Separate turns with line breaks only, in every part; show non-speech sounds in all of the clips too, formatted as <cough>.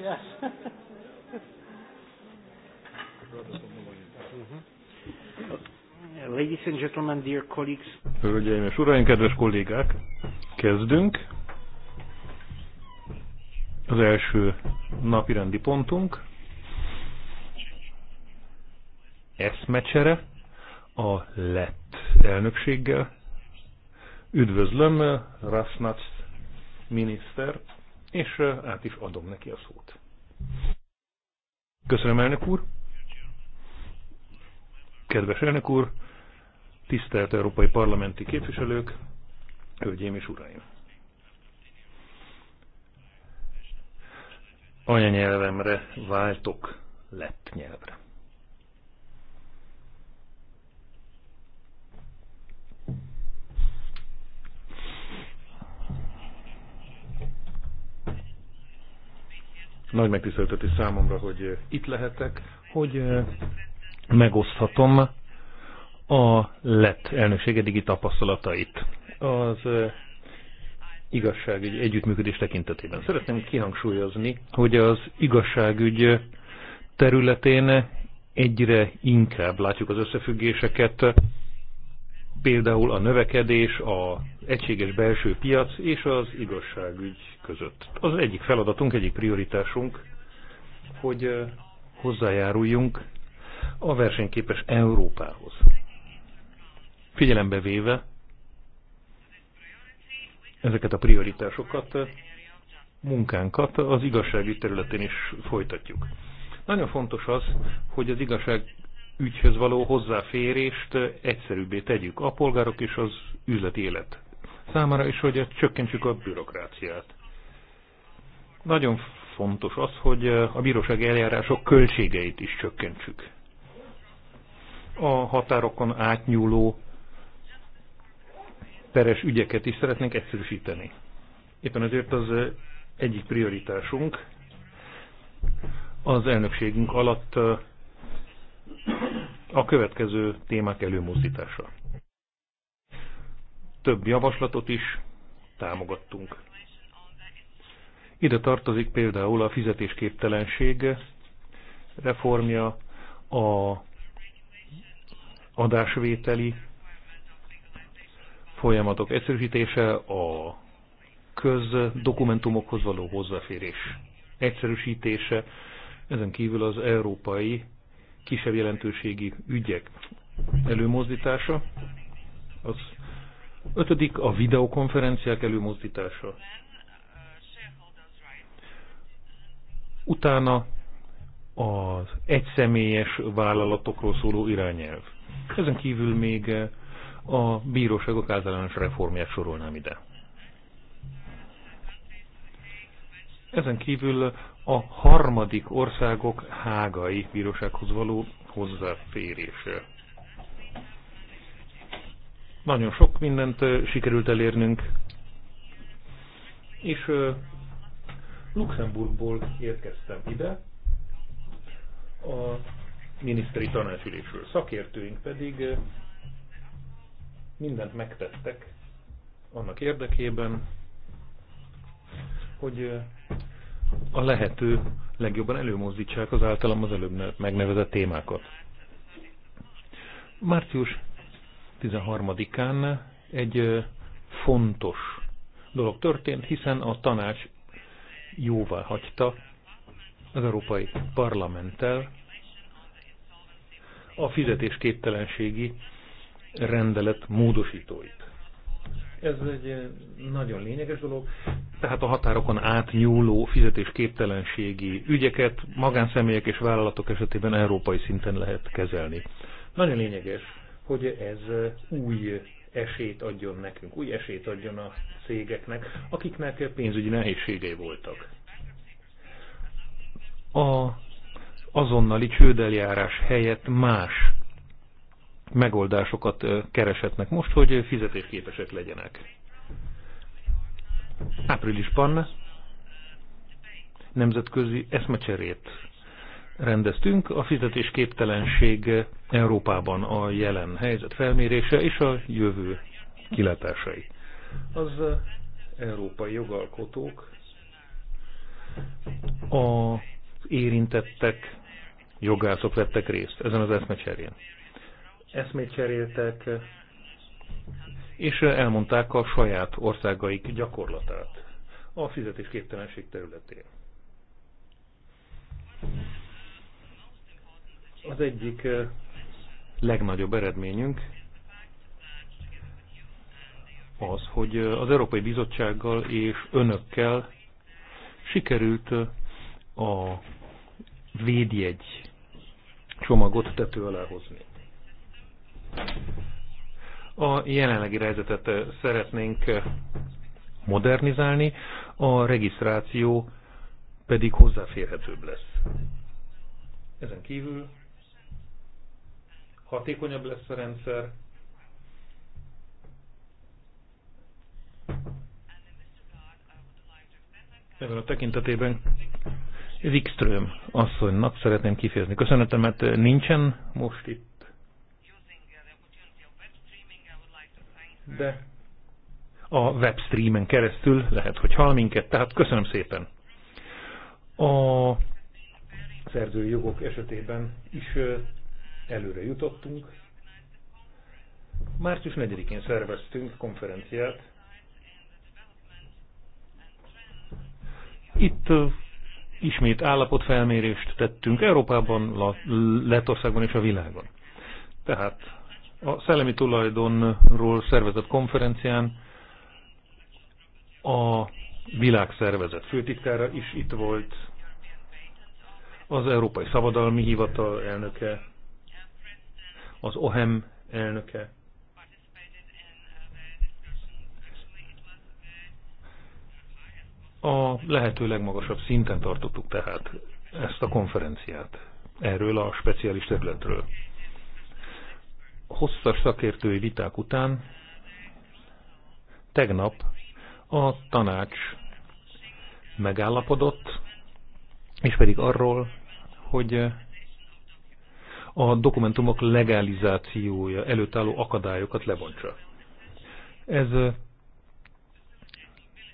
<laughs>
Ladies and gentlemen, dear colleagues.
Hölgyeim és uraim, kedves kollégák, kezdünk. Az első napirendi pontunk eszmecsere a lett elnökséggel. Üdvözlöm Rasnac minisztert, és át is adom neki a szót. Köszönöm, elnök úr! Kedves elnök úr, tisztelt európai parlamenti képviselők, hölgyeim és uraim! Anyanyelvemre váltok lett nyelvre. Nagy megtiszteltetés számomra, hogy eh, itt lehetek, hogy eh, megoszthatom a lett elnökség eddigi tapasztalatait az eh, igazságügy együttműködés tekintetében. Szeretném kihangsúlyozni, hogy az igazságügy területén egyre inkább látjuk az összefüggéseket például a növekedés, a egységes belső piac és az igazságügy között. Az egyik feladatunk, egyik prioritásunk, hogy hozzájáruljunk a versenyképes Európához. Figyelembe véve ezeket a prioritásokat, munkánkat az igazságügy területén is folytatjuk. Nagyon fontos az, hogy az igazság ügyhöz való hozzáférést egyszerűbbé tegyük a polgárok és az üzleti élet számára, és hogy csökkentsük a bürokráciát. Nagyon fontos az, hogy a bírósági eljárások költségeit is csökkentsük. A határokon átnyúló peres ügyeket is szeretnénk egyszerűsíteni. Éppen ezért az egyik prioritásunk az elnökségünk alatt a következő témák előmozdítása. Több javaslatot is támogattunk. Ide tartozik például a fizetésképtelenség reformja, a adásvételi folyamatok egyszerűsítése, a közdokumentumokhoz való hozzáférés egyszerűsítése, ezen kívül az európai kisebb jelentőségi ügyek előmozdítása, az ötödik a videokonferenciák előmozdítása. Utána az egyszemélyes vállalatokról szóló irányelv. Ezen kívül még a bíróságok általános reformját sorolnám ide. Ezen kívül a harmadik országok hágai bírósághoz való hozzáférése. Nagyon sok mindent sikerült elérnünk, és Luxemburgból érkeztem ide, a miniszteri tanácsülésről. Szakértőink pedig mindent megtettek annak érdekében, hogy a lehető legjobban előmozdítsák az általam az előbb megnevezett témákat. Március 13-án egy fontos dolog történt, hiszen a tanács jóvá hagyta az Európai Parlamenttel a fizetésképtelenségi rendelet módosítóit. Ez egy eh, nagyon lényeges dolog. Tehát a határokon átnyúló fizetésképtelenségi ügyeket magánszemélyek és vállalatok esetében európai szinten lehet kezelni. Nagyon lényeges, hogy ez eh, új esélyt adjon nekünk, új esélyt adjon a cégeknek, akiknek pénzügyi nehézségei voltak. A azonnali csődeljárás helyett más megoldásokat kereshetnek most, hogy fizetésképesek legyenek. Áprilisban nemzetközi eszmecserét rendeztünk, a fizetésképtelenség Európában a jelen helyzet felmérése és a jövő kilátásai. Az európai jogalkotók a érintettek jogászok vettek részt ezen az eszmecserén eszmét cseréltek, és elmondták a saját országaik gyakorlatát a fizetésképtelenség területén. Az egyik eh, legnagyobb eredményünk az, hogy eh, az Európai Bizottsággal és önökkel sikerült eh, a védjegy csomagot tető alá hozni. A jelenlegi helyzetet szeretnénk modernizálni, a regisztráció pedig hozzáférhetőbb lesz. Ezen kívül hatékonyabb lesz a rendszer, Ebben a tekintetében Wikström asszonynak szeretném kifejezni köszönetemet. Nincsen most itt de a webstreamen keresztül lehet, hogy hal minket, tehát köszönöm szépen. A szerzői jogok esetében is előre jutottunk. Március 4-én szerveztünk konferenciát. Itt ismét állapotfelmérést tettünk Európában, Lettországban és a világon. Tehát a szellemi tulajdonról szervezett konferencián a világszervezet főtitkára is itt volt, az Európai Szabadalmi Hivatal elnöke, az OHEM elnöke. A lehető legmagasabb szinten tartottuk tehát ezt a konferenciát erről a speciális területről hosszas szakértői viták után tegnap a tanács megállapodott, és pedig arról, hogy a dokumentumok legalizációja előtt álló akadályokat lebontsa. Ez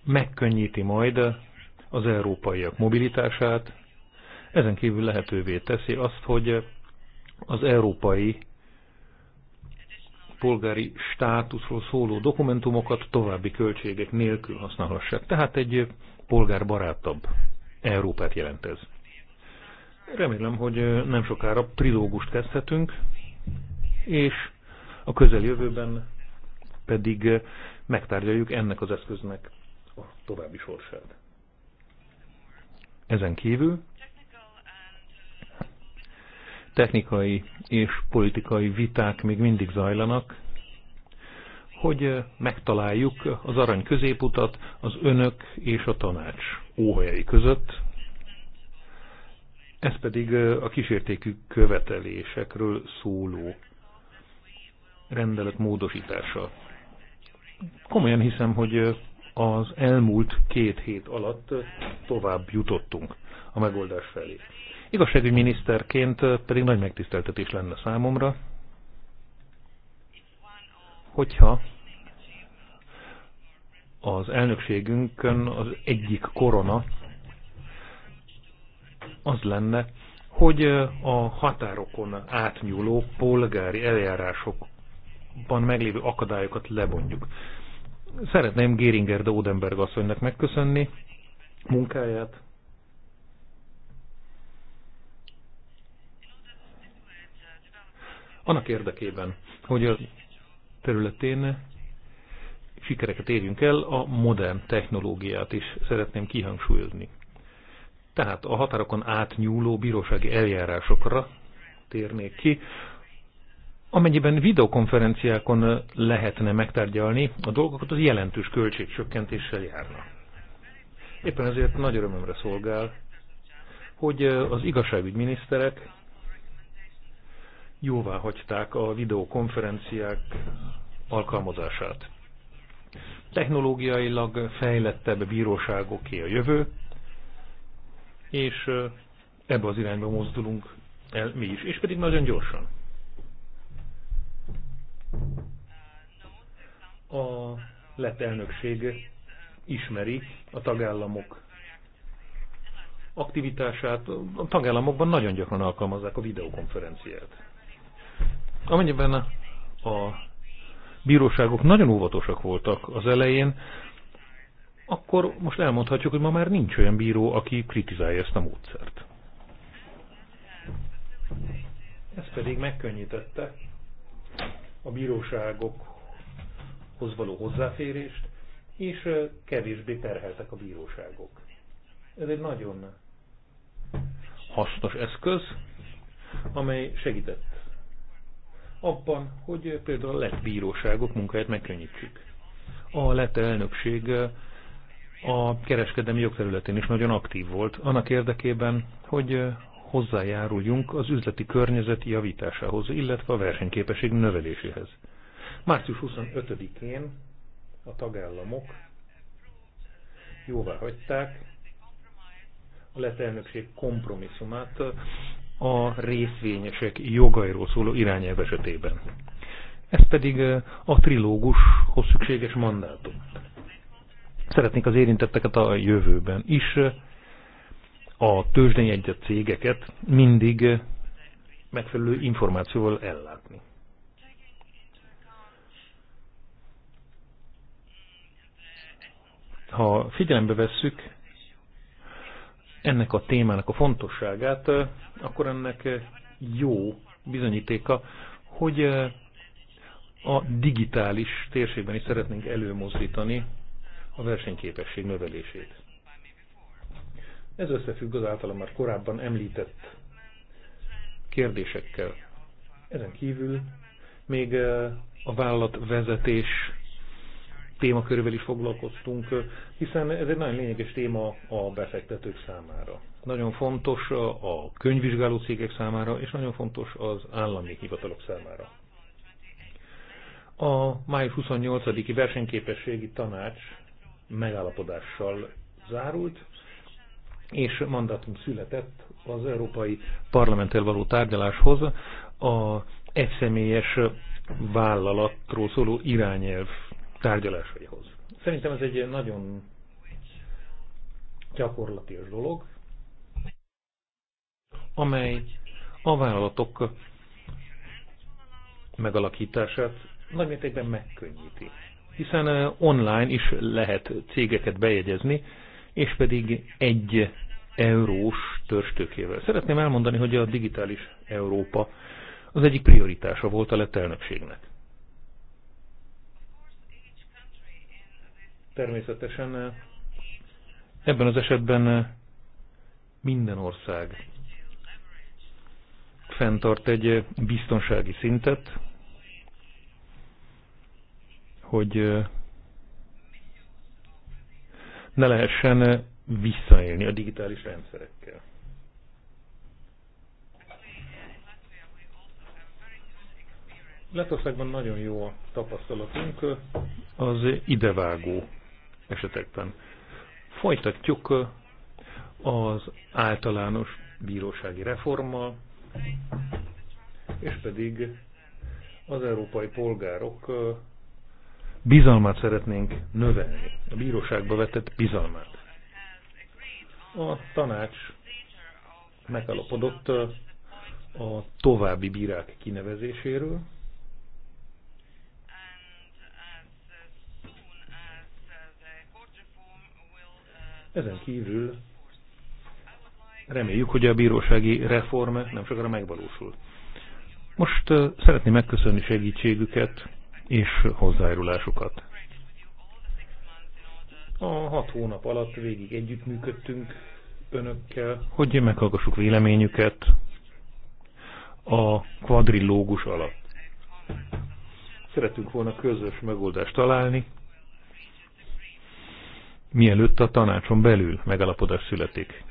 megkönnyíti majd az európaiak mobilitását, ezen kívül lehetővé teszi azt, hogy az európai polgári státuszról szóló dokumentumokat további költségek nélkül használhassák. Tehát egy polgárbarátabb Európát jelent ez. Remélem, hogy nem sokára trilógust kezdhetünk, és a közeljövőben pedig megtárgyaljuk ennek az eszköznek a további sorsát. Ezen kívül technikai és politikai viták még mindig zajlanak, hogy megtaláljuk az arany középutat az önök és a tanács óhajai között. Ez pedig a kísértékű követelésekről szóló rendelet módosítása. Komolyan hiszem, hogy az elmúlt két hét alatt tovább jutottunk a megoldás felé. Igazságügyi miniszterként pedig nagy megtiszteltetés lenne számomra, hogyha az elnökségünkön az egyik korona az lenne, hogy a határokon átnyúló polgári eljárásokban meglévő akadályokat lebontjuk. Szeretném Géringer de Odenberg asszonynak megköszönni munkáját, Annak érdekében, hogy a területén sikereket érjünk el, a modern technológiát is szeretném kihangsúlyozni. Tehát a határokon átnyúló bírósági eljárásokra térnék ki, amennyiben videokonferenciákon lehetne megtárgyalni a dolgokat, az jelentős költségcsökkentéssel járna. Éppen ezért nagy örömömre szolgál, hogy az igazságügyminiszterek jóvá hagyták a videokonferenciák alkalmazását. Technológiailag fejlettebb bíróságoké a jövő, és ebbe az irányba mozdulunk el mi is, és pedig nagyon gyorsan. A lett elnökség ismeri a tagállamok aktivitását. A tagállamokban nagyon gyakran alkalmazzák a videokonferenciát. Amennyiben a bíróságok nagyon óvatosak voltak az elején, akkor most elmondhatjuk, hogy ma már nincs olyan bíró, aki kritizálja ezt a módszert. Ez pedig megkönnyítette a bíróságokhoz való hozzáférést, és kevésbé terheltek a bíróságok. Ez egy nagyon hasznos eszköz, amely segített abban, hogy például a lett bíróságok munkáját megkönnyítsük. A lett elnökség eh, a kereskedelmi jogterületén is nagyon aktív volt, annak érdekében, hogy eh, hozzájáruljunk az üzleti környezet javításához, illetve a versenyképesség növeléséhez. Március 25-én a tagállamok jóvá hagyták a lett elnökség kompromisszumát eh, a részvényesek jogairól szóló irányelv esetében. Ez pedig a trilógushoz szükséges mandátum. Szeretnék az érintetteket a jövőben is, a tőzsdén jegyzett cégeket mindig megfelelő információval ellátni. Ha figyelembe vesszük ennek a témának a fontosságát, akkor ennek jó bizonyítéka, hogy a digitális térségben is szeretnénk előmozdítani a versenyképesség növelését. Ez összefügg az általam már korábban említett kérdésekkel. Ezen kívül még a vállalatvezetés témakörvel is foglalkoztunk, hiszen ez egy nagyon lényeges téma a befektetők számára. Nagyon fontos a könyvvizsgáló cégek számára, és nagyon fontos az állami hivatalok számára. A május 28-i versenyképességi tanács megállapodással zárult, és mandátum született az Európai Parlamenttel való tárgyaláshoz a egyszemélyes vállalatról szóló irányelv tárgyalásaihoz. Szerintem ez egy nagyon gyakorlatilag dolog, amely a vállalatok megalakítását nagymértékben megkönnyíti. Hiszen eh, online is lehet cégeket bejegyezni, és pedig egy eurós törstökével. Szeretném elmondani, hogy a digitális Európa az egyik prioritása volt a lett elnökségnek. Természetesen eh, ebben az esetben eh, minden ország fenntart egy eh, biztonsági szintet, hogy ne lehessen visszaélni a digitális rendszerekkel. Lettországban nagyon jó a tapasztalatunk az idevágó esetekben. Folytatjuk az általános bírósági reformmal, és pedig az európai polgárok bizalmát szeretnénk növelni, a bíróságba vetett bizalmát. A tanács megalapodott a további bírák kinevezéséről, Ezen kívül reméljük, hogy a bírósági reform nem sokára megvalósul. Most szeretném megköszönni segítségüket és hozzájárulásukat. A hat hónap alatt végig együttműködtünk önökkel, hogy meghallgassuk véleményüket a kvadrilógus alatt. Szeretünk volna közös megoldást találni, mielőtt a tanácson belül megalapodás születik.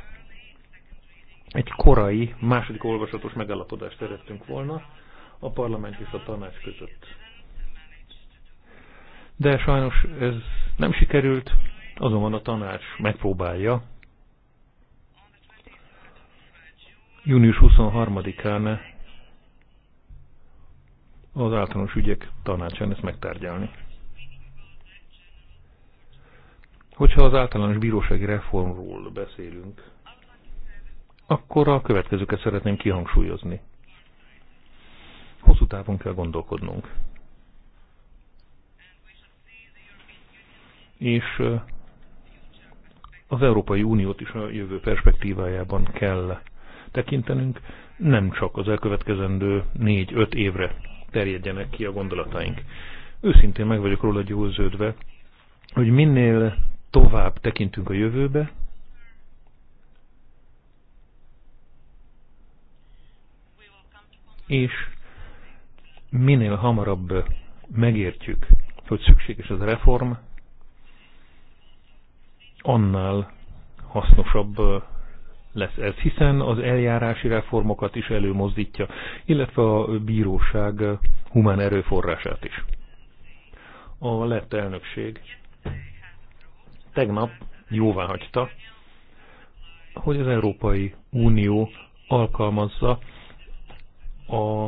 Egy korai, második olvasatos megalapodást szerettünk volna a parlament és a tanács között. De sajnos ez nem sikerült, azonban a tanács megpróbálja június 23-án az általános ügyek tanácsán ezt megtárgyalni. Hogyha az általános bírósági reformról beszélünk, akkor a következőket szeretném kihangsúlyozni. Hosszú távon kell gondolkodnunk. És az Európai Uniót is a jövő perspektívájában kell tekintenünk, nem csak az elkövetkezendő négy-öt évre terjedjenek ki a gondolataink. Őszintén meg vagyok róla győződve, hogy minél tovább tekintünk a jövőbe, és minél hamarabb megértjük, hogy szükséges az reform, annál hasznosabb lesz ez, hiszen az eljárási reformokat is előmozdítja, illetve a bíróság humán erőforrását is. A lett elnökség tegnap jóvá hagyta, hogy az Európai Unió alkalmazza a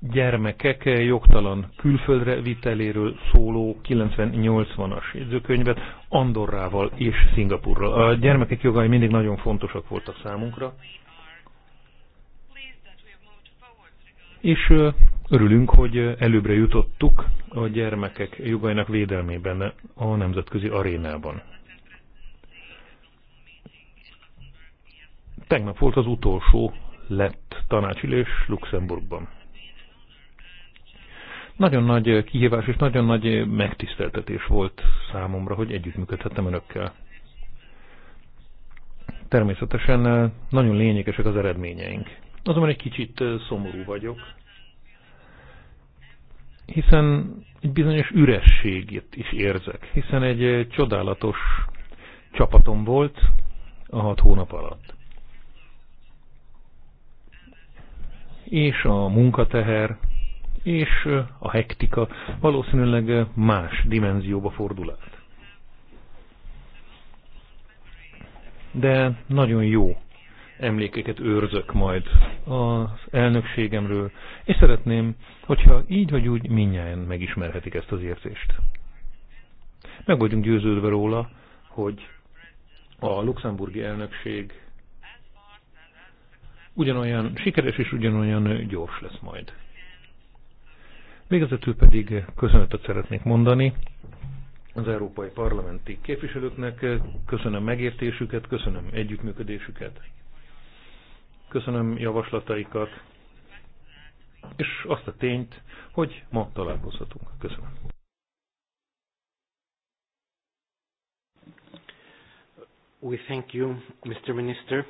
gyermekek jogtalan külföldre viteléről szóló 90-80-as jegyzőkönyvet Andorrával és Szingapurral. A gyermekek jogai mindig nagyon fontosak voltak számunkra, és örülünk, hogy előbbre jutottuk a gyermekek jogainak védelmében a nemzetközi arénában. Tegnap volt az utolsó lett tanácsülés Luxemburgban. Nagyon nagy kihívás és nagyon nagy megtiszteltetés volt számomra, hogy együttműködhettem önökkel. Természetesen nagyon lényegesek az eredményeink. Azonban egy kicsit szomorú vagyok, hiszen egy bizonyos ürességét is érzek, hiszen egy csodálatos csapatom volt a hat hónap alatt. És a munkateher, és a hektika valószínűleg más dimenzióba fordul át. De nagyon jó emlékeket őrzök majd az elnökségemről, és szeretném, hogyha így vagy úgy minnyáján megismerhetik ezt az érzést. Meg vagyunk győződve róla, hogy a luxemburgi elnökség ugyanolyan sikeres és ugyanolyan gyors lesz majd. Végezetül pedig köszönetet szeretnék mondani az európai parlamenti képviselőknek, köszönöm megértésüket, köszönöm együttműködésüket köszönöm javaslataikat, és azt a tényt, hogy ma találkozhatunk.
Köszönöm. We thank you, Mr. Minister.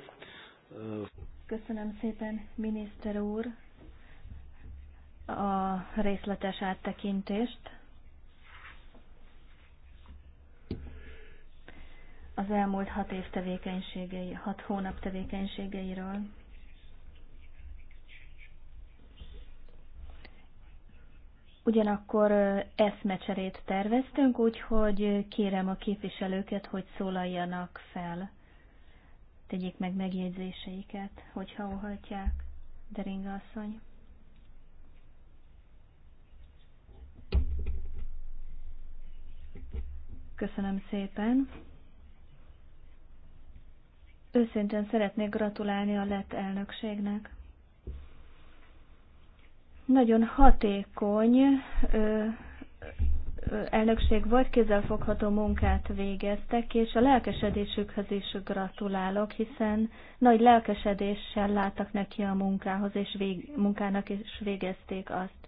Köszönöm szépen, miniszter úr, a részletes áttekintést. az elmúlt hat év tevékenységei, hat hónap tevékenységeiről. Ugyanakkor eszmecserét terveztünk, úgyhogy kérem a képviselőket, hogy szólaljanak fel. Tegyék meg megjegyzéseiket, hogyha óhatják. Deringa asszony. Köszönöm szépen. Őszintén szeretnék gratulálni a lett elnökségnek. Nagyon hatékony ö, elnökség volt, kézzelfogható munkát végeztek, és a lelkesedésükhez is gratulálok, hiszen nagy lelkesedéssel láttak neki a munkához, és vég, munkának is végezték azt.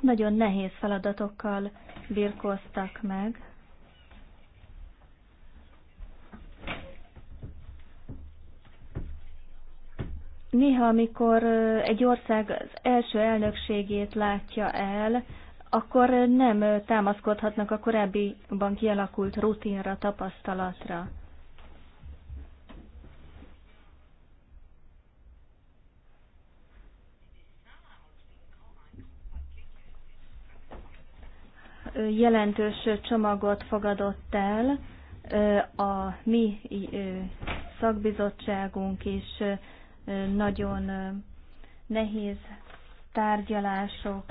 Nagyon nehéz feladatokkal birkoztak meg, Néha, amikor egy ország az első elnökségét látja el, akkor nem támaszkodhatnak a korábbiban kialakult rutinra, tapasztalatra. Jelentős csomagot fogadott el a mi szakbizottságunk is, nagyon nehéz tárgyalások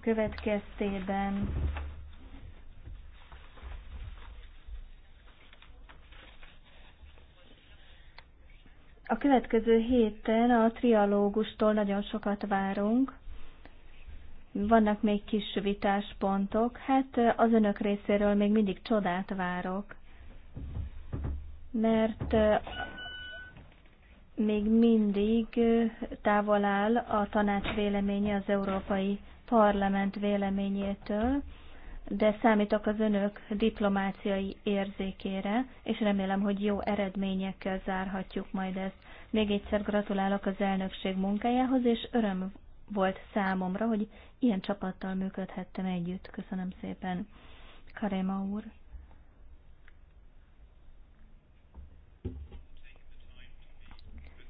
következtében A következő héten a trialógustól nagyon sokat várunk. Vannak még kis vitáspontok. Hát az önök részéről még mindig csodát várok. Mert még mindig távol áll a tanács véleménye az Európai Parlament véleményétől, de számítok az önök diplomáciai érzékére, és remélem, hogy jó eredményekkel zárhatjuk majd ezt. Még egyszer gratulálok az elnökség munkájához, és öröm volt számomra, hogy ilyen csapattal működhettem együtt. Köszönöm szépen, Karema úr.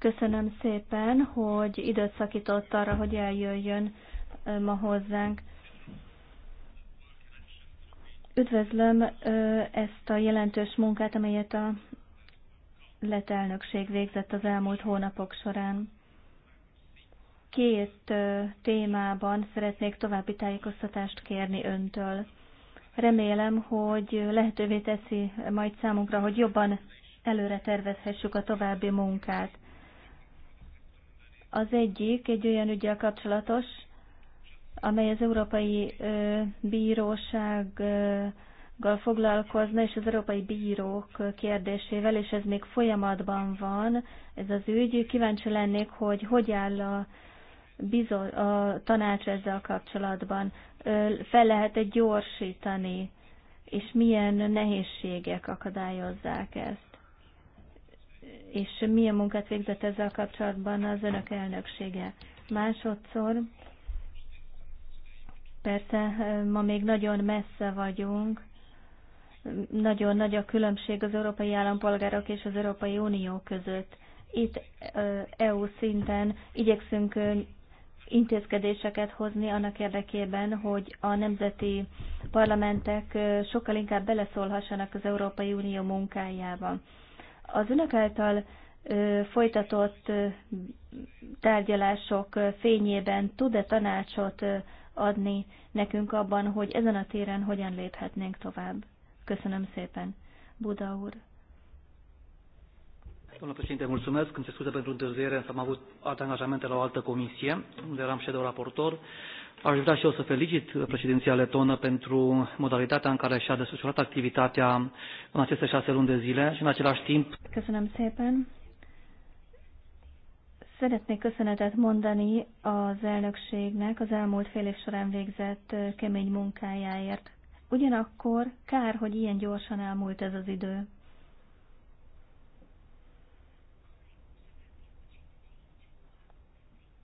Köszönöm szépen, hogy időt szakított arra, hogy eljöjjön ma hozzánk. Üdvözlöm ezt a jelentős munkát, amelyet a letelnökség végzett az elmúlt hónapok során. Két témában szeretnék további tájékoztatást kérni öntől. Remélem, hogy lehetővé teszi majd számunkra, hogy jobban előre tervezhessük a további munkát. Az egyik egy olyan ügyel kapcsolatos, amely az Európai Bírósággal foglalkozna, és az Európai Bírók kérdésével, és ez még folyamatban van, ez az ügy. Kíváncsi lennék, hogy hogy áll a, bizony, a tanács ezzel kapcsolatban. Fel lehet egy gyorsítani, és milyen nehézségek akadályozzák ezt és milyen munkát végzett ezzel kapcsolatban az önök elnöksége. Másodszor, persze ma még nagyon messze vagyunk, nagyon nagy a különbség az európai állampolgárok és az Európai Unió között. Itt EU szinten igyekszünk intézkedéseket hozni annak érdekében, hogy a nemzeti parlamentek sokkal inkább beleszólhassanak az Európai Unió munkájába. Az önök által folytatott tárgyalások fényében tud-e tanácsot adni nekünk abban, hogy ezen a téren hogyan léphetnénk tovább? Köszönöm szépen, Buda úr. Domnule președinte, mulțumesc. Îmi se scuze pentru întârziere, însă am avut alte angajamente la o altă comisie, unde eram ședeu raportor. Aș vrea și eu să felicit președinția letonă pentru modalitatea în care și-a desfășurat activitatea în aceste șase luni de zile și în același timp... Köszönöm szépen. Szeretnék köszönetet mondani az elnökségnek az elmúlt fél év során végzett kemény munkájáért. Ugyanakkor kár, hogy ilyen gyorsan elmúlt ez az idő.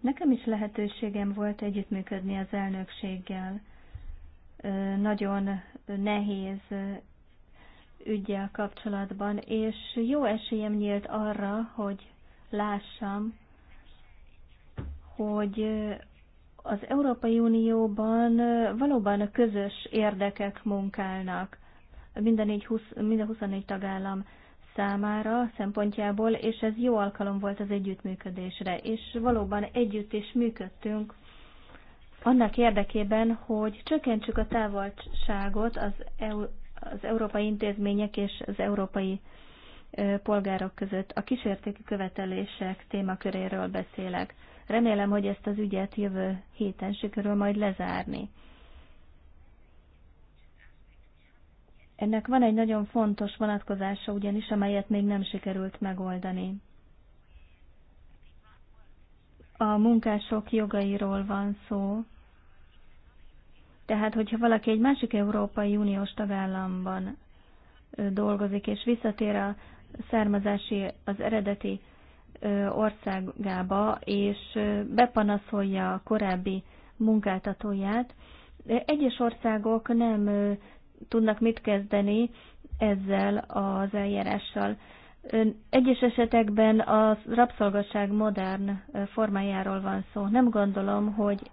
Nekem is lehetőségem volt együttműködni az elnökséggel. Nagyon nehéz ügyjel kapcsolatban, és jó esélyem nyílt arra, hogy lássam, hogy az Európai Unióban valóban közös érdekek munkálnak. Minden, így 20, mind a 24 tagállam számára szempontjából, és ez jó alkalom volt az együttműködésre, és valóban együtt is működtünk annak érdekében, hogy csökkentsük a távolságot az, EU, az európai intézmények és az európai polgárok között. A kísértéki követelések témaköréről beszélek. Remélem, hogy ezt az ügyet jövő héten sikerül majd lezárni. Ennek van egy nagyon fontos vonatkozása ugyanis, amelyet még nem sikerült megoldani. A munkások jogairól van szó. Tehát, hogyha valaki egy másik Európai Uniós tagállamban dolgozik, és visszatér a származási, az eredeti országába, és bepanaszolja a korábbi munkáltatóját, egyes országok nem tudnak mit kezdeni ezzel az eljárással. Egyes esetekben a rabszolgasság modern formájáról van szó. Nem gondolom, hogy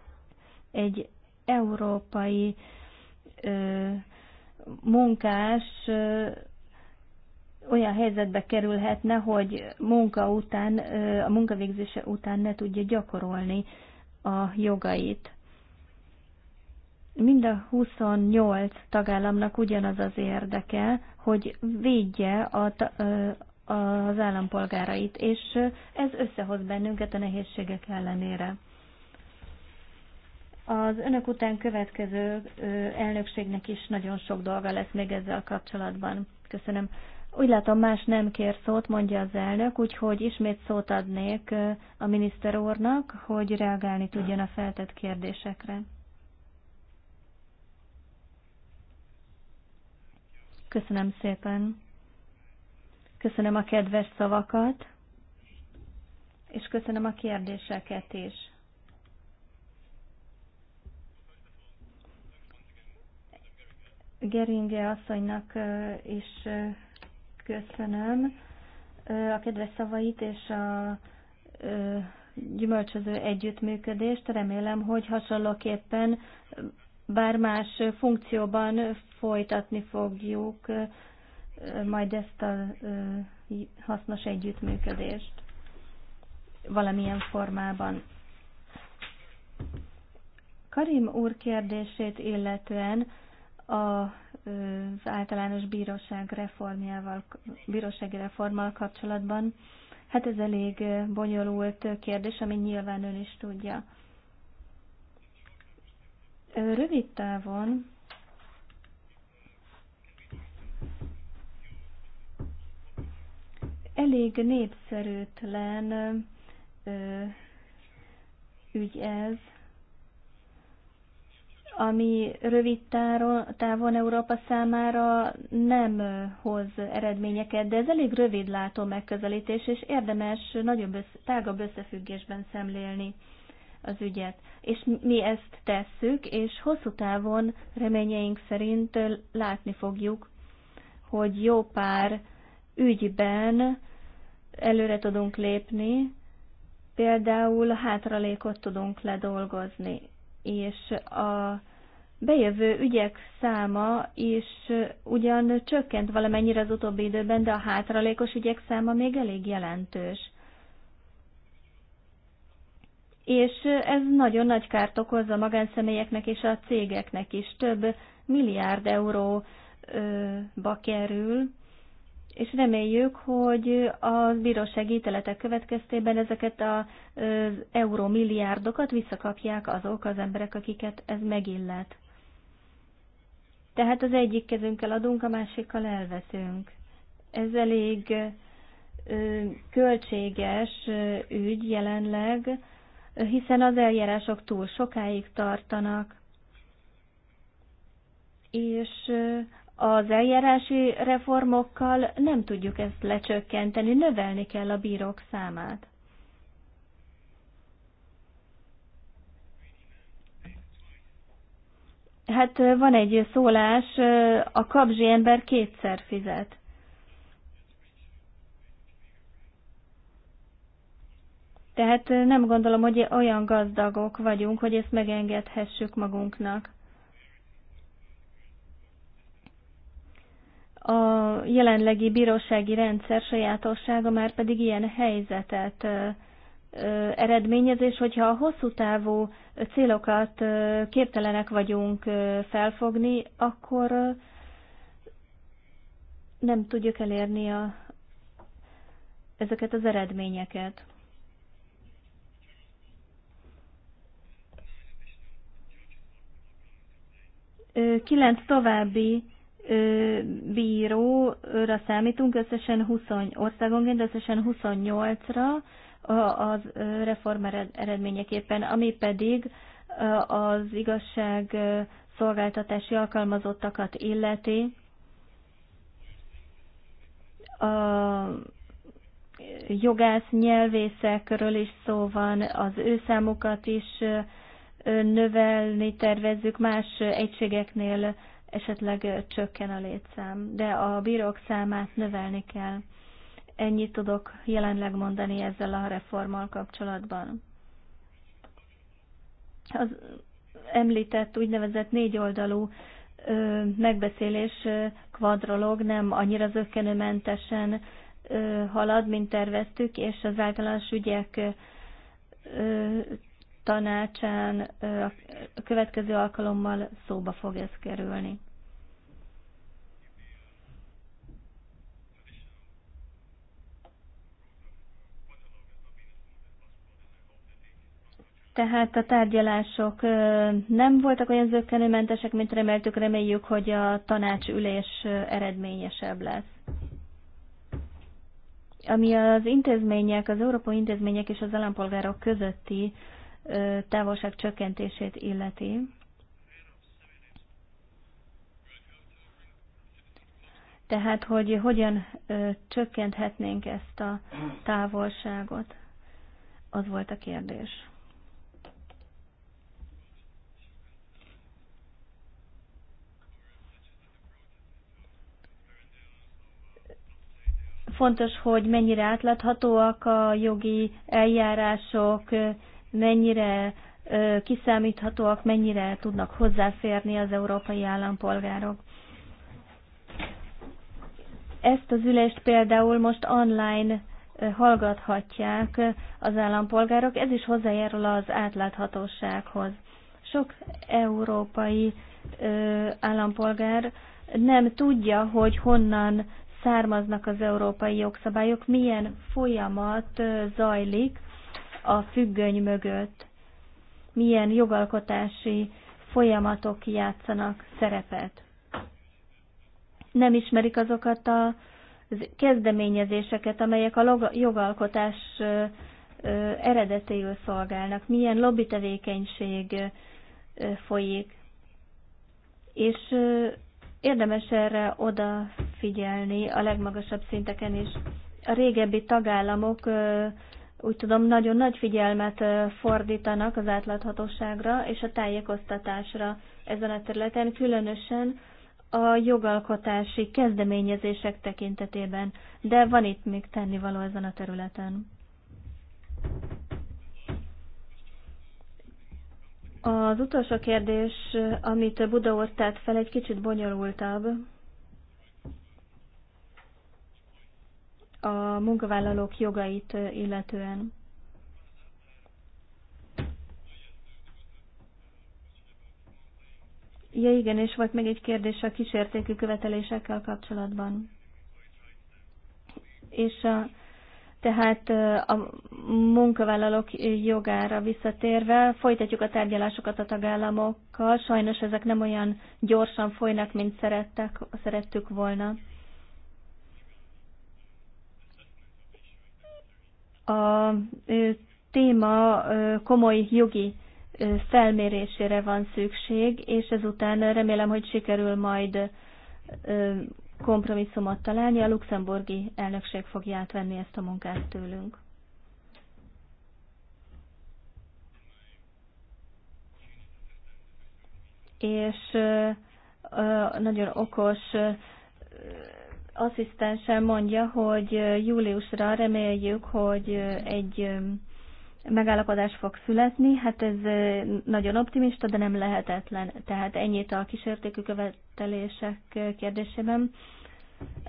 egy európai ö, munkás ö, olyan helyzetbe kerülhetne, hogy munka után, ö, a munkavégzése után ne tudja gyakorolni a jogait mind a 28 tagállamnak ugyanaz az érdeke, hogy védje a, az állampolgárait, és ez összehoz bennünket a nehézségek ellenére. Az önök után következő elnökségnek is nagyon sok dolga lesz még ezzel kapcsolatban. Köszönöm. Úgy látom, más nem kér szót, mondja az elnök, úgyhogy ismét szót adnék a miniszter úrnak, hogy reagálni tudjon a feltett kérdésekre. Köszönöm szépen. Köszönöm a kedves szavakat, és köszönöm a kérdéseket is. Geringe asszonynak is köszönöm a kedves szavait és a gyümölcsöző együttműködést. Remélem, hogy hasonlóképpen bár más funkcióban folytatni fogjuk majd ezt a hasznos együttműködést valamilyen formában. Karim úr kérdését illetően az általános bíróság reformjával, bírósági reformmal kapcsolatban, hát ez elég bonyolult kérdés, amit nyilván ön is tudja. Rövid távon Elég népszerűtlen ö, ügy ez, ami rövid távon Európa számára nem hoz eredményeket, de ez elég rövidlátó megközelítés, és érdemes nagyobb össze, tágabb összefüggésben szemlélni az ügyet. És mi ezt tesszük, és hosszú távon reményeink szerint látni fogjuk, hogy jó pár ügyben előre tudunk lépni, például a hátralékot tudunk ledolgozni, és a bejövő ügyek száma is ugyan csökkent valamennyire az utóbbi időben, de a hátralékos ügyek száma még elég jelentős. És ez nagyon nagy kárt okoz a magánszemélyeknek és a cégeknek is. Több milliárd euróba kerül és reméljük, hogy a bírósági ítéletek következtében ezeket az euromilliárdokat visszakapják azok az emberek, akiket ez megillet. Tehát az egyik kezünkkel adunk, a másikkal elveszünk. Ez elég költséges ügy jelenleg, hiszen az eljárások túl sokáig tartanak, és az eljárási reformokkal nem tudjuk ezt lecsökkenteni, növelni kell a bírók számát. Hát van egy szólás, a kapzsi ember kétszer fizet. Tehát nem gondolom, hogy olyan gazdagok vagyunk, hogy ezt megengedhessük magunknak. A jelenlegi bírósági rendszer sajátossága már pedig ilyen helyzetet eredményezés, hogyha a hosszú távú célokat képtelenek vagyunk felfogni, akkor nem tudjuk elérni a, ezeket az eredményeket. Kilenc további bíróra számítunk, összesen 20 országonként, összesen 28-ra az reform eredményeképpen, ami pedig az igazság szolgáltatási alkalmazottakat illeti. A jogász nyelvészekről is szó van, az ő számukat is növelni tervezzük, más egységeknél esetleg csökken a létszám, de a bírók számát növelni kell. Ennyit tudok jelenleg mondani ezzel a reformmal kapcsolatban. Az említett úgynevezett négyoldalú megbeszélés kvadrolog nem annyira zöggenőmentesen halad, mint terveztük, és az általános ügyek tanácsán a következő alkalommal szóba fog ez kerülni. Tehát a tárgyalások nem voltak olyan zöggenőmentesek, mint reméltük, reméljük, hogy a tanácsülés eredményesebb lesz. Ami az intézmények, az európai intézmények és az állampolgárok közötti távolság csökkentését illeti. Tehát, hogy hogyan csökkenthetnénk ezt a távolságot, az volt a kérdés. fontos, hogy mennyire átláthatóak a jogi eljárások, mennyire kiszámíthatóak, mennyire tudnak hozzáférni az európai állampolgárok. Ezt az ülést például most online hallgathatják az állampolgárok, ez is hozzájárul az átláthatósághoz. Sok európai állampolgár nem tudja, hogy honnan származnak az európai jogszabályok, milyen folyamat zajlik a függöny mögött, milyen jogalkotási folyamatok játszanak szerepet. Nem ismerik azokat a kezdeményezéseket, amelyek a jogalkotás eredetéül szolgálnak, milyen lobby tevékenység folyik. És érdemes erre odafigyelni a legmagasabb szinteken is. A régebbi tagállamok úgy tudom, nagyon nagy figyelmet fordítanak az átláthatóságra és a tájékoztatásra ezen a területen, különösen a jogalkotási kezdeményezések tekintetében, de van itt még tennivaló ezen a területen. Az utolsó kérdés, amit Buda úr tett fel, egy kicsit bonyolultabb. a munkavállalók jogait illetően. Ja, igen, és volt még egy kérdés a kísértékű követelésekkel kapcsolatban. És a, tehát a munkavállalók jogára visszatérve folytatjuk a tárgyalásokat a tagállamokkal. Sajnos ezek nem olyan gyorsan folynak, mint szerettek, szerettük volna. a téma komoly jogi felmérésére van szükség, és ezután remélem, hogy sikerül majd kompromisszumot találni. A luxemburgi elnökség fogja átvenni ezt a munkát tőlünk. És nagyon okos asszisztensem mondja, hogy júliusra reméljük, hogy egy megállapodás fog születni. Hát ez nagyon optimista, de nem lehetetlen. Tehát ennyit a kísértékű követelések kérdésében.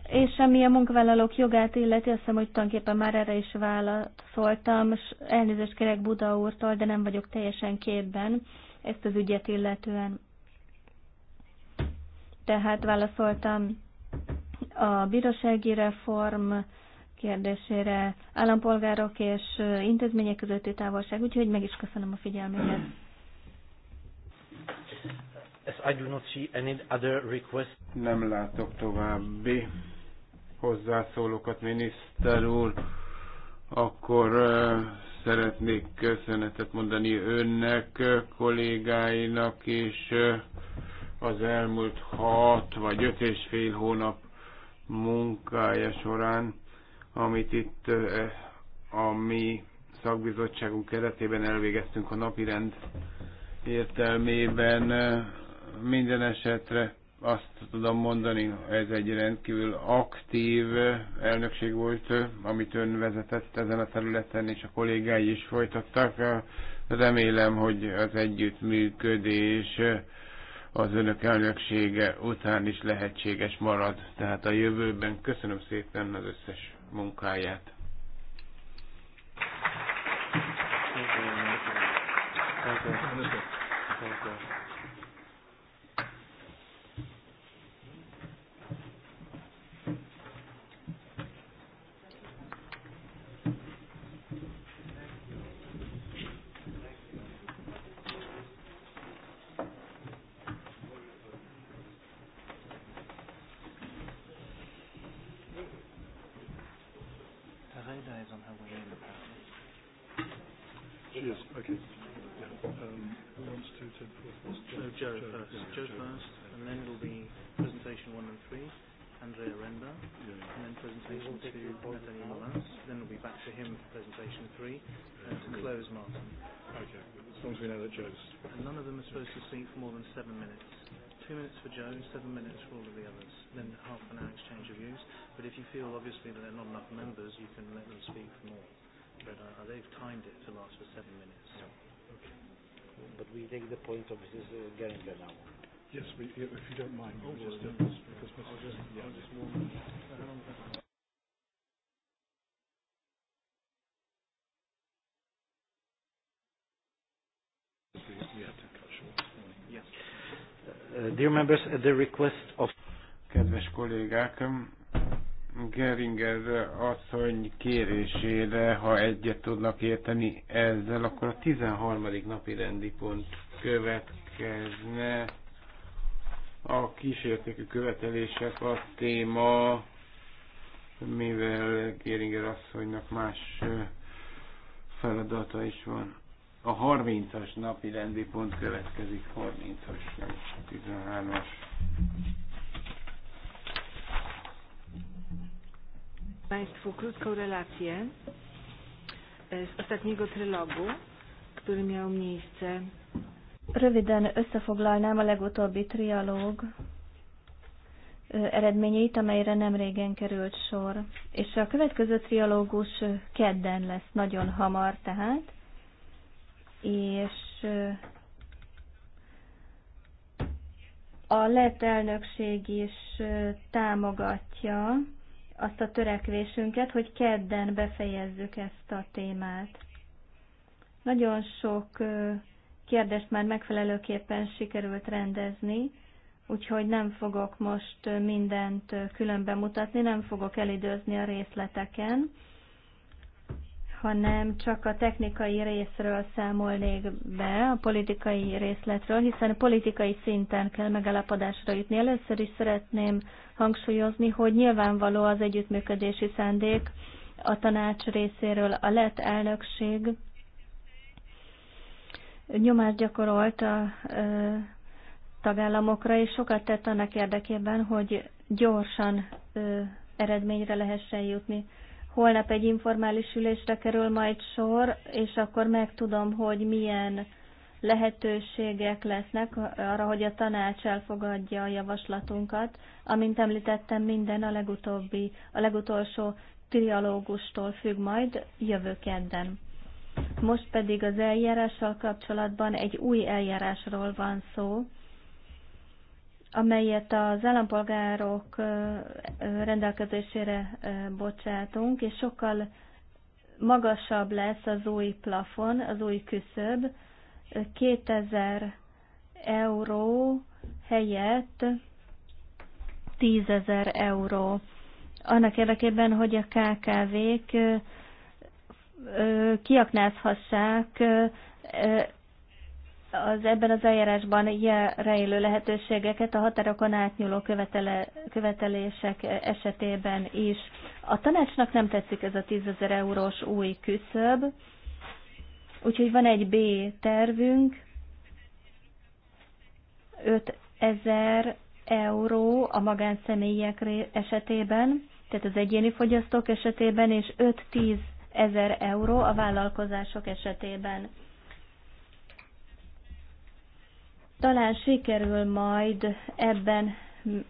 És ami a munkavállalók jogát illeti, azt hiszem, hogy tulajdonképpen már erre is válaszoltam, és elnézést kérek Buda úrtól, de nem vagyok teljesen képben ezt az ügyet illetően. Tehát válaszoltam a bírósági reform kérdésére, állampolgárok és intézmények közötti távolság, úgyhogy meg is köszönöm a figyelmüket.
Nem látok további hozzászólókat, miniszter úr. Akkor uh, szeretnék köszönetet mondani önnek, kollégáinak, és uh, az elmúlt hat vagy öt és fél hónap munkája során, amit itt eh, a mi szakbizottságunk keretében elvégeztünk a napirend értelmében. Eh, minden esetre azt tudom mondani, ez egy rendkívül aktív eh, elnökség volt, amit ön vezetett ezen a területen, és a kollégái is folytattak. Remélem, hogy az együttműködés az önök elnöksége után is lehetséges marad, tehát a jövőben. Köszönöm szépen az összes munkáját.
Köszönöm. seven minutes for all of the others, then half an hour exchange of views. But if you feel obviously that there are not enough members, you can let them speak for more. But uh, they've timed it to last for seven minutes. So. Okay. But we take the point of Mrs. Uh, Geringer now. Yes, we, if you don't mind, oh, we'll just do this because I'll
just, I'll just warm
Uh, dear
members, at the request of... Kedves kollégák, Geringer asszony kérésére, ha egyet tudnak érteni ezzel, akkor a 13. napi rendi pont következne. A kísértékű követelések a téma, mivel Geringer asszonynak más uh, feladata is van. A 30-as napi rendi pont következik, 30-as, 13-as.
Państwu krótką relację e, z ostatniego trylogu, który miał miejsce. Röviden összefoglalnám a legutóbbi trialóg e, eredményeit, amelyre nem régen került sor. És a következő trialógus kedden lesz, nagyon hamar tehát és a lett elnökség is támogatja azt a törekvésünket, hogy kedden befejezzük ezt a témát. Nagyon sok kérdést már megfelelőképpen sikerült rendezni, úgyhogy nem fogok most mindent külön bemutatni, nem fogok elidőzni a részleteken hanem csak a technikai részről számolnék be, a politikai részletről, hiszen a politikai szinten kell megállapodásra jutni. Először is szeretném hangsúlyozni, hogy nyilvánvaló az együttműködési szándék a tanács részéről. A lett elnökség nyomást gyakorolt a ö, tagállamokra, és sokat tett annak érdekében, hogy gyorsan ö, eredményre lehessen jutni. Holnap egy informális ülésre kerül majd sor, és akkor megtudom, hogy milyen lehetőségek lesznek arra, hogy a tanács elfogadja a javaslatunkat. Amint említettem, minden a legutóbbi, a legutolsó trialógustól függ majd jövő kedden. Most pedig az eljárással kapcsolatban egy új eljárásról van szó, amelyet az állampolgárok rendelkezésére bocsátunk, és sokkal magasabb lesz az új plafon, az új küszöb, 2000 euró helyett 10 ezer euró. Annak érdekében, hogy a KKV-k kiaknázhassák az ebben az eljárásban rejlő lehetőségeket a határokon átnyúló követele, követelések esetében is. A tanácsnak nem tetszik ez a 10 ezer eurós új küszöb, úgyhogy van egy B tervünk, 5 ezer euró a magánszemélyek esetében, tehát az egyéni fogyasztók esetében, és 5-10 ezer euró a vállalkozások esetében. Talán sikerül majd ebben,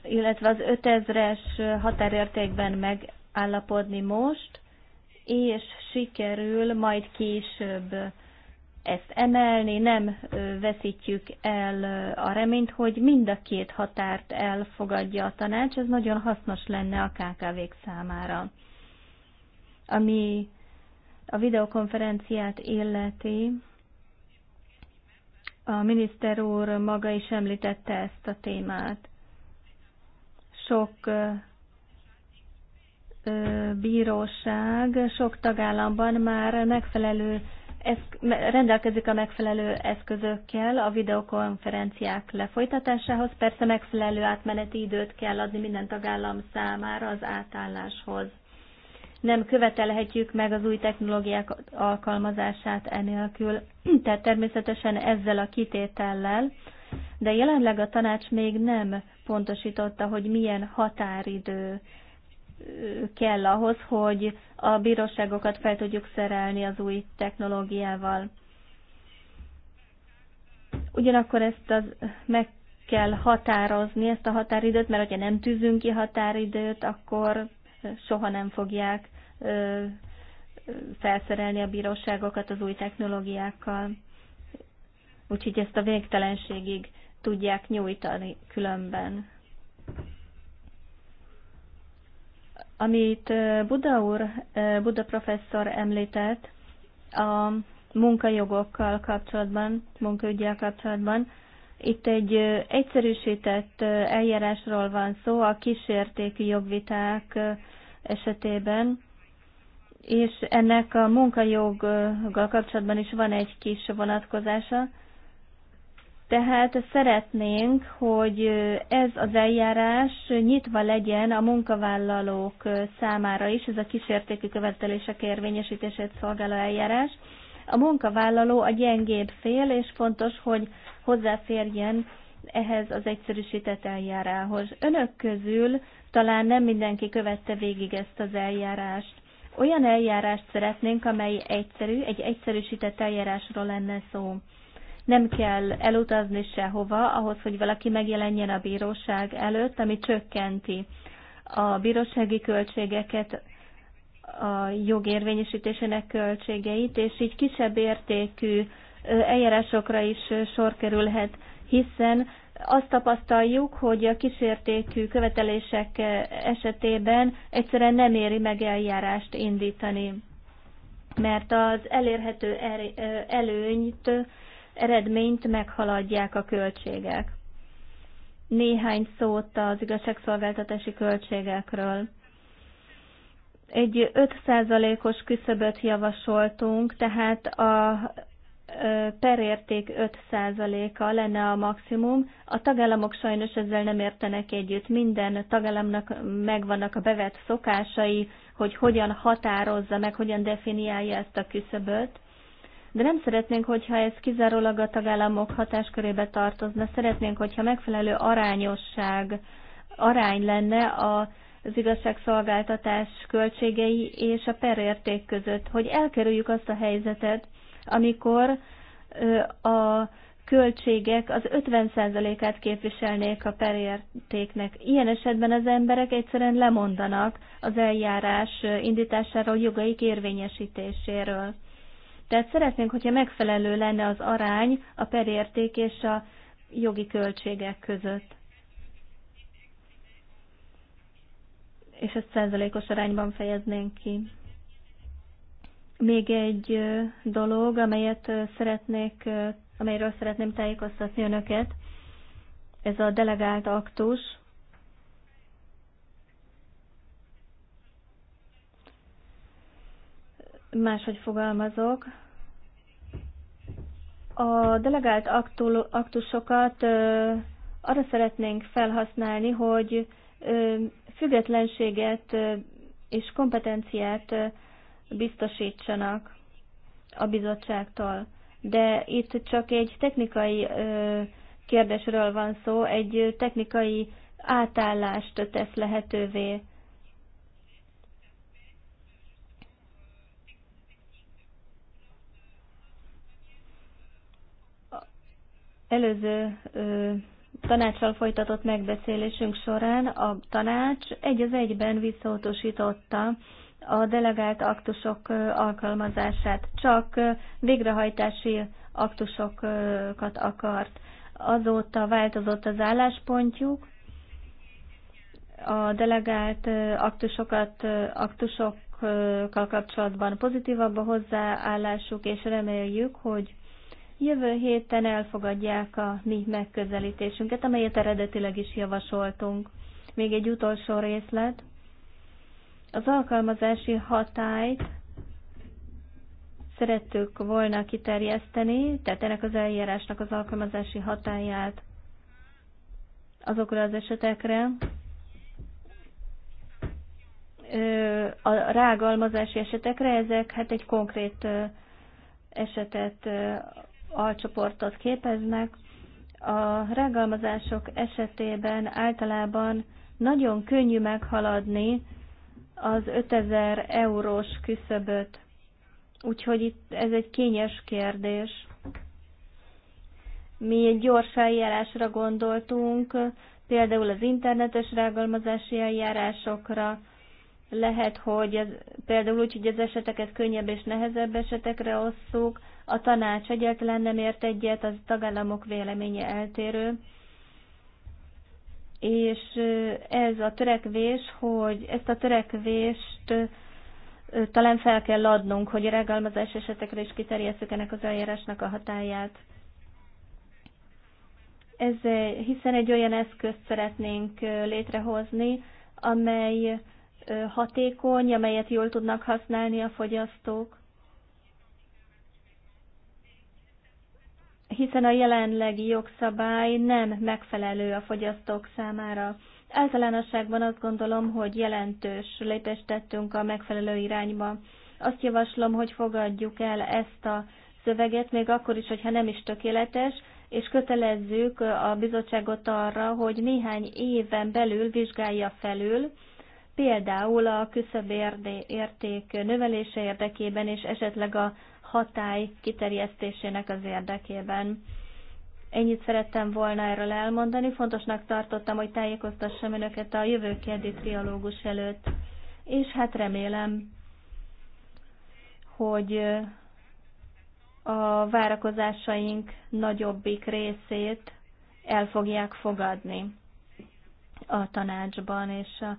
illetve az 5000-es határértékben megállapodni most, és sikerül majd később ezt emelni, nem veszítjük el a reményt, hogy mind a két határt elfogadja a tanács, ez nagyon hasznos lenne a KKV-k számára. Ami a videokonferenciát illeti, a miniszter úr maga is említette ezt a témát. Sok bíróság sok tagállamban már megfelelő rendelkezik a megfelelő eszközökkel a videokonferenciák lefolytatásához. Persze megfelelő átmeneti időt kell adni minden tagállam számára az átálláshoz nem követelhetjük meg az új technológiák alkalmazását enélkül. <clears throat> Tehát természetesen ezzel a kitétellel, de jelenleg a tanács még nem pontosította, hogy milyen határidő kell ahhoz, hogy a bíróságokat fel tudjuk szerelni az új technológiával. Ugyanakkor ezt az meg kell határozni, ezt a határidőt, mert hogyha nem tűzünk ki határidőt, akkor soha nem fogják felszerelni a bíróságokat az új technológiákkal. Úgyhogy ezt a végtelenségig tudják nyújtani különben. Amit Buda úr, Buda professzor említett, a munkajogokkal kapcsolatban, munkaügyel kapcsolatban, itt egy egyszerűsített eljárásról van szó a kísértékű jogviták esetében, és ennek a munkajoggal kapcsolatban is van egy kis vonatkozása. Tehát szeretnénk, hogy ez az eljárás nyitva legyen a munkavállalók számára is, ez a kísértékű követelések érvényesítését szolgáló eljárás. A munkavállaló a gyengébb fél, és fontos, hogy hozzáférjen ehhez az egyszerűsített eljárához. Önök közül talán nem mindenki követte végig ezt az eljárást. Olyan eljárást szeretnénk, amely egyszerű, egy egyszerűsített eljárásról lenne szó. Nem kell elutazni sehova ahhoz, hogy valaki megjelenjen a bíróság előtt, ami csökkenti a bírósági költségeket, a jogérvényesítésének költségeit, és így kisebb értékű eljárásokra is sor kerülhet, hiszen azt tapasztaljuk, hogy a kísértékű követelések esetében egyszerűen nem éri meg eljárást indítani, mert az elérhető er- előnyt, eredményt meghaladják a költségek. Néhány szót az igazságszolgáltatási költségekről. Egy 5%-os küszöböt javasoltunk, tehát a perérték 5%-a lenne a maximum. A tagállamok sajnos ezzel nem értenek együtt. Minden tagállamnak megvannak a bevett szokásai, hogy hogyan határozza meg, hogyan definiálja ezt a küszöböt. De nem szeretnénk, hogyha ez kizárólag a tagállamok hatáskörébe tartozna. Szeretnénk, hogyha megfelelő arányosság, arány lenne a az igazságszolgáltatás költségei és a perérték között, hogy elkerüljük azt a helyzetet, amikor a költségek az 50%-át képviselnék a perértéknek. Ilyen esetben az emberek egyszerűen lemondanak az eljárás indításáról, jogaik érvényesítéséről. Tehát szeretnénk, hogyha megfelelő lenne az arány a perérték és a jogi költségek között. És ezt százalékos arányban fejeznénk ki. Még egy dolog, amelyet szeretnék, amelyről szeretném tájékoztatni önöket, ez a delegált aktus. Máshogy fogalmazok. A delegált aktusokat arra szeretnénk felhasználni, hogy függetlenséget és kompetenciát biztosítsanak a bizottságtól. De itt csak egy technikai kérdésről van szó, egy technikai átállást tesz lehetővé. Előző ö, tanácssal folytatott megbeszélésünk során a tanács egy az egyben visszautosította, a delegált aktusok alkalmazását, csak végrehajtási aktusokat akart. Azóta változott az álláspontjuk, a delegált aktusokat, aktusokkal kapcsolatban pozitívabb a hozzáállásuk, és reméljük, hogy jövő héten elfogadják a mi megközelítésünket, amelyet eredetileg is javasoltunk. Még egy utolsó részlet az alkalmazási hatályt szerettük volna kiterjeszteni, tehát ennek az eljárásnak az alkalmazási hatáját azokra az esetekre, a rágalmazási esetekre, ezek hát egy konkrét esetet, alcsoportot képeznek. A rágalmazások esetében általában nagyon könnyű meghaladni az 5000 eurós küszöböt. Úgyhogy itt ez egy kényes kérdés. Mi egy gyors eljárásra gondoltunk, például az internetes rágalmazási eljárásokra, lehet, hogy ez, például úgy, hogy az eseteket könnyebb és nehezebb esetekre osszuk, a tanács egyáltalán nem ért egyet, az tagállamok véleménye eltérő, és ez a törekvés, hogy ezt a törekvést talán fel kell adnunk, hogy a regalmazás esetekre is kiterjesszük ennek az eljárásnak a hatáját. Ez, hiszen egy olyan eszközt szeretnénk létrehozni, amely hatékony, amelyet jól tudnak használni a fogyasztók, hiszen a jelenlegi jogszabály nem megfelelő a fogyasztók számára. Általánosságban azt gondolom, hogy jelentős lépést tettünk a megfelelő irányba. Azt javaslom, hogy fogadjuk el ezt a szöveget, még akkor is, hogyha nem is tökéletes, és kötelezzük a bizottságot arra, hogy néhány éven belül vizsgálja felül, például a küszöbérték növelése érdekében, és esetleg a hatály kiterjesztésének az érdekében. Ennyit szerettem volna erről elmondani. Fontosnak tartottam, hogy tájékoztassam önöket a jövő keddi trialógus előtt. És hát remélem, hogy a várakozásaink nagyobbik részét el fogják fogadni a tanácsban és a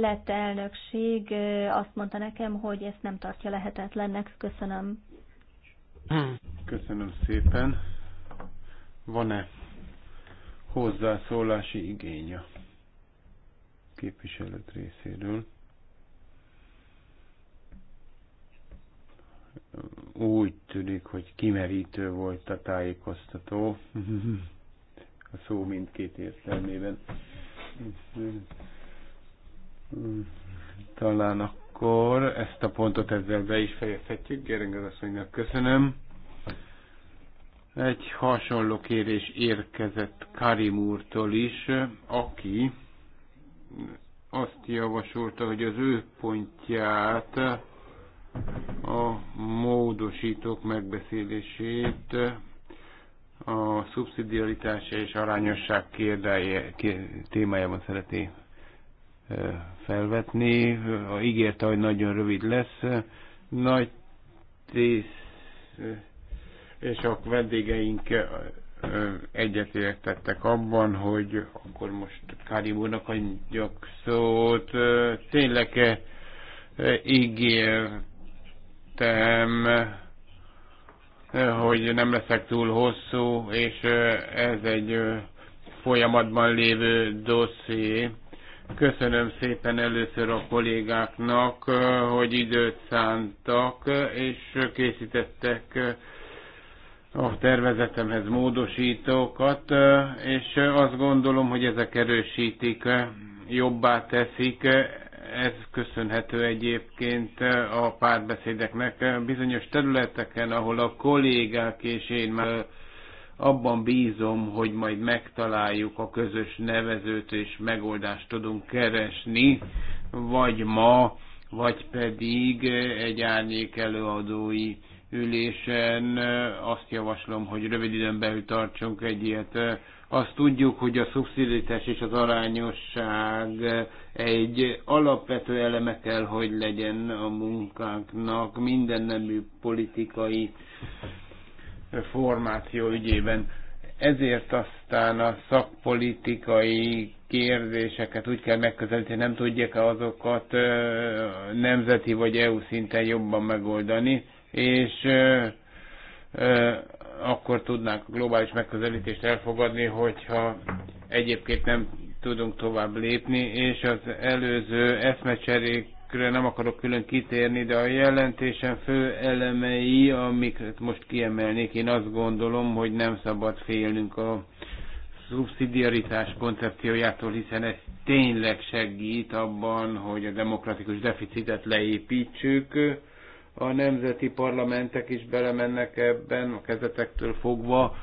lett elnökség azt mondta nekem, hogy ezt nem tartja lehetetlennek. Köszönöm.
Köszönöm szépen. Van-e hozzászólási igény a részéről? Úgy tűnik, hogy kimerítő volt a tájékoztató. <laughs> A szó mindkét értelmében talán akkor ezt a pontot ezzel be is fejezhetjük. az asszonynak köszönöm. Egy hasonló kérés érkezett Karim úrtól is, aki azt javasolta, hogy az ő pontját, a módosítók megbeszélését a szubszidiaritás és arányosság kérdéje témájában szeretné felvetni. Ígérte, hogy nagyon rövid lesz. Nagy tíz és a vendégeink egyetértettek abban, hogy akkor most Karim úrnak adjak szót. Tényleg ígértem, hogy nem leszek túl hosszú, és ez egy folyamatban lévő dosszié. Köszönöm szépen először a kollégáknak, eh, hogy időt szántak, és készítettek eh, a tervezetemhez módosítókat, eh, és azt gondolom, hogy ezek erősítik, jobbá teszik. Ez köszönhető egyébként a párbeszédeknek. Bizonyos területeken, ahol a kollégák és én már abban bízom, hogy majd megtaláljuk a közös nevezőt, és megoldást tudunk keresni, vagy ma, vagy pedig egy árnyék előadói ülésen azt javaslom, hogy rövid időn belül tartsunk egy ilyet. Azt tudjuk, hogy a szubszidítás és az arányosság egy alapvető eleme kell, hogy legyen a munkánknak minden nemű politikai formáció ügyében. Ezért aztán a szakpolitikai kérdéseket úgy kell megközelíteni, nem tudják-e azokat nemzeti vagy EU szinten jobban megoldani, és akkor tudnánk a globális megközelítést elfogadni, hogyha egyébként nem tudunk tovább lépni, és az előző eszmecserék amikre nem akarok külön kitérni, de a jelentésen fő elemei, amiket most kiemelnék, én azt gondolom, hogy nem szabad félnünk a szubszidiaritás koncepciójától, hiszen ez tényleg segít abban, hogy a demokratikus deficitet leépítsük. A nemzeti parlamentek is belemennek ebben, a kezetektől fogva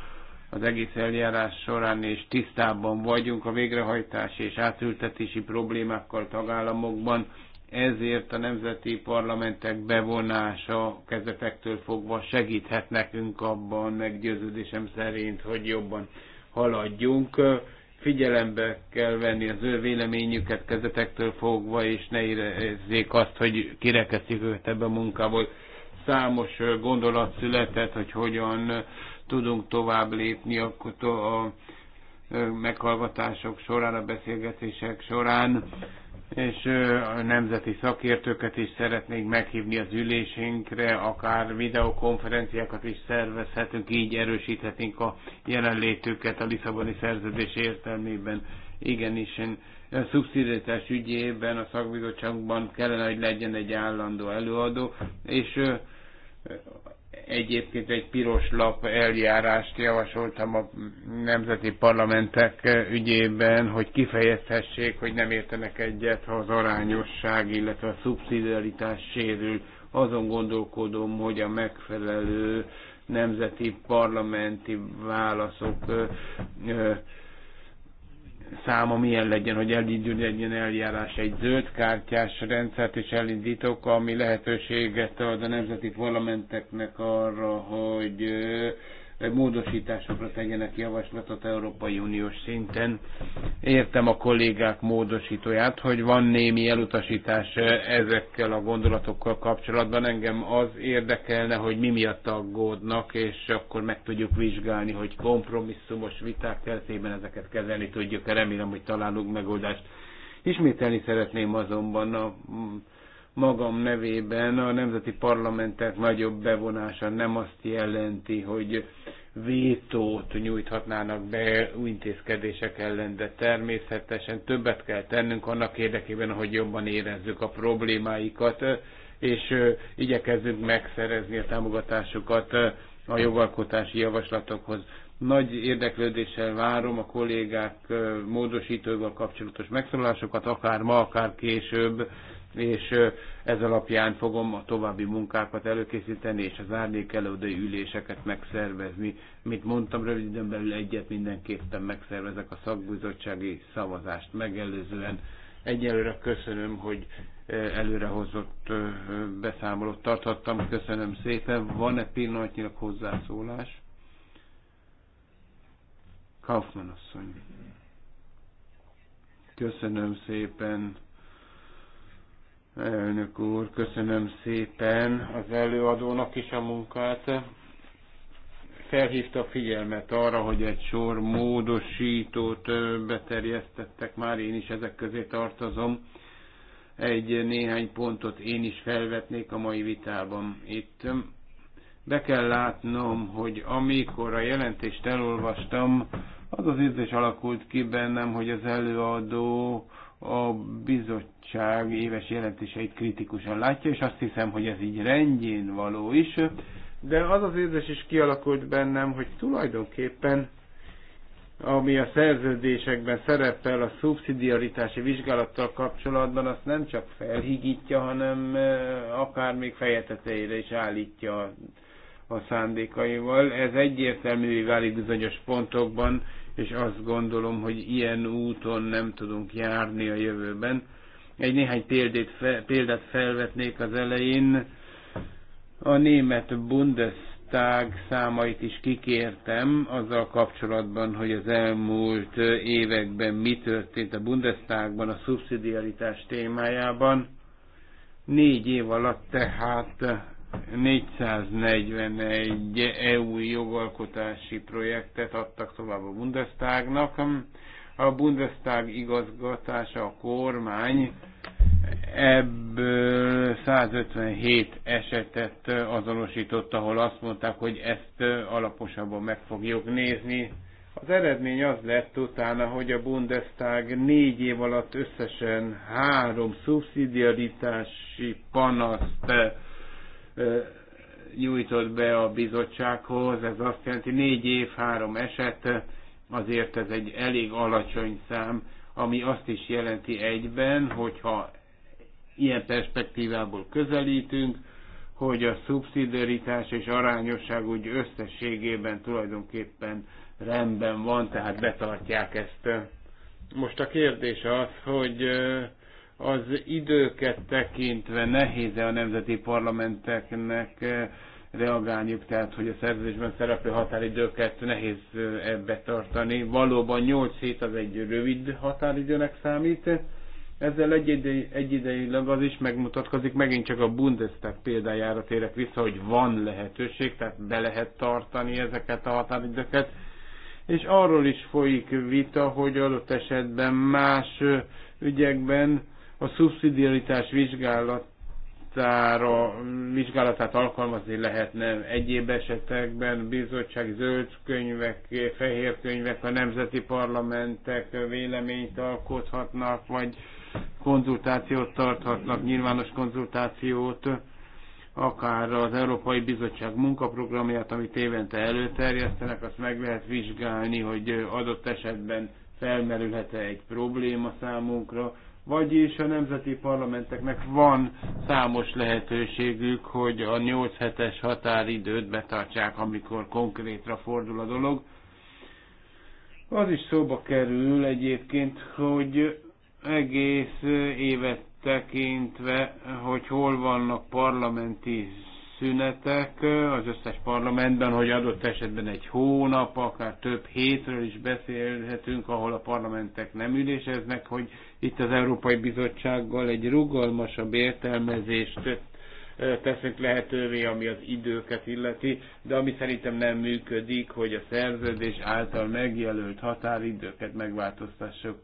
az egész eljárás során, és tisztában vagyunk a végrehajtási és átültetési problémákkal tagállamokban, ezért a nemzeti parlamentek bevonása kezdetektől fogva segíthet nekünk abban, meggyőződésem szerint, hogy jobban haladjunk. Figyelembe kell venni az ő véleményüket kezdetektől fogva, és ne érezzék azt, hogy kirekesztjük őt ebbe a munkából. Számos gondolat született, hogy hogyan tudunk tovább lépni a, a meghallgatások során, a beszélgetések során és a nemzeti szakértőket is szeretnénk meghívni az ülésünkre, akár videokonferenciákat is szervezhetünk, így erősíthetünk a jelenlétüket a Lisszaboni szerződés értelmében. Igenis, a szubszidiaritás ügyében a szakbizottságban kellene, hogy legyen egy állandó előadó, és Egyébként egy piros lap eljárást javasoltam a nemzeti parlamentek ügyében, hogy kifejezhessék, hogy nem értenek egyet, ha az arányosság, illetve a szubszidiaritás sérül. Azon gondolkodom, hogy a megfelelő nemzeti parlamenti válaszok ö, ö, száma milyen legyen, hogy elindul egy ilyen eljárás, egy zöld kártyás rendszert is elindítok, ami lehetőséget ad a nemzeti parlamenteknek arra, hogy módosításokra tegyenek javaslatot Európai Uniós szinten. Értem a kollégák módosítóját, hogy van némi elutasítás ezekkel a gondolatokkal kapcsolatban. Engem az érdekelne, hogy mi miatt aggódnak, és akkor meg tudjuk vizsgálni, hogy kompromisszumos viták keretében ezeket kezelni tudjuk. Remélem, hogy találunk megoldást. Ismételni szeretném azonban a magam nevében a nemzeti parlamentek nagyobb bevonása nem azt jelenti, hogy vétót nyújthatnának be intézkedések ellen, de természetesen többet kell tennünk annak érdekében, hogy jobban érezzük a problémáikat, és igyekezzünk megszerezni a támogatásukat a jogalkotási javaslatokhoz. Nagy érdeklődéssel várom a kollégák módosítóval kapcsolatos megszólásokat, akár ma, akár később, és ez alapján fogom a további munkákat előkészíteni, és az árnyék elődői üléseket megszervezni. Mint mondtam, röviden belül egyet mindenképpen megszervezek a szakbizottsági szavazást megelőzően. Egyelőre köszönöm, hogy előrehozott beszámolót tarthattam. Köszönöm szépen. Van-e pillanatnyilag hozzászólás? Kaufmann asszony. Köszönöm szépen. Elnök úr, köszönöm szépen az előadónak is a munkát. Felhívta a figyelmet arra, hogy egy sor módosítót beterjesztettek, már én is ezek közé tartozom. Egy néhány pontot én is felvetnék a mai vitában. Itt be kell látnom, hogy amikor a jelentést elolvastam, az az érzés alakult ki bennem, hogy az előadó a bizottság éves jelentéseit kritikusan látja, és azt hiszem, hogy ez így rendjén való is. De az az érzés is kialakult bennem, hogy tulajdonképpen ami a szerződésekben szerepel a szubszidiaritási vizsgálattal kapcsolatban, azt nem csak felhigítja, hanem eh, akár még fejeteteire is állítja a szándékaival. Ez egyértelművé válik bizonyos pontokban, és azt gondolom, hogy ilyen úton nem tudunk járni a jövőben. Egy néhány példát, példát felvetnék az elején. A német Bundestag számait is kikértem azzal kapcsolatban, hogy az elmúlt években mi történt a Bundestagban a szubszidiaritás témájában. Négy év alatt tehát 441 EU jogalkotási projektet adtak tovább a Bundestagnak. A Bundestag igazgatása, a kormány ebből 157 esetet azonosított, ahol azt mondták, hogy ezt alaposabban meg fogjuk nézni. Az eredmény az lett utána, hogy a Bundestag négy év alatt összesen három szubszidiaritási panaszt nyújtott be a bizottsághoz, ez azt jelenti négy év, három eset, azért ez egy elég alacsony szám, ami azt is jelenti egyben, hogyha ilyen perspektívából közelítünk, hogy a szubszidiaritás és arányosság úgy összességében tulajdonképpen rendben van, tehát betartják ezt. Most a kérdés az, hogy az időket tekintve nehéz -e a nemzeti parlamenteknek eh, reagálniuk, tehát hogy a szerződésben szereplő határidőket nehéz eh, ebbe tartani. Valóban 8 hét az egy rövid határidőnek számít. Ezzel egyide, egyidejileg az is megmutatkozik, megint csak a Bundestag példájára térek vissza, hogy van lehetőség, tehát be lehet tartani ezeket a határidőket, és arról is folyik vita, hogy adott esetben más eh, ügyekben a szubszidiaritás vizsgálatára, vizsgálatát alkalmazni lehetne egyéb esetekben, bizottság zöld könyvek, fehér könyvek, a nemzeti parlamentek véleményt alkothatnak, vagy konzultációt tarthatnak, nyilvános konzultációt, akár az Európai Bizottság munkaprogramját, amit évente előterjesztenek, azt meg lehet vizsgálni, hogy adott esetben felmerülhet-e egy probléma számunkra, vagyis a nemzeti parlamenteknek van számos lehetőségük, hogy a 8 hetes határidőt betartsák, amikor konkrétra fordul a dolog. Az is szóba kerül egyébként, hogy egész évet tekintve, hogy hol vannak parlamenti szünetek az összes parlamentben, hogy adott esetben egy hónap, akár több hétről is beszélhetünk, ahol a parlamentek nem üléseznek, hogy itt az Európai Bizottsággal egy rugalmasabb értelmezést eh, teszünk lehetővé, ami az időket illeti, de ami szerintem nem működik, hogy a szerződés által megjelölt határidőket megváltoztassuk.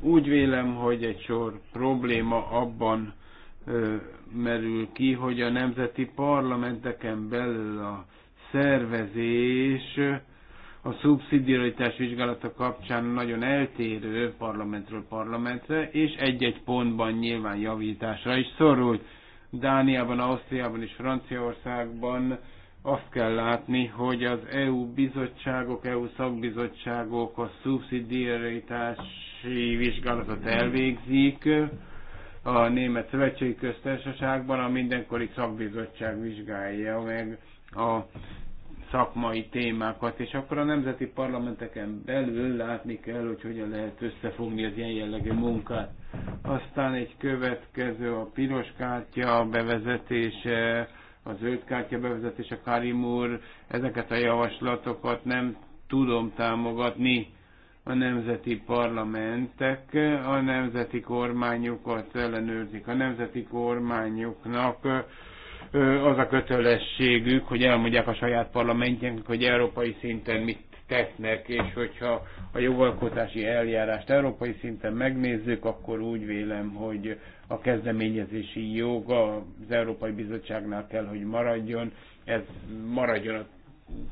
Úgy vélem, hogy egy sor probléma abban ö, eh, merül ki, hogy a nemzeti parlamenteken belül a szervezés a szubszidiaritás vizsgálata kapcsán nagyon eltérő parlamentről parlamentre, és egy-egy pontban nyilván javításra is szorult. Dániában, Ausztriában és Franciaországban azt kell látni, hogy az EU bizottságok, EU szakbizottságok a szubszidiaritási vizsgálatot elvégzik, a Német Szövetségi Köztársaságban a mindenkori szakbizottság vizsgálja meg a szakmai témákat, és akkor a nemzeti parlamenteken belül látni kell, hogy hogyan lehet összefogni az ilyen jellegű munkát. Aztán egy következő a piros kártya bevezetése, a zöld kártya bevezetése, Karim úr, ezeket a javaslatokat nem tudom támogatni a nemzeti parlamentek, a nemzeti kormányokat ellenőrzik. A nemzeti kormányoknak az a kötelességük, hogy elmondják a saját parlamentjének, hogy európai szinten mit tesznek, és hogyha a jogalkotási eljárást európai szinten megnézzük, akkor úgy vélem, hogy a kezdeményezési jog az Európai Bizottságnál kell, hogy maradjon. Ez maradjon a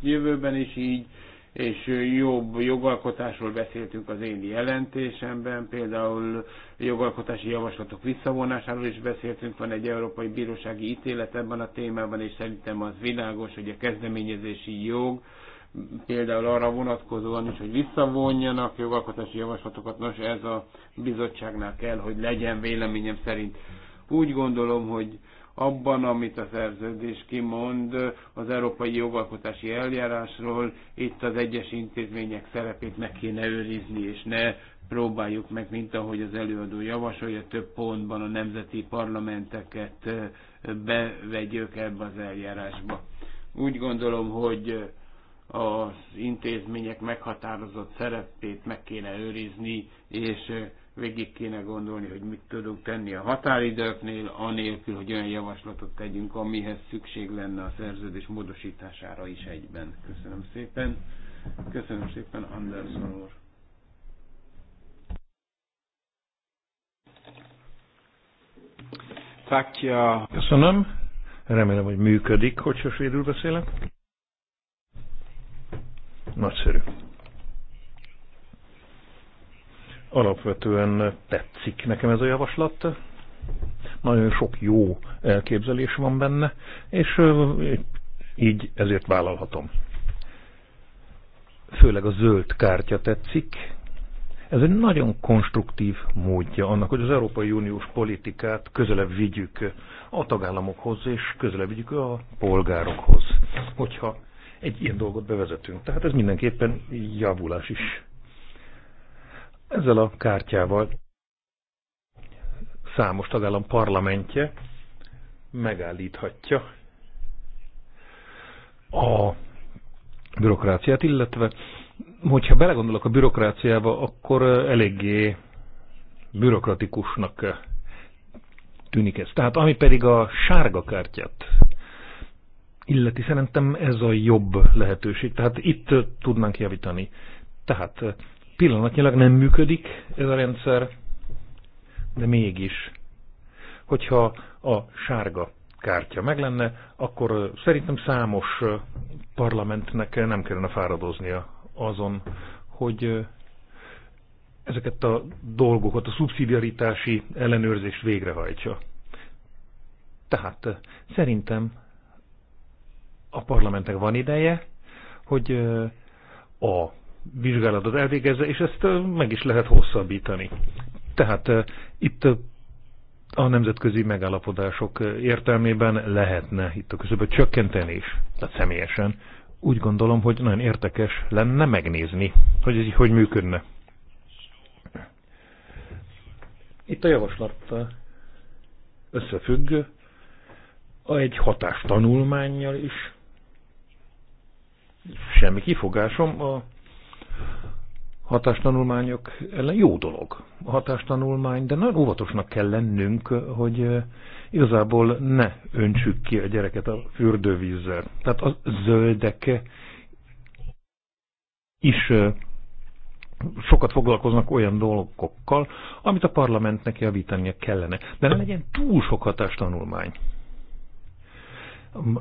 jövőben is így és jobb jogalkotásról beszéltünk az én jelentésemben, például jogalkotási javaslatok visszavonásáról is beszéltünk, van egy európai bírósági ítélet ebben a témában, és szerintem az világos, hogy a kezdeményezési jog például arra vonatkozóan is, hogy visszavonjanak jogalkotási javaslatokat, nos ez a bizottságnál kell, hogy legyen véleményem szerint. Úgy gondolom, hogy abban, amit a szerződés kimond az európai jogalkotási eljárásról, itt az egyes intézmények szerepét meg kéne őrizni, és ne próbáljuk meg, mint ahogy az előadó javasolja, több pontban a nemzeti parlamenteket bevegyük ebbe az eljárásba. Úgy gondolom, hogy az intézmények meghatározott szerepét meg kéne őrizni, és végig kéne gondolni, hogy mit tudunk tenni a határidőknél, anélkül, hogy olyan javaslatot tegyünk, amihez szükség lenne a szerződés módosítására is egyben. Köszönöm szépen. Köszönöm szépen, Anderson úr.
Köszönöm. Remélem, hogy működik, hogy sosvédül beszélek. Nagyszerű. Alapvetően tetszik nekem ez a javaslat. Nagyon sok jó elképzelés van benne, és így ezért vállalhatom. Főleg a zöld kártya tetszik, ez egy nagyon konstruktív módja annak, hogy az Európai Uniós politikát közelebb vigyük a tagállamokhoz, és közelebb vigyük a polgárokhoz. Hogyha egy ilyen dolgot bevezetünk. Tehát ez mindenképpen javulás is. Ezzel a kártyával számos tagállam parlamentje megállíthatja a bürokráciát, illetve hogyha belegondolok a bürokráciába, akkor eléggé bürokratikusnak tűnik ez. Tehát ami pedig a sárga kártyát illeti, szerintem ez a jobb lehetőség. Tehát itt tudnánk javítani. Tehát pillanatnyilag nem működik ez a rendszer, de mégis, hogyha a sárga kártya meg lenne, akkor szerintem számos parlamentnek nem kellene fáradoznia azon, hogy ezeket a dolgokat, a szubszidiaritási ellenőrzést végrehajtsa. Tehát szerintem a parlamentnek van ideje, hogy a vizsgálatot elvégezze, és ezt meg is lehet hosszabbítani. Tehát itt a nemzetközi megállapodások értelmében lehetne itt a közöbben csökkenteni is. Tehát személyesen úgy gondolom, hogy nagyon érdekes lenne megnézni, hogy ez így hogy működne. Itt a javaslat összefügg egy hatástanulmányjal is, semmi kifogásom a hatástanulmányok ellen jó dolog a hatástanulmány, de nagyon óvatosnak kell lennünk, hogy igazából ne öntsük ki a gyereket a fürdővízzel. Tehát a zöldek is sokat foglalkoznak olyan dolgokkal, amit a parlamentnek javítania kellene. De ne legyen túl sok hatástanulmány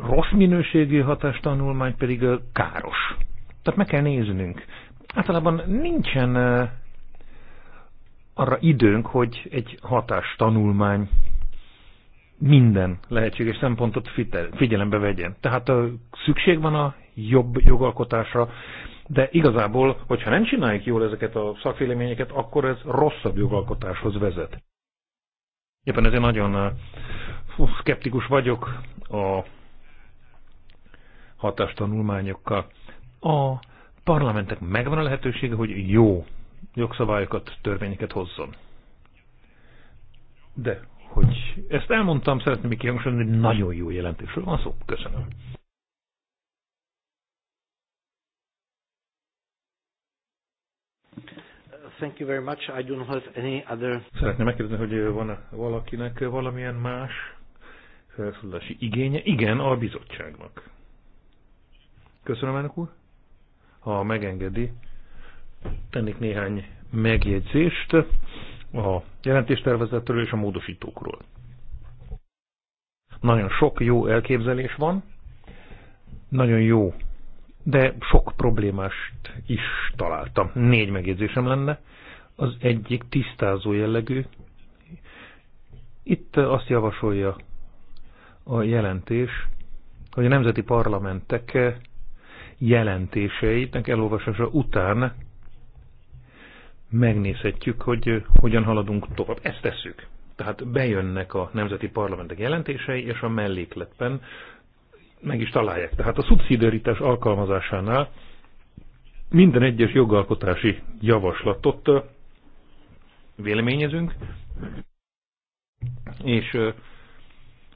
rossz minőségű hatástanulmány pedig káros. Tehát meg kell néznünk. Általában nincsen arra időnk, hogy egy hatástanulmány minden lehetséges szempontot figyelembe vegyen. Tehát szükség van a jobb jogalkotásra, de igazából, hogyha nem csináljuk jól ezeket a szakvéleményeket, akkor ez rosszabb jogalkotáshoz vezet. Éppen ezért nagyon szkeptikus vagyok a tanulmányokkal. A parlamentek megvan a lehetősége, hogy jó jogszabályokat, törvényeket hozzon. De, hogy ezt elmondtam, szeretném még kihangsúlyozni, hogy nagyon jó jelentésről van szó. Köszönöm.
Thank you very much. I don't have any other...
Szeretném megkérdezni, hogy van -e valakinek valamilyen más felszólási igénye? Igen, a bizottságnak. Köszönöm, elnök úr. Ha megengedi, tennék néhány megjegyzést a jelentéstervezetről és a módosítókról. Nagyon sok jó elképzelés van, nagyon jó, de sok problémást is találtam. Négy megjegyzésem lenne. Az egyik tisztázó jellegű. Itt azt javasolja a jelentés, hogy a nemzeti parlamentek jelentéseitnek elolvasása után megnézhetjük, hogy eh, hogyan haladunk tovább. Ezt tesszük. Tehát bejönnek a nemzeti parlamentek jelentései, és a mellékletben meg is találják. Tehát a szubszidiaritás alkalmazásánál minden egyes jogalkotási javaslatot eh, véleményezünk, és eh,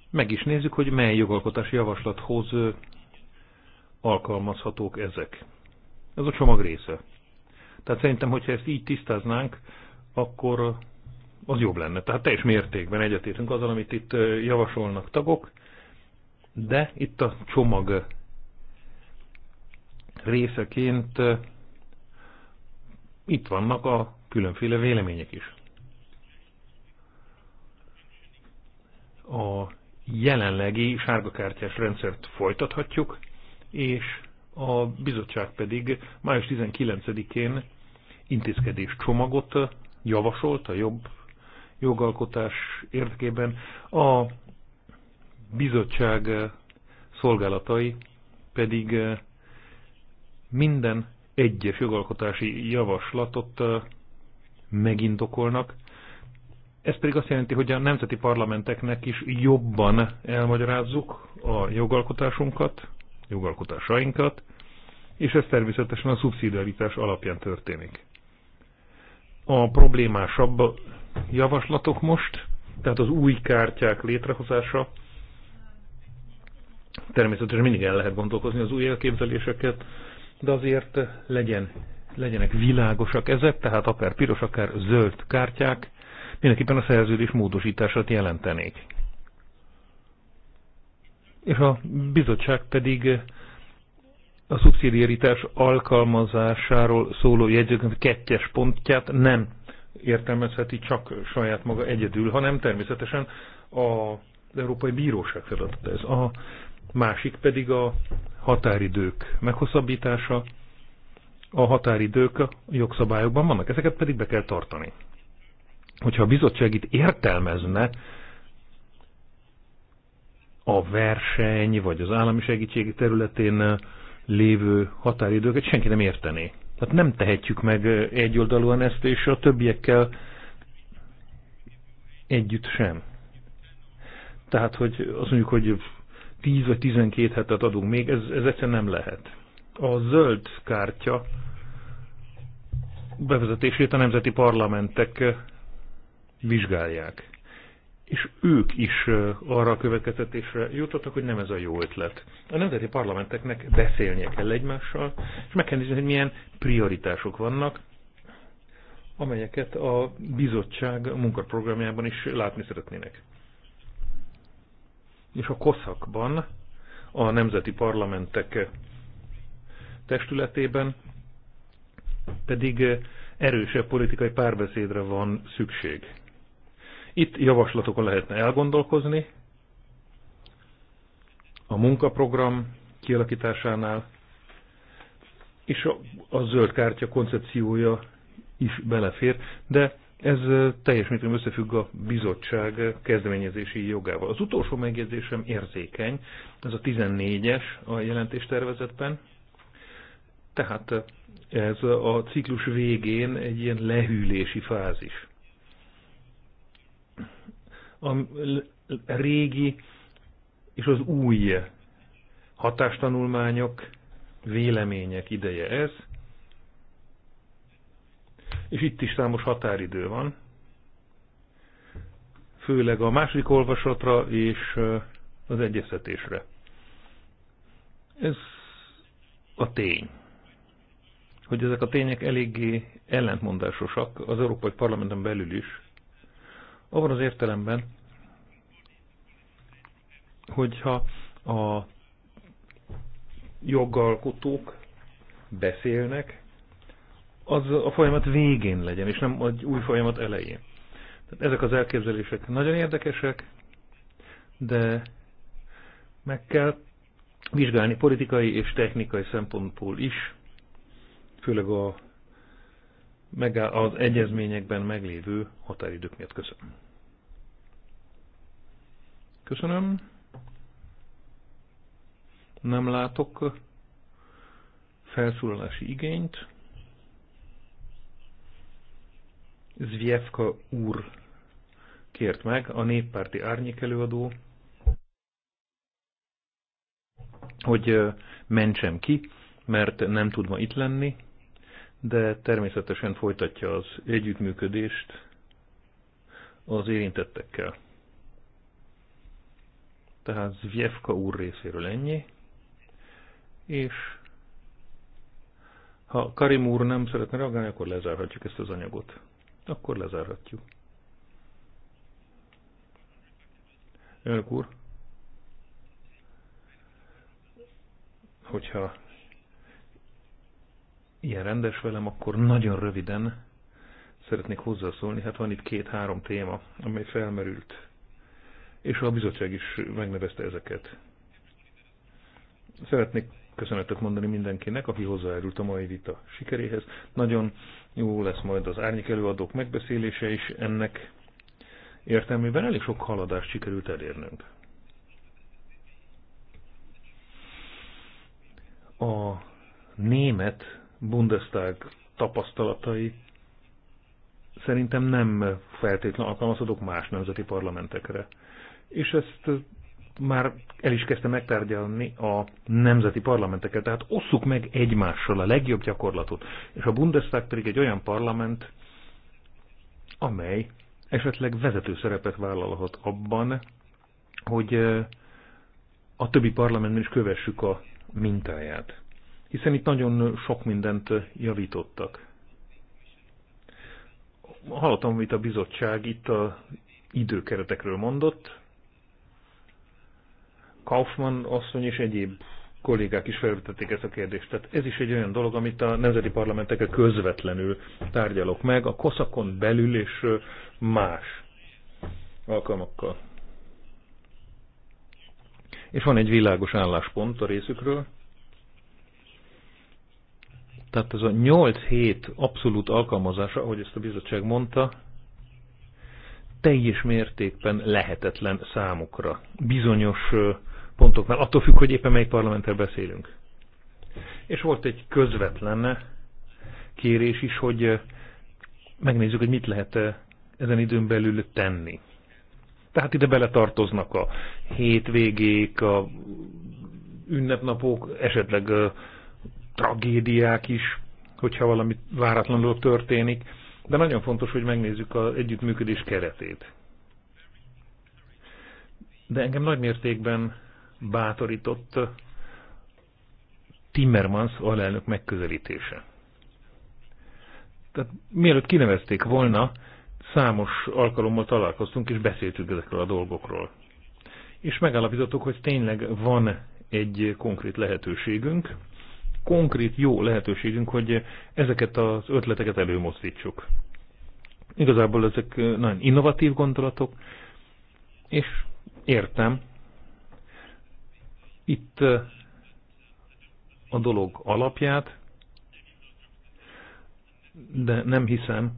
meg is nézzük, hogy mely jogalkotási javaslathoz alkalmazhatók ezek. Ez a csomag része. Tehát szerintem, hogyha ezt így tisztáznánk, akkor az jobb lenne. Tehát teljes mértékben egyetértünk azzal, amit itt javasolnak tagok, de itt a csomag részeként itt vannak a különféle vélemények is. A jelenlegi sárgakártyás rendszert folytathatjuk, és a bizottság pedig május 19-én intézkedés csomagot javasolt a jobb jogalkotás érdekében. A bizottság szolgálatai pedig minden egyes jogalkotási javaslatot megindokolnak. Ez pedig azt jelenti, hogy a nemzeti parlamenteknek is jobban elmagyarázzuk a jogalkotásunkat, jogalkotásainkat, és ez természetesen a szubszidiaritás alapján történik. A problémásabb javaslatok most, tehát az új kártyák létrehozása, természetesen mindig el lehet gondolkozni az új elképzeléseket, de azért legyen, legyenek világosak ezek, tehát akár piros, akár zöld kártyák, mindenképpen a szerződés módosítását jelentenék és a bizottság pedig a szubszidiaritás alkalmazásáról szóló jegyzőkönyv kettes pontját nem értelmezheti csak saját maga egyedül, hanem természetesen az Európai Bíróság feladata ez. A másik pedig a határidők meghosszabbítása. A határidők a jogszabályokban vannak, ezeket pedig be kell tartani. Hogyha a bizottság itt értelmezne a verseny vagy az állami segítség területén lévő határidőket senki nem értené. Tehát nem tehetjük meg egyoldalúan ezt, és a többiekkel együtt sem. Tehát, hogy azt mondjuk, hogy 10 vagy 12 hetet adunk még, ez, ez egyszerűen nem lehet. A zöld kártya bevezetését a nemzeti parlamentek vizsgálják és ők is arra a következtetésre jutottak, hogy nem ez a jó ötlet. A nemzeti parlamenteknek beszélnie kell egymással, és meg kell nézni, hogy milyen prioritások vannak, amelyeket a bizottság munkaprogramjában is látni szeretnének. És a koszakban, a nemzeti parlamentek testületében pedig erősebb politikai párbeszédre van szükség itt javaslatokon lehetne elgondolkozni a munkaprogram kialakításánál, és a, a zöld kártya koncepciója is belefér, de ez teljes mértékben összefügg a bizottság kezdeményezési jogával. Az utolsó megjegyzésem érzékeny, ez a 14-es a jelentéstervezetben, tehát ez a ciklus végén egy ilyen lehűlési fázis a régi és az új hatástanulmányok, vélemények ideje ez, és itt is számos határidő van, főleg a második olvasatra és az egyeztetésre. Ez a tény, hogy ezek a tények eléggé ellentmondásosak az Európai Parlamenten belül is, abban az értelemben, hogyha a jogalkotók beszélnek, az a folyamat végén legyen, és nem egy új folyamat elején. Tehát ezek az elképzelések nagyon érdekesek, de meg kell vizsgálni politikai és technikai szempontból is, főleg a, az egyezményekben meglévő határidők miatt. Köszönöm. Köszönöm. Nem látok felszólalási igényt. Zvjevka úr kért meg, a néppárti előadó, hogy mentsem ki, mert nem tud ma itt lenni, de természetesen folytatja az együttműködést az érintettekkel. Tehát Zvjevka úr részéről ennyi. És ha Karim úr nem szeretne reagálni, akkor lezárhatjuk ezt az anyagot. Akkor lezárhatjuk. Önök úr, hogyha ilyen rendes velem, akkor nagyon röviden szeretnék hozzászólni. Hát van itt két-három téma, amely felmerült és a bizottság is megnevezte ezeket. Szeretnék köszönetet mondani mindenkinek, aki hozzájárult a mai vita sikeréhez. Nagyon jó lesz majd az árnyék előadók megbeszélése is ennek értelmében elég sok haladást sikerült elérnünk. A német Bundestag tapasztalatai szerintem nem feltétlenül alkalmazhatók más nemzeti parlamentekre. És ezt már el is kezdte megtárgyalni a nemzeti parlamenteket, tehát osszuk meg egymással a legjobb gyakorlatot. És a Bundestag pedig egy olyan parlament, amely esetleg vezető szerepet vállalhat abban, hogy a többi parlamentben is kövessük a mintáját. Hiszen itt nagyon sok mindent javítottak hallottam, amit a bizottság itt a időkeretekről mondott. Kaufmann asszony és egyéb kollégák is felvetették ezt a kérdést. Tehát ez is egy olyan dolog, amit a nemzeti parlamentekkel közvetlenül tárgyalok meg, a koszakon belül és más alkalmakkal. És van egy világos álláspont a részükről, tehát ez a 8 hét abszolút alkalmazása, ahogy ezt a bizottság mondta, teljes mértékben lehetetlen számukra. Bizonyos pontoknál, attól függ, hogy éppen melyik parlamenter beszélünk. És volt egy közvetlen kérés is, hogy megnézzük, hogy mit lehet ezen időn belül tenni. Tehát ide beletartoznak a hétvégék, a ünnepnapok, esetleg tragédiák is, hogyha valami váratlanul történik, de nagyon fontos, hogy megnézzük az együttműködés keretét. De engem nagy mértékben bátorított Timmermans alelnök megközelítése. Tehát mielőtt kinevezték volna, számos alkalommal találkoztunk és beszéltük ezekről a dolgokról. És megállapítottuk, hogy tényleg van egy konkrét lehetőségünk, konkrét jó lehetőségünk, hogy ezeket az ötleteket előmozdítsuk. Igazából ezek nagyon innovatív gondolatok, és értem, itt a dolog alapját, de nem hiszem,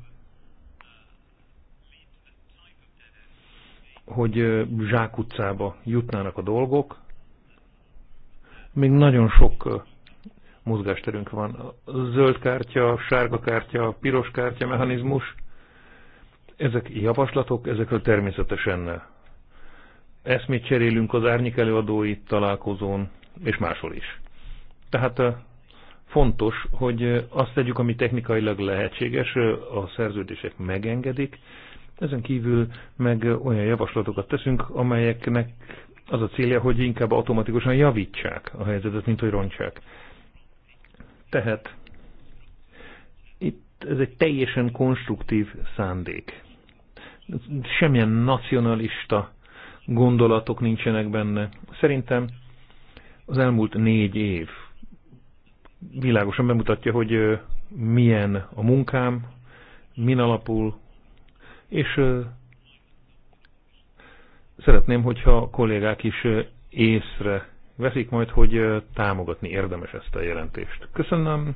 hogy zsákutcába jutnának a dolgok. Még nagyon sok mozgásterünk van. A zöld kártya, sárga kártya, piros kártya mechanizmus, ezek javaslatok, ezekről természetesen eszmét cserélünk az árnyék előadói találkozón, és máshol is. Tehát fontos, hogy azt tegyük, ami technikailag lehetséges, a szerződések megengedik, ezen kívül meg olyan javaslatokat teszünk, amelyeknek az a célja, hogy inkább automatikusan javítsák a helyzetet, mint hogy rontsák tehet itt ez egy teljesen konstruktív szándék. Semmilyen nacionalista gondolatok nincsenek benne. Szerintem az elmúlt négy év világosan bemutatja, hogy milyen a munkám, min alapul, és szeretném, hogyha a kollégák is észre veszik majd, hogy támogatni érdemes ezt a jelentést. Köszönöm.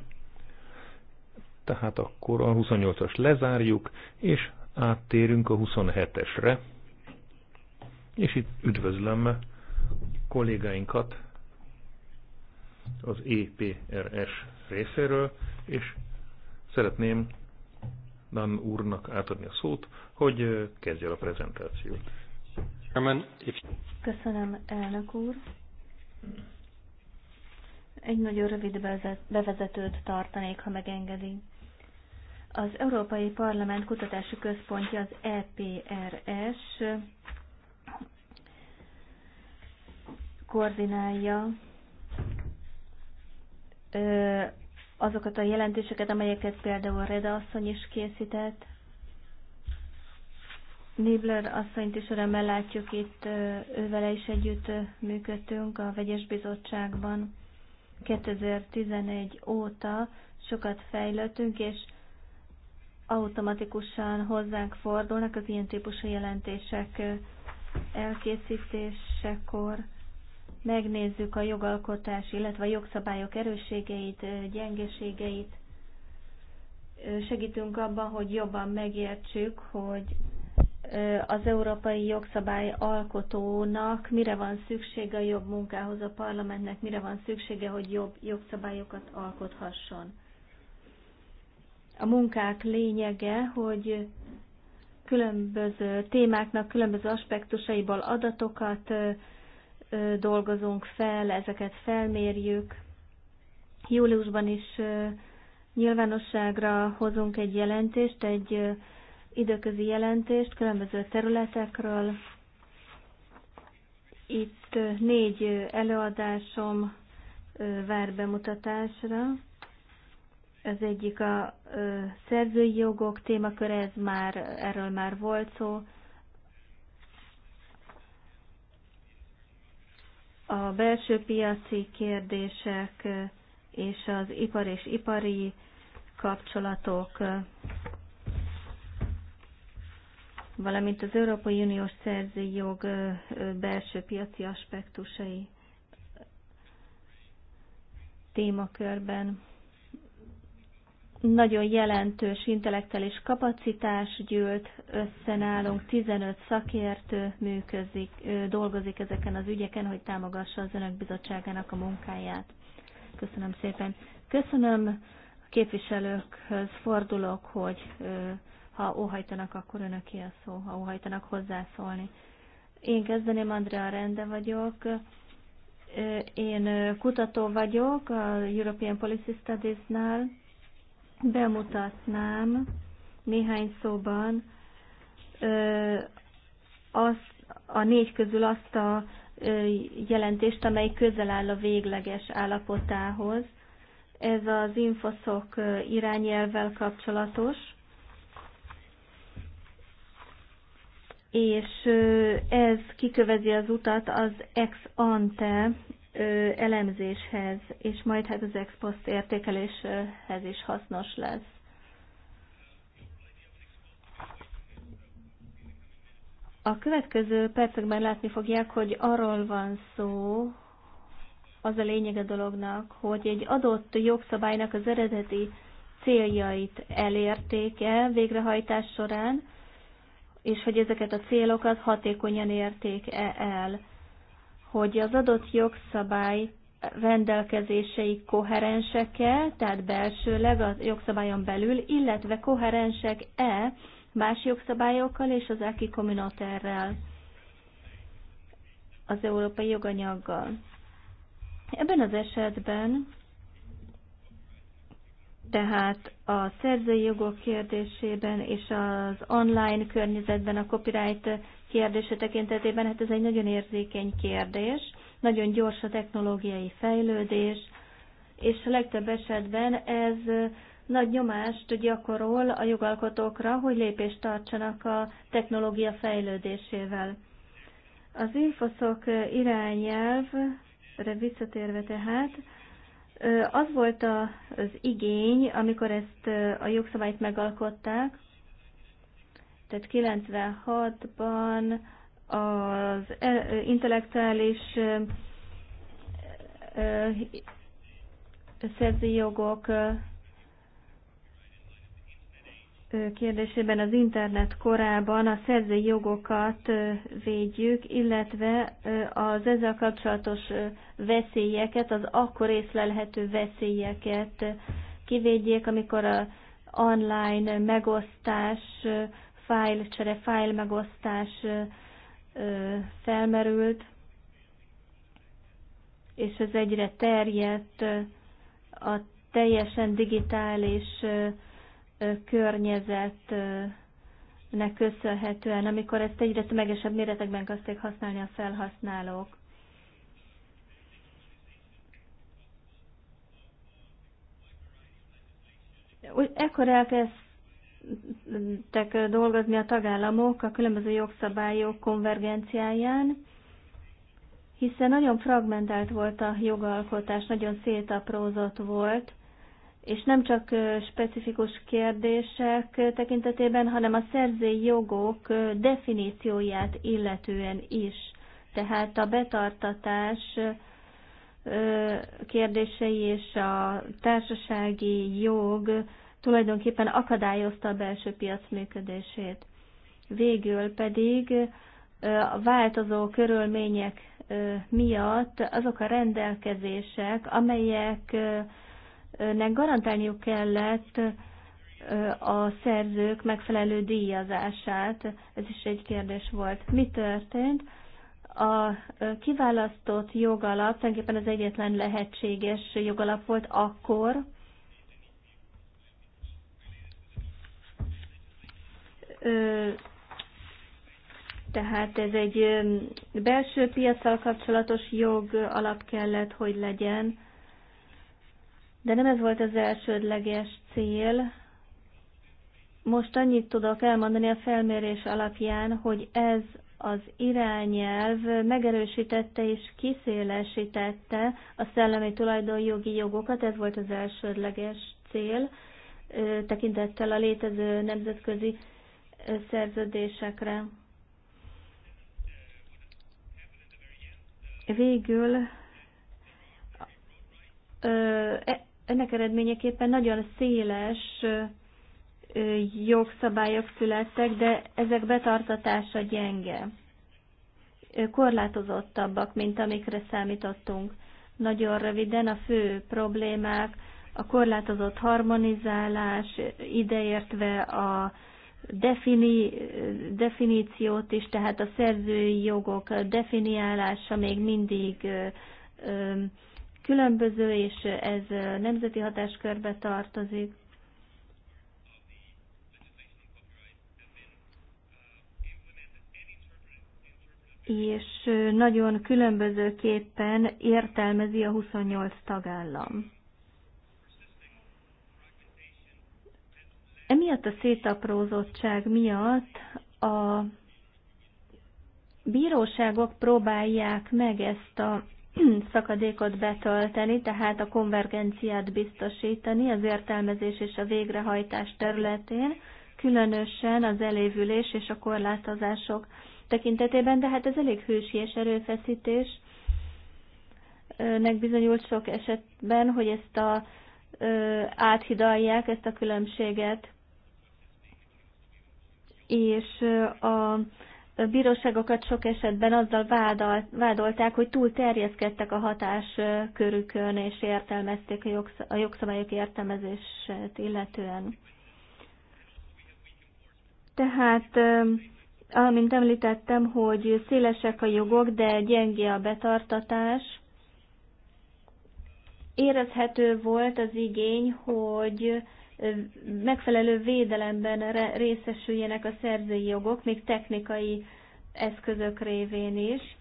Tehát akkor a 28-as lezárjuk, és áttérünk a 27-esre. És itt üdvözlöm kollégáinkat az EPRS részéről, és szeretném Dan úrnak átadni a szót, hogy kezdje a prezentációt.
Köszönöm, elnök úr. Egy nagyon rövid bevezetőt tartanék, ha megengedi. Az Európai Parlament Kutatási Központja, az EPRS koordinálja azokat a jelentéseket, amelyeket például Reda asszony is készített, Nibler asszonyt is örömmel látjuk itt, ővele is együtt működtünk a Vegyes Bizottságban. 2011 óta sokat fejlődtünk, és automatikusan hozzánk fordulnak az ilyen típusú jelentések elkészítésekor. Megnézzük a jogalkotás, illetve a jogszabályok erősségeit, gyengeségeit. Segítünk abban, hogy jobban megértsük, hogy az európai jogszabály alkotónak mire van szüksége a jobb munkához, a parlamentnek mire van szüksége, hogy jobb jogszabályokat alkothasson. A munkák lényege, hogy különböző témáknak, különböző aspektusaiból adatokat dolgozunk fel, ezeket felmérjük. Júliusban is nyilvánosságra hozunk egy jelentést, egy időközi jelentést különböző területekről. Itt négy előadásom vár bemutatásra. Az egyik a szerzői jogok témaköre, ez már, erről már volt szó. A belső piaci kérdések és az ipar és ipari kapcsolatok valamint az Európai Uniós szerzői jog belső piaci aspektusai témakörben. Nagyon jelentős intellektuális kapacitás gyűlt, összenálunk, 15 szakértő működik, dolgozik ezeken az ügyeken, hogy támogassa az Önök Bizottságának a munkáját. Köszönöm szépen. Köszönöm a képviselőkhöz fordulok, hogy ha óhajtanak, akkor önöké a szó, ha óhajtanak hozzászólni. Én kezdeném, Andrea Rende vagyok. Én kutató vagyok a European Policy Studies-nál. Bemutatnám néhány szóban az, a négy közül azt a jelentést, amely közel áll a végleges állapotához. Ez az infoszok irányelvvel kapcsolatos. és ez kikövezi az utat az ex ante elemzéshez, és majd hát az ex post értékeléshez is hasznos lesz. A következő percekben látni fogják, hogy arról van szó, az a lényeg a dolognak, hogy egy adott jogszabálynak az eredeti céljait elérték-e végrehajtás során, és hogy ezeket a célokat hatékonyan érték -e el, hogy az adott jogszabály rendelkezései koherensek-e, tehát belsőleg a jogszabályon belül, illetve koherensek-e más jogszabályokkal és az aki kominoterrel, az európai joganyaggal. Ebben az esetben tehát a szerzői jogok kérdésében és az online környezetben a copyright kérdése tekintetében, hát ez egy nagyon érzékeny kérdés, nagyon gyors a technológiai fejlődés, és a legtöbb esetben ez nagy nyomást gyakorol a jogalkotókra, hogy lépést tartsanak a technológia fejlődésével. Az infoszok irányelvre visszatérve tehát, az volt az igény, amikor ezt a jogszabályt megalkották, tehát 96-ban az intellektuális szerzőjogok jogok kérdésében az internet korában a szerzői jogokat védjük, illetve az ezzel kapcsolatos veszélyeket, az akkor észlelhető veszélyeket kivédjék, amikor a online megosztás, fájlcsere, fájl megosztás felmerült, és ez egyre terjedt a teljesen digitális környezetnek köszönhetően, amikor ezt egyre tömegesebb méretekben kezdték használni a felhasználók. Ekkor elkezdtek dolgozni a tagállamok a különböző jogszabályok konvergenciáján, hiszen nagyon fragmentált volt a jogalkotás, nagyon szétaprózott volt, és nem csak specifikus kérdések tekintetében, hanem a szerzői jogok definícióját illetően is. Tehát a betartatás kérdései és a társasági jog tulajdonképpen akadályozta a belső piac működését. Végül pedig a változó körülmények miatt azok a rendelkezések, amelyek nek garantálniuk kellett a szerzők megfelelő díjazását. Ez is egy kérdés volt. Mi történt? A kiválasztott jogalap tulajdonképpen az egyetlen lehetséges jogalap volt akkor, tehát ez egy belső piacsal kapcsolatos jog alap kellett, hogy legyen, de nem ez volt az elsődleges cél. Most annyit tudok elmondani a felmérés alapján, hogy ez az irányelv megerősítette és kiszélesítette a szellemi tulajdonjogi jogokat, ez volt az elsődleges cél, tekintettel a létező nemzetközi szerződésekre. Végül e- ennek eredményeképpen nagyon széles jogszabályok születtek, de ezek betartatása gyenge. Korlátozottabbak, mint amikre számítottunk. Nagyon röviden a fő problémák a korlátozott harmonizálás, ideértve a defini, definíciót is, tehát a szerzői jogok definiálása még mindig különböző, és ez nemzeti hatáskörbe tartozik. és nagyon különbözőképpen értelmezi a 28 tagállam. Emiatt a szétaprózottság miatt a bíróságok próbálják meg ezt a <clears throat> szakadékot betölteni, tehát a konvergenciát biztosítani az értelmezés és a végrehajtás területén, különösen az elévülés és a korlátozások tekintetében, de hát ez elég hősies erőfeszítés. Nek bizonyult sok esetben, hogy ezt a, áthidalják ezt a különbséget, és a bíróságokat sok esetben azzal vádalt, vádolták, hogy túl terjeszkedtek a hatáskörükön, és értelmezték a jogszabályok értelmezését illetően. Tehát, amint említettem, hogy szélesek a jogok, de gyengé a betartatás, érezhető volt az igény, hogy megfelelő védelemben részesüljenek a szerzői jogok, még technikai eszközök révén is.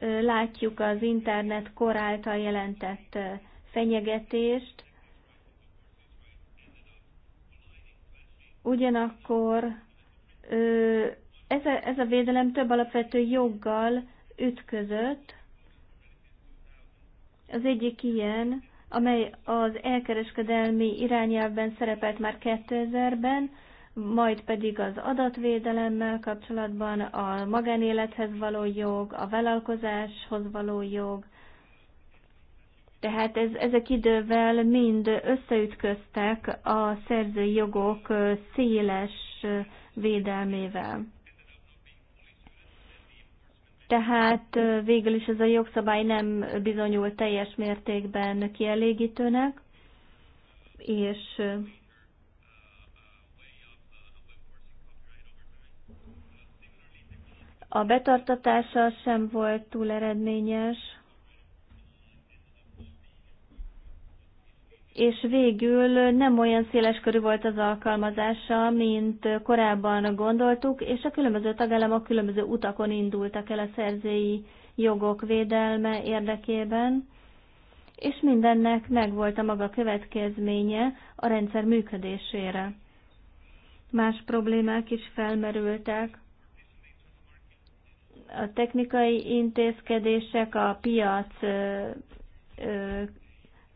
Látjuk az internet koráltal jelentett fenyegetést. Ugyanakkor ez a, ez a védelem több alapvető joggal ütközött. Az egyik ilyen amely az elkereskedelmi irányelvben szerepelt már 2000-ben, majd pedig az adatvédelemmel kapcsolatban a magánélethez való jog, a vállalkozáshoz való jog. Tehát ez, ezek idővel mind összeütköztek a szerzői jogok széles védelmével tehát végül is ez a jogszabály nem bizonyul teljes mértékben kielégítőnek, és a betartatása sem volt túl eredményes. és végül nem olyan széles körű volt az alkalmazása, mint korábban gondoltuk, és a különböző tagállamok különböző utakon indultak el a szerzői jogok védelme érdekében, és mindennek megvolt a maga következménye a rendszer működésére. Más problémák is felmerültek. A technikai intézkedések, a piac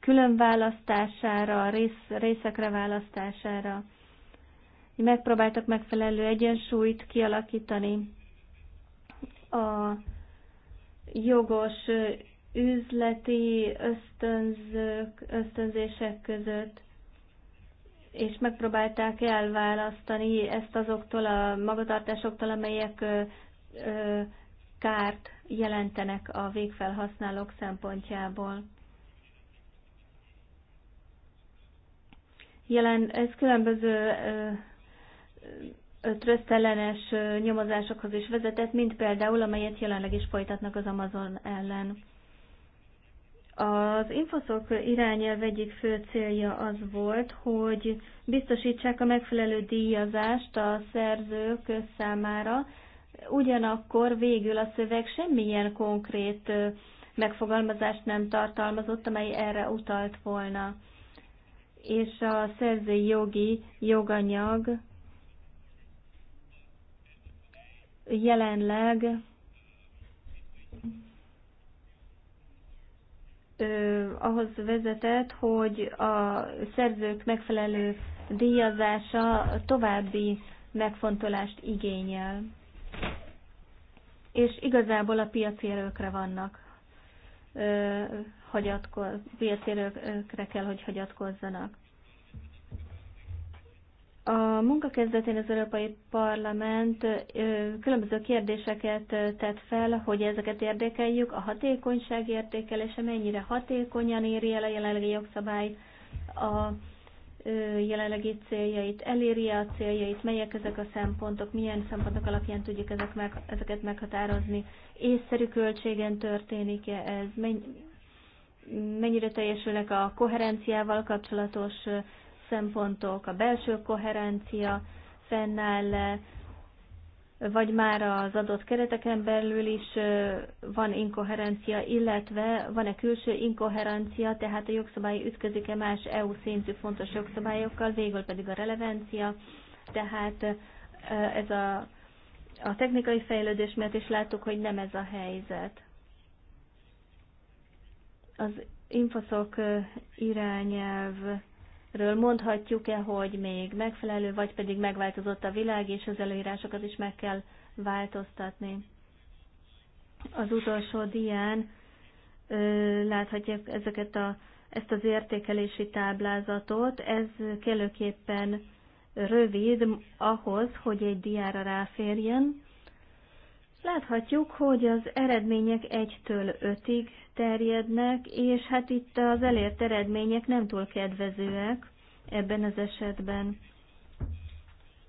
különválasztására, rész, részekre választására. Megpróbáltak megfelelő egyensúlyt kialakítani a jogos üzleti ösztönzők, ösztönzések között, és megpróbálták elválasztani ezt azoktól a magatartásoktól, amelyek kárt jelentenek a végfelhasználók szempontjából. jelen, ez különböző trösztellenes nyomozásokhoz is vezetett, mint például, amelyet jelenleg is folytatnak az Amazon ellen. Az infoszok irányelv egyik fő célja az volt, hogy biztosítsák a megfelelő díjazást a szerzők számára, ugyanakkor végül a szöveg semmilyen konkrét megfogalmazást nem tartalmazott, amely erre utalt volna és a szerzői jogi joganyag jelenleg ö, ahhoz vezetett, hogy a szerzők megfelelő díjazása további megfontolást igényel. És igazából a piaci erőkre vannak ö, hagyatkoz, kell, hogy hagyatkozzanak. A munka kezdetén az Európai Parlament különböző kérdéseket tett fel, hogy ezeket érdekeljük. a hatékonyság értékelése mennyire hatékonyan éri el a jelenlegi jogszabály a jelenlegi céljait, eléri a céljait, melyek ezek a szempontok, milyen szempontok alapján tudjuk ezek meg, ezeket meghatározni, észszerű költségen történik-e ez, mennyire teljesülnek a koherenciával kapcsolatos szempontok, a belső koherencia fennáll vagy már az adott kereteken belül is van inkoherencia, illetve van-e külső inkoherencia, tehát a jogszabály ütközik-e más EU szintű fontos jogszabályokkal, végül pedig a relevancia, tehát ez a, a technikai fejlődés miatt is láttuk, hogy nem ez a helyzet. Az infoszok irányelvről mondhatjuk-e, hogy még megfelelő, vagy pedig megváltozott a világ, és az előírásokat is meg kell változtatni. Az utolsó dián láthatják ezeket a, ezt az értékelési táblázatot. Ez kellőképpen rövid ahhoz, hogy egy diára ráférjen. Láthatjuk, hogy az eredmények 1-től 5-ig terjednek, és hát itt az elért eredmények nem túl kedvezőek ebben az esetben.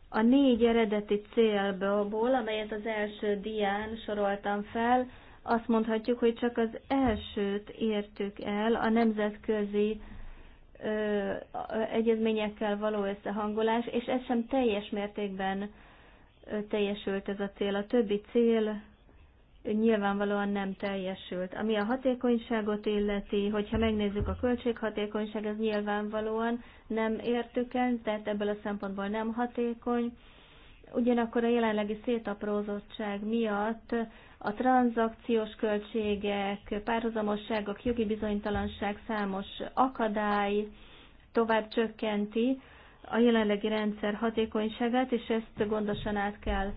A négy eredeti célból, amelyet az első dián soroltam fel, azt mondhatjuk, hogy csak az elsőt értük el, a nemzetközi ö, egyezményekkel való összehangolás, és ez sem teljes mértékben teljesült ez a cél. A többi cél nyilvánvalóan nem teljesült. Ami a hatékonyságot illeti, hogyha megnézzük a költséghatékonyság, ez nyilvánvalóan nem értük el, tehát ebből a szempontból nem hatékony. Ugyanakkor a jelenlegi szétaprózottság miatt a tranzakciós költségek, párhuzamosságok, jogi bizonytalanság számos akadály tovább csökkenti a jelenlegi rendszer hatékonyságát, és ezt gondosan át kell,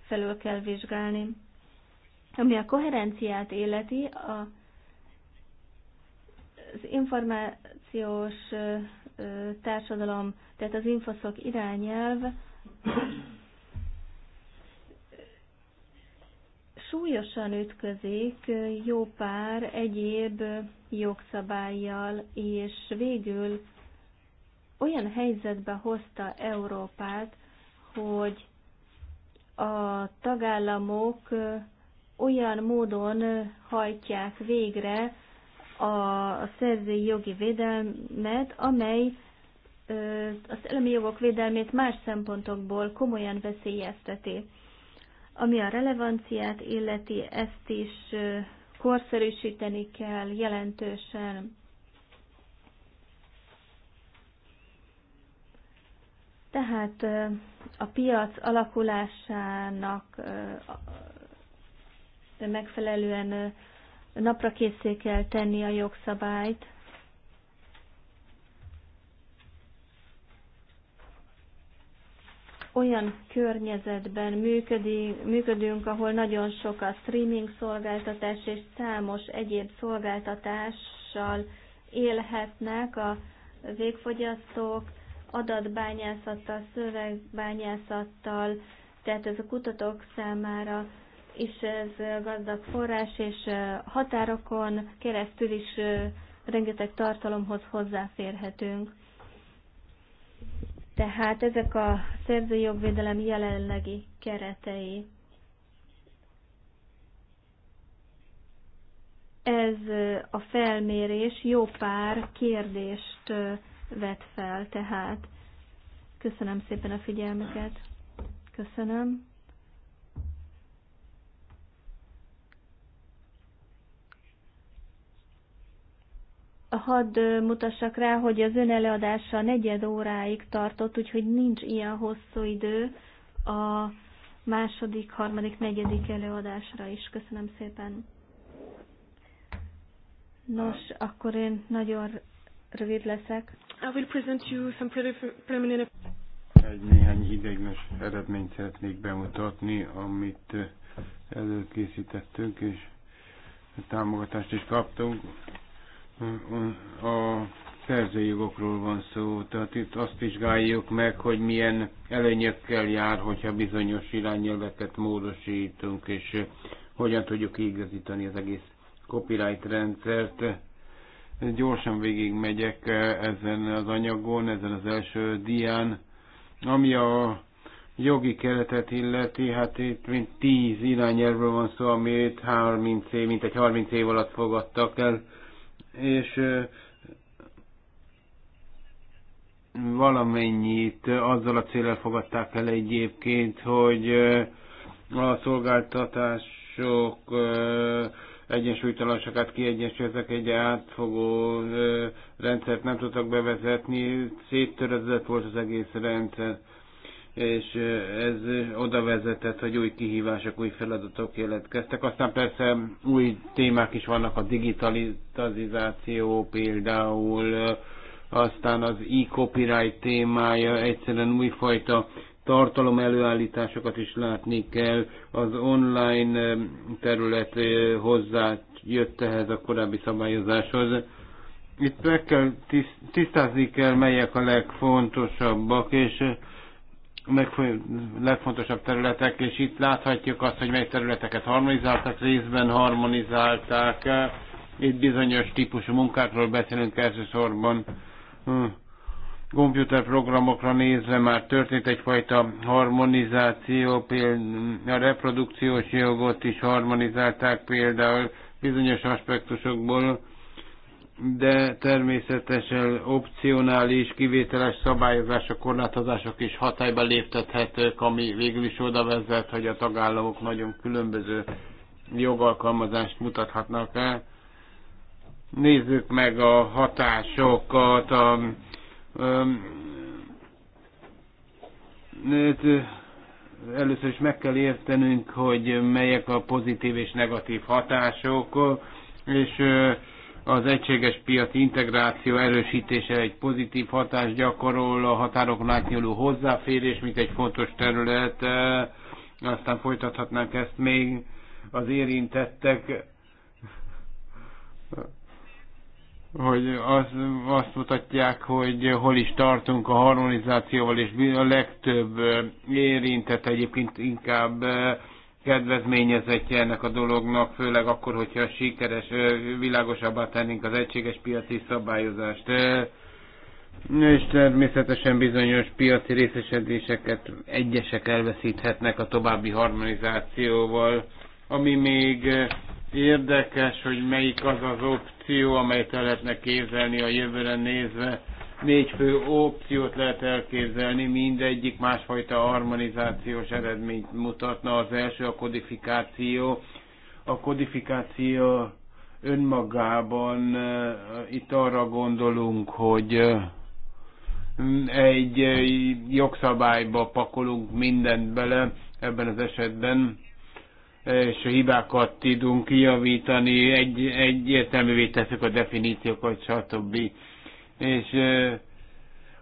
felül kell vizsgálni. Ami a koherenciát életi, a, az információs társadalom, tehát az infoszok irányelv súlyosan ütközik jó pár egyéb jogszabályjal, és végül olyan helyzetbe hozta Európát, hogy a tagállamok olyan módon hajtják végre a szerzői jogi védelmet, amely az elemi jogok védelmét más szempontokból komolyan veszélyezteti. Ami a relevanciát illeti, ezt is korszerűsíteni kell jelentősen. Tehát a piac alakulásának megfelelően napra készé kell tenni a jogszabályt, olyan környezetben működik, működünk, ahol nagyon sok a streaming szolgáltatás és számos egyéb szolgáltatással élhetnek a végfogyasztók, adatbányászattal, szövegbányászattal, tehát ez a kutatók számára is ez gazdag forrás, és határokon keresztül is rengeteg tartalomhoz hozzáférhetünk. Tehát ezek a szerzői jogvédelem jelenlegi keretei. Ez a felmérés jó pár kérdést vet fel, tehát köszönöm szépen a figyelmüket. Köszönöm. hadd mutassak rá, hogy az ön előadása negyed óráig tartott, úgyhogy nincs ilyen hosszú idő a második, harmadik, negyedik előadásra is. Köszönöm szépen. Nos, akkor én nagyon rövid leszek. I will present you some preliminary...
Egy néhány ideiglenes eredményt szeretnék bemutatni, amit eh, előkészítettünk, és támogatást is kaptunk. A szerzőjogokról van szó, tehát itt azt vizsgáljuk meg, hogy milyen előnyökkel jár, hogyha bizonyos irányelveket módosítunk, és eh, hogyan tudjuk igazítani az egész copyright rendszert Gyorsan megyek eh, ezen az anyagon, ezen az első dián. Ami a jogi keretet illeti, hát itt mint 10 irányelvről van szó, amit 30 év, mint egy 30 év alatt fogadtak el, és eh, valamennyit azzal a célral fogadták el egyébként, hogy eh, a szolgáltatások egyensúlytalanságát kiegyensúlyoznak, egy átfogó rendszert nem tudtak bevezetni, széttörözött volt az egész rendszer, és ez oda vezetett, hogy új kihívások, új feladatok jelentkeztek. Aztán persze új témák is vannak, a digitalizáció például, aztán az e-copyright témája egyszerűen újfajta tartalom előállításokat is látni kell. Az online terület eh, hozzá jött ehhez a korábbi szabályozáshoz. Itt meg kell tisztázni kell, melyek a legfontosabbak, és eh, legfontosabb területek, és itt láthatjuk azt, hogy mely területeket harmonizáltak, részben harmonizálták. Itt bizonyos típusú munkákról beszélünk elsősorban. Hm komputerprogramokra nézve már történt egyfajta harmonizáció, például a reprodukciós jogot is harmonizálták például bizonyos aspektusokból, de természetesen opcionális, kivételes szabályozások, korlátozások is hatályba léptethetők, ami végül is oda vezet, hogy a tagállamok nagyon különböző jogalkalmazást mutathatnak el. Nézzük meg a hatásokat, a Először is meg kell értenünk, hogy melyek a pozitív és negatív hatások, és az egységes piaci integráció erősítése egy pozitív hatást gyakorol, a határokon átnyúló hozzáférés, mint egy fontos terület, aztán folytathatnánk ezt még az érintettek hogy az, azt mutatják, hogy hol is tartunk a harmonizációval, és a legtöbb érintett egyébként inkább kedvezményezetje ennek a dolognak, főleg akkor, hogyha sikeres, világosabbá tennénk az egységes piaci szabályozást. És természetesen bizonyos piaci részesedéseket egyesek elveszíthetnek a további harmonizációval, ami még Érdekes, hogy melyik az az opció, amelyet el lehetne képzelni a jövőre nézve. Négy fő opciót lehet elképzelni, mindegyik másfajta harmonizációs eredményt mutatna. Az első a kodifikáció. A kodifikáció önmagában eh, itt arra gondolunk, hogy eh, egy eh, jogszabályba pakolunk mindent bele ebben az esetben, és hibákat tudunk javítani, egy, egyértelművé teszük a definíciókat, stb. És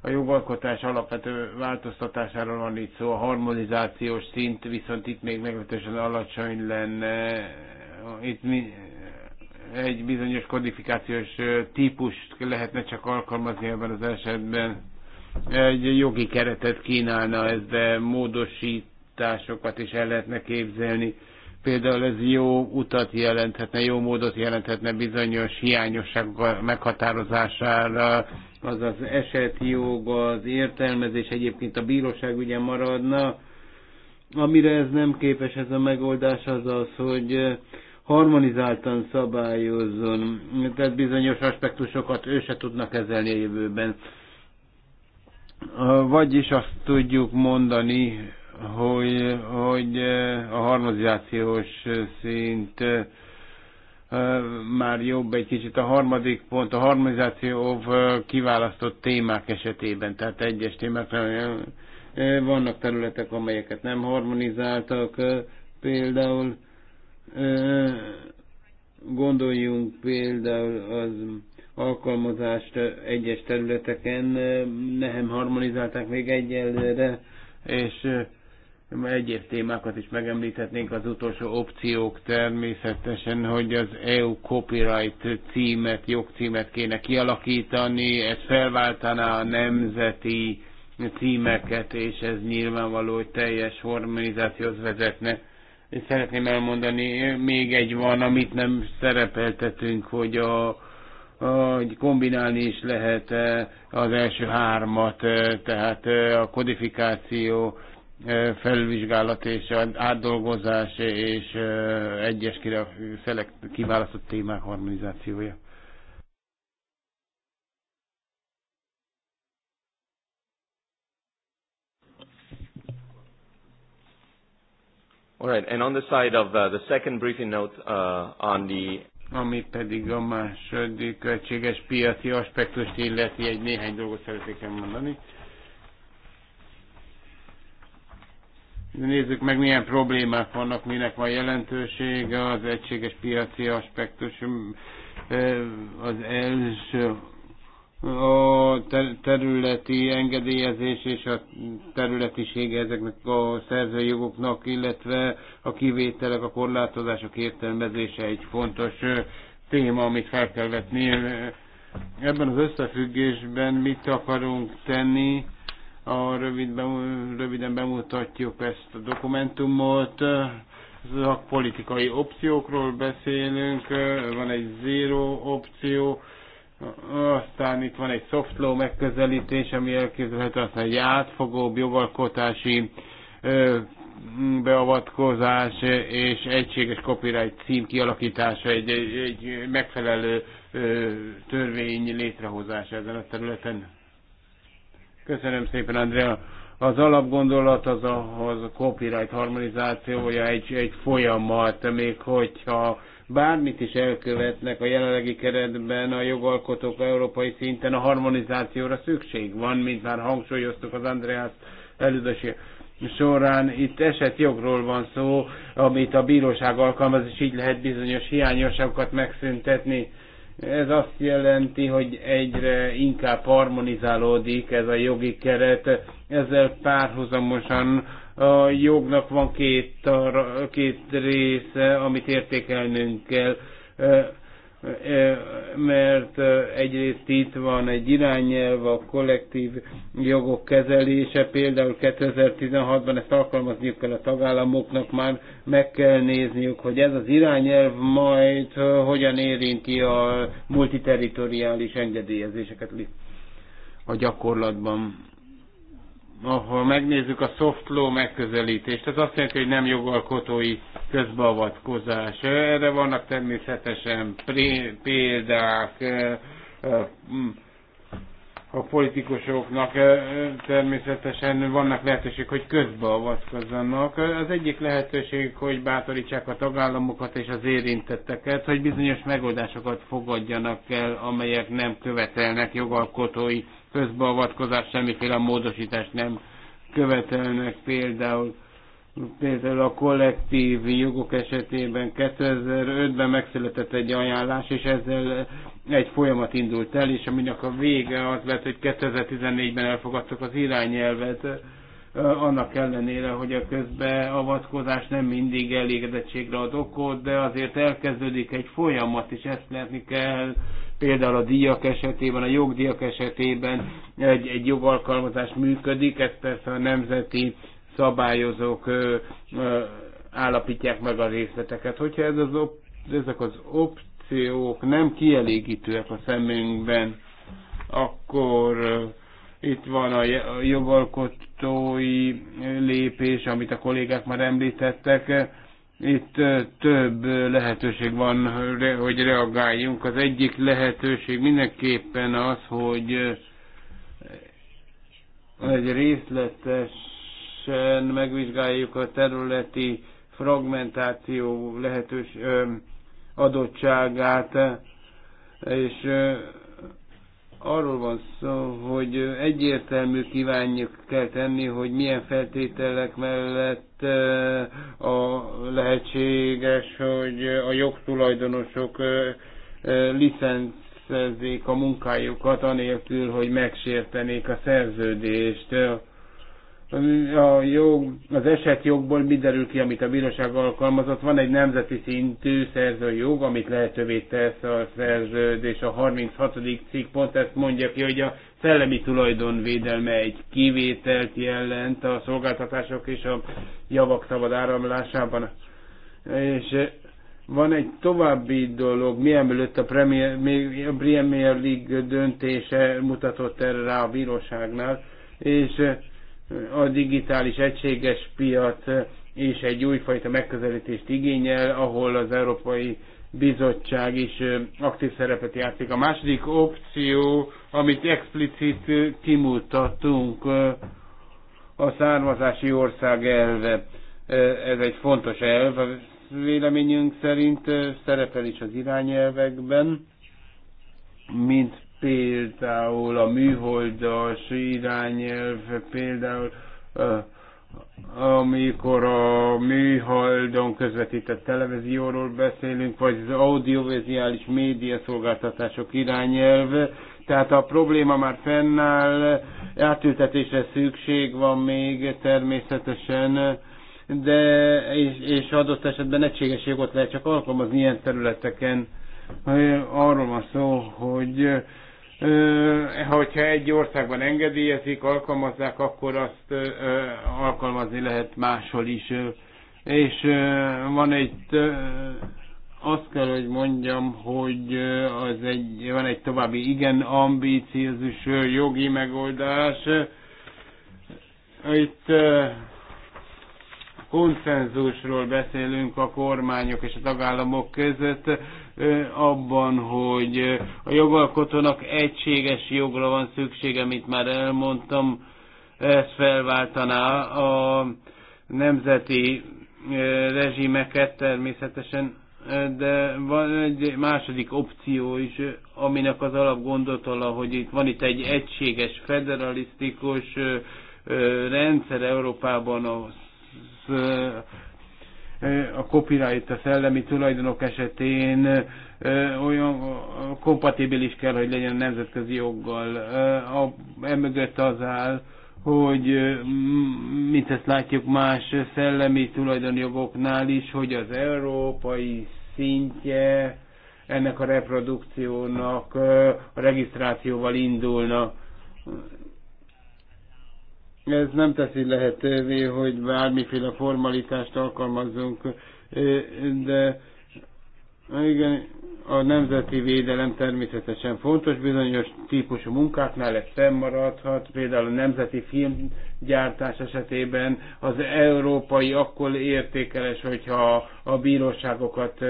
a jogalkotás alapvető változtatásáról van itt szó, a harmonizációs szint viszont itt még meglehetősen alacsony lenne. Itt mi, egy bizonyos kodifikációs típust lehetne csak alkalmazni ebben az esetben. Egy jogi keretet kínálna ez, de módosításokat is el lehetne képzelni Például ez jó utat jelenthetne, jó módot jelenthetne bizonyos hiányosságok meghatározására, az az jog, az értelmezés egyébként a bíróság ugye maradna. Amire ez nem képes ez a megoldás az az, hogy harmonizáltan szabályozzon, tehát bizonyos aspektusokat ő se tudna kezelni a jövőben. Vagyis azt tudjuk mondani, hogy, hogy eh, a harmonizációs szint eh, már jobb egy kicsit. A harmadik pont a harmonizáció eh, kiválasztott témák esetében, tehát egyes témák, vannak területek, amelyeket nem harmonizáltak, például gondoljunk például az alkalmazást egyes területeken nem harmonizálták még egyelőre, és Egyéb témákat is megemlíthetnénk, az utolsó opciók természetesen, hogy az EU copyright címet, jogcímet kéne kialakítani, ez felváltaná a nemzeti címeket, és ez nyilvánvaló, hogy teljes harmonizációhoz vezetne. És szeretném elmondani, még egy van, amit nem szerepeltetünk, hogy a, hogy kombinálni is lehet eh, az első hármat, eh, tehát eh, a kodifikáció, felvizsgálat és átdolgozás és egyes kiválasztott témák harmonizációja. Alright, and on the side of uh, the second briefing note uh, on the ami pedig a második költséges piaci aspektust illeti, egy néhány dolgot szeretnék elmondani. Nézzük meg, milyen problémák vannak, minek van jelentősége az egységes piaci aspektus. Az első a területi engedélyezés és a területiség ezeknek a szerzőjogoknak, illetve a kivételek, a korlátozások értelmezése egy fontos téma, amit fel kell vetni. Ebben az összefüggésben mit akarunk tenni a rövidben, röviden bemutatjuk ezt a dokumentumot. politikai opciókról beszélünk, van egy zero opció, aztán itt van egy soft law megközelítés, ami elképzelhető, aztán egy átfogóbb jogalkotási beavatkozás és egységes copyright cím kialakítása, egy, egy megfelelő törvény létrehozása ezen a területen Köszönöm szépen, Andrea. Az alapgondolat az a, az a copyright harmonizációja egy, egy folyamat, még hogyha bármit is elkövetnek a jelenlegi keretben a jogalkotók európai szinten a harmonizációra szükség van, mint már hangsúlyoztuk az Andreas elődösi során. Itt jogról van szó, amit a bíróság alkalmaz, és így lehet bizonyos hiányosságokat megszüntetni ez azt jelenti, hogy egyre inkább harmonizálódik ez a jogi keret, ezzel párhuzamosan a jognak van két, két része, amit értékelnünk kell E, mert e, egyrészt itt van egy irányelv a kollektív jogok kezelése, például 2016-ban ezt alkalmazniuk kell a tagállamoknak, már meg kell nézniük, hogy ez az irányelv majd e, hogyan érinti a multiterritoriális engedélyezéseket a gyakorlatban ahol megnézzük a soft law megközelítést, ez azt jelenti, hogy nem jogalkotói közbeavatkozás. Erre vannak természetesen példák eh, eh, mm, a politikusoknak, eh, természetesen vannak lehetőség, hogy közbeavatkozzanak. Az egyik lehetőség, hogy bátorítsák a tagállamokat és az érintetteket, hogy bizonyos megoldásokat fogadjanak el, amelyek nem követelnek jogalkotói közbeavatkozás, semmiféle módosítást nem követelnek például például a kollektív jogok esetében 2005-ben megszületett egy ajánlás, és ezzel egy folyamat indult el, és aminek a vége az lett, hogy 2014-ben elfogadtak az irányelvet, annak ellenére, hogy a közbeavatkozás nem mindig elégedettségre ad okot, de azért elkezdődik egy folyamat, és ezt látni kell, például a díjak esetében, a jogdíjak esetében egy, egy jogalkalmazás működik, ezt persze a nemzeti szabályozók ö, ö, állapítják meg a részleteket. Hogyha ez az op, ezek az opciók nem kielégítőek a szemünkben, akkor ö, itt van a jogalkotói lépés, amit a kollégák már említettek, itt több lehetőség van, hogy reagáljunk. Az egyik lehetőség mindenképpen az, hogy egy részletesen megvizsgáljuk a területi fragmentáció lehetős adottságát, és arról van szó, hogy egyértelmű kívánjuk kell tenni, hogy milyen feltételek mellett a lehetséges, hogy a jogtulajdonosok licenszezzék a munkájukat anélkül, hogy megsértenék a szerződést a jog, az esetjogból mi derül ki, amit a bíróság alkalmazott. Van egy nemzeti szintű szerzőjog, amit lehetővé tesz a szerződés. A 36. cikk pont ezt mondja ki, hogy a szellemi tulajdon védelme egy kivételt jelent a szolgáltatások és a javak szabad áramlásában. És eh, van egy további dolog, mielőtt a a Premier League döntése mutatott erre rá a bíróságnál, és eh, a digitális egységes piac és egy újfajta megközelítést igényel, ahol az Európai Bizottság is aktív szerepet játszik. A második opció, amit explicit kimutatunk, a származási ország elve. Ez egy fontos elv, a véleményünk szerint szerepel is az irányelvekben, mint például a műholdas irányelv, például amikor a műholdon közvetített televízióról beszélünk, vagy az audiovizuális média szolgáltatások irányelve, tehát a probléma már fennáll, átültetésre szükség van még természetesen, de és, és adott esetben egységes jogot lehet csak alkalmazni ilyen területeken. Arról van szó, hogy hogyha egy országban engedélyezik, alkalmazzák, akkor azt alkalmazni lehet máshol is. És van egy, azt kell, hogy mondjam, hogy az egy, van egy további igen ambíciózus jogi megoldás. Itt konszenzusról beszélünk a kormányok és a tagállamok között, abban, hogy a jogalkotónak egységes jogra van szüksége, mint már elmondtam, ez felváltaná a nemzeti rezsimeket természetesen, de van egy második opció is, aminek az alap gondotala, hogy itt van itt egy egységes, federalisztikus rendszer Európában az a copyright, a szellemi tulajdonok esetén olyan kompatibilis kell, hogy legyen a nemzetközi joggal. A, emögött az áll, hogy mint ezt látjuk más szellemi tulajdonjogoknál is, hogy az európai szintje ennek a reprodukciónak a regisztrációval indulna ez nem teszi lehetővé, hogy bármiféle formalitást alkalmazzunk, de igen, a nemzeti védelem természetesen fontos, bizonyos típusú munkáknál ez fennmaradhat, például a nemzeti filmgyártás esetében az európai akkor értékeles, hogyha a bíróságokat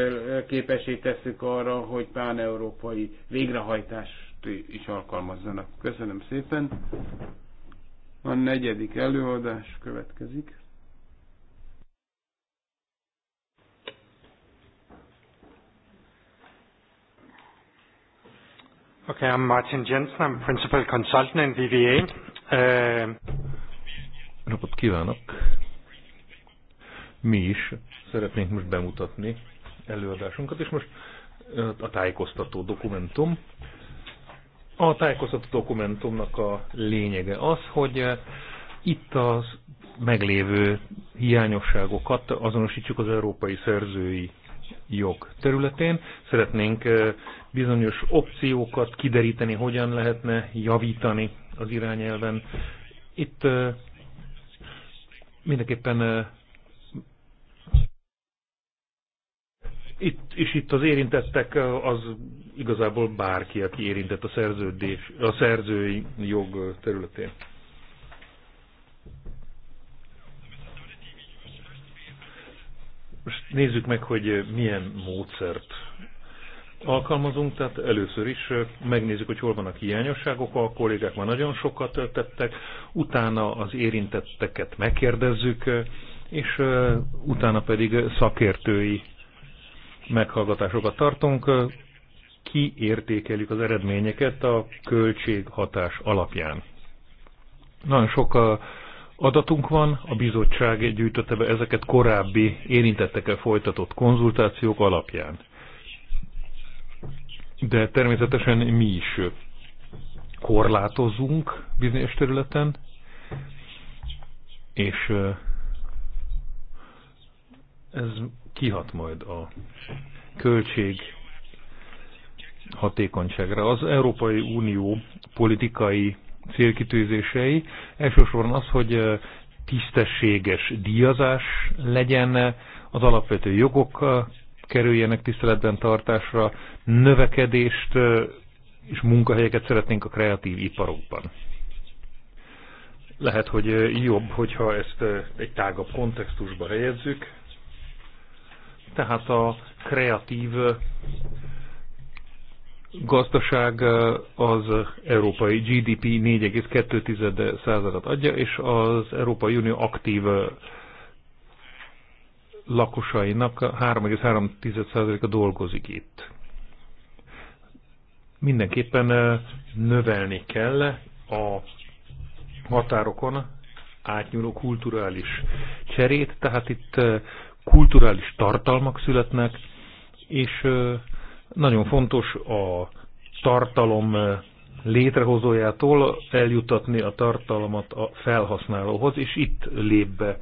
képesé tesszük arra, hogy pán-európai végrehajtást is alkalmazzanak. Köszönöm szépen! A negyedik előadás következik.
Okay, I'm Martin Jensen, I'm Principal Consultant in VVA. Uh... Napot kívánok! Mi is szeretnénk most bemutatni előadásunkat, és most uh, a tájékoztató dokumentum. A tájékoztató dokumentumnak a lényege az, hogy eh, itt az meglévő hiányosságokat azonosítsuk az európai szerzői jog területén. Szeretnénk eh, bizonyos opciókat kideríteni, hogyan lehetne javítani az irányelven. Itt eh, mindenképpen itt, és itt az érintettek az igazából bárki, aki érintett a szerződés, a szerzői jog területén. Most nézzük meg, hogy milyen módszert alkalmazunk, tehát először is megnézzük, hogy hol vannak hiányosságok, a kollégák már nagyon sokat tettek, utána az érintetteket megkérdezzük, és utána pedig szakértői meghallgatásokat tartunk, értékelik az eredményeket a költséghatás alapján. Nagyon sok adatunk van, a bizottság gyűjtötte be ezeket korábbi érintettekkel folytatott konzultációk alapján. De természetesen mi is korlátozunk bizonyos területen, és ez kihat majd a költség hatékonyságra. Az Európai Unió politikai célkitűzései elsősorban az, hogy tisztességes díjazás legyen, az alapvető jogok kerüljenek tiszteletben tartásra, növekedést és munkahelyeket szeretnénk a kreatív iparokban. Lehet, hogy jobb, hogyha ezt egy tágabb kontextusba helyezzük, tehát a kreatív gazdaság az európai GDP 42 századat adja, és az Európai Unió aktív lakosainak 3,3%-a dolgozik itt. Mindenképpen növelni kell a határokon átnyúló kulturális cserét, tehát itt kulturális tartalmak születnek, és nagyon fontos a tartalom létrehozójától eljutatni a tartalmat a felhasználóhoz, és itt lép be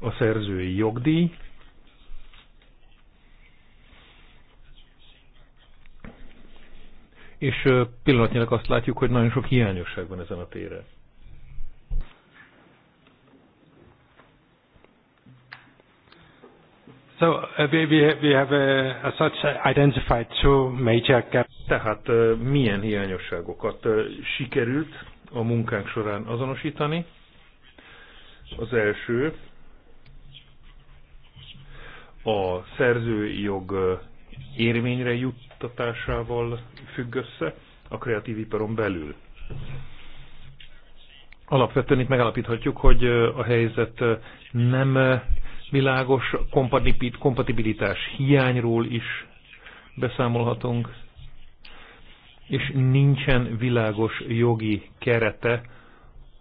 a szerzői jogdíj. És pillanatnyilag azt látjuk, hogy nagyon sok hiányosság van ezen a téren. So uh, we, we, we have uh, such identified two major gaps. Tehát uh, milyen hiányosságokat uh, sikerült a munkánk során azonosítani? Az első a szerzőjog érvényre juttatásával függ össze a kreatív iparon belül. Alapvetően itt megállapíthatjuk, hogy a helyzet nem világos kompatibilitás hiányról is beszámolhatunk, és nincsen világos jogi kerete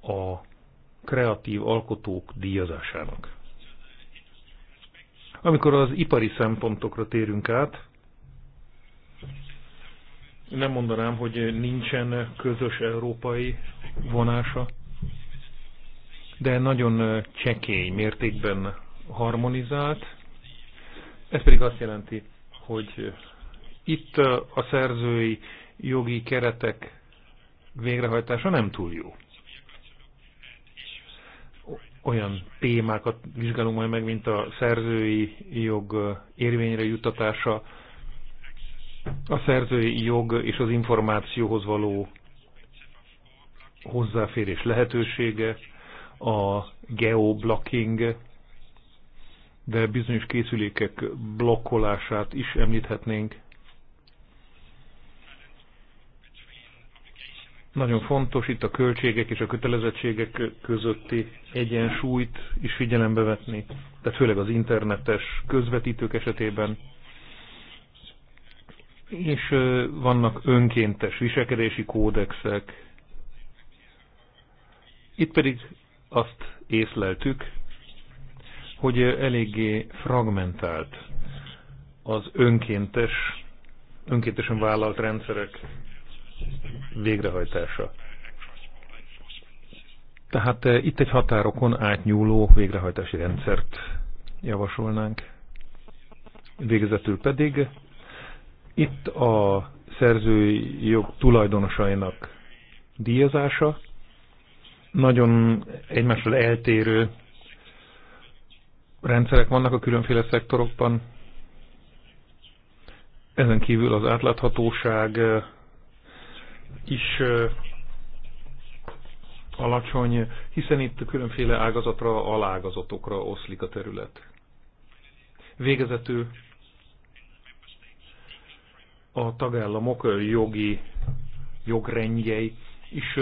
a kreatív alkotók díjazásának. Amikor az ipari szempontokra térünk át, nem mondanám, hogy nincsen közös európai vonása, de nagyon csekély mértékben harmonizált, ez pedig azt jelenti, hogy itt a szerzői jogi keretek végrehajtása nem túl jó. Olyan témákat vizsgálunk majd meg, mint a szerzői jog érvényre juttatása, a szerzői jog és az információhoz való hozzáférés lehetősége, a geoblocking, de bizonyos készülékek blokkolását is említhetnénk. Nagyon fontos itt a költségek és a kötelezettségek közötti egyensúlyt is figyelembe vetni, tehát főleg az internetes közvetítők esetében. És vannak önkéntes viselkedési kódexek. Itt pedig azt észleltük, hogy eléggé fragmentált az önkéntes, önkéntesen vállalt rendszerek végrehajtása. Tehát eh, itt egy határokon átnyúló végrehajtási rendszert javasolnánk. Végezetül pedig itt a szerzői jog tulajdonosainak díjazása nagyon egymásról eltérő rendszerek vannak a különféle szektorokban. Ezen kívül az átláthatóság is alacsony, hiszen itt különféle ágazatra, alágazatokra oszlik a terület. Végezetül a tagállamok jogi jogrendjei is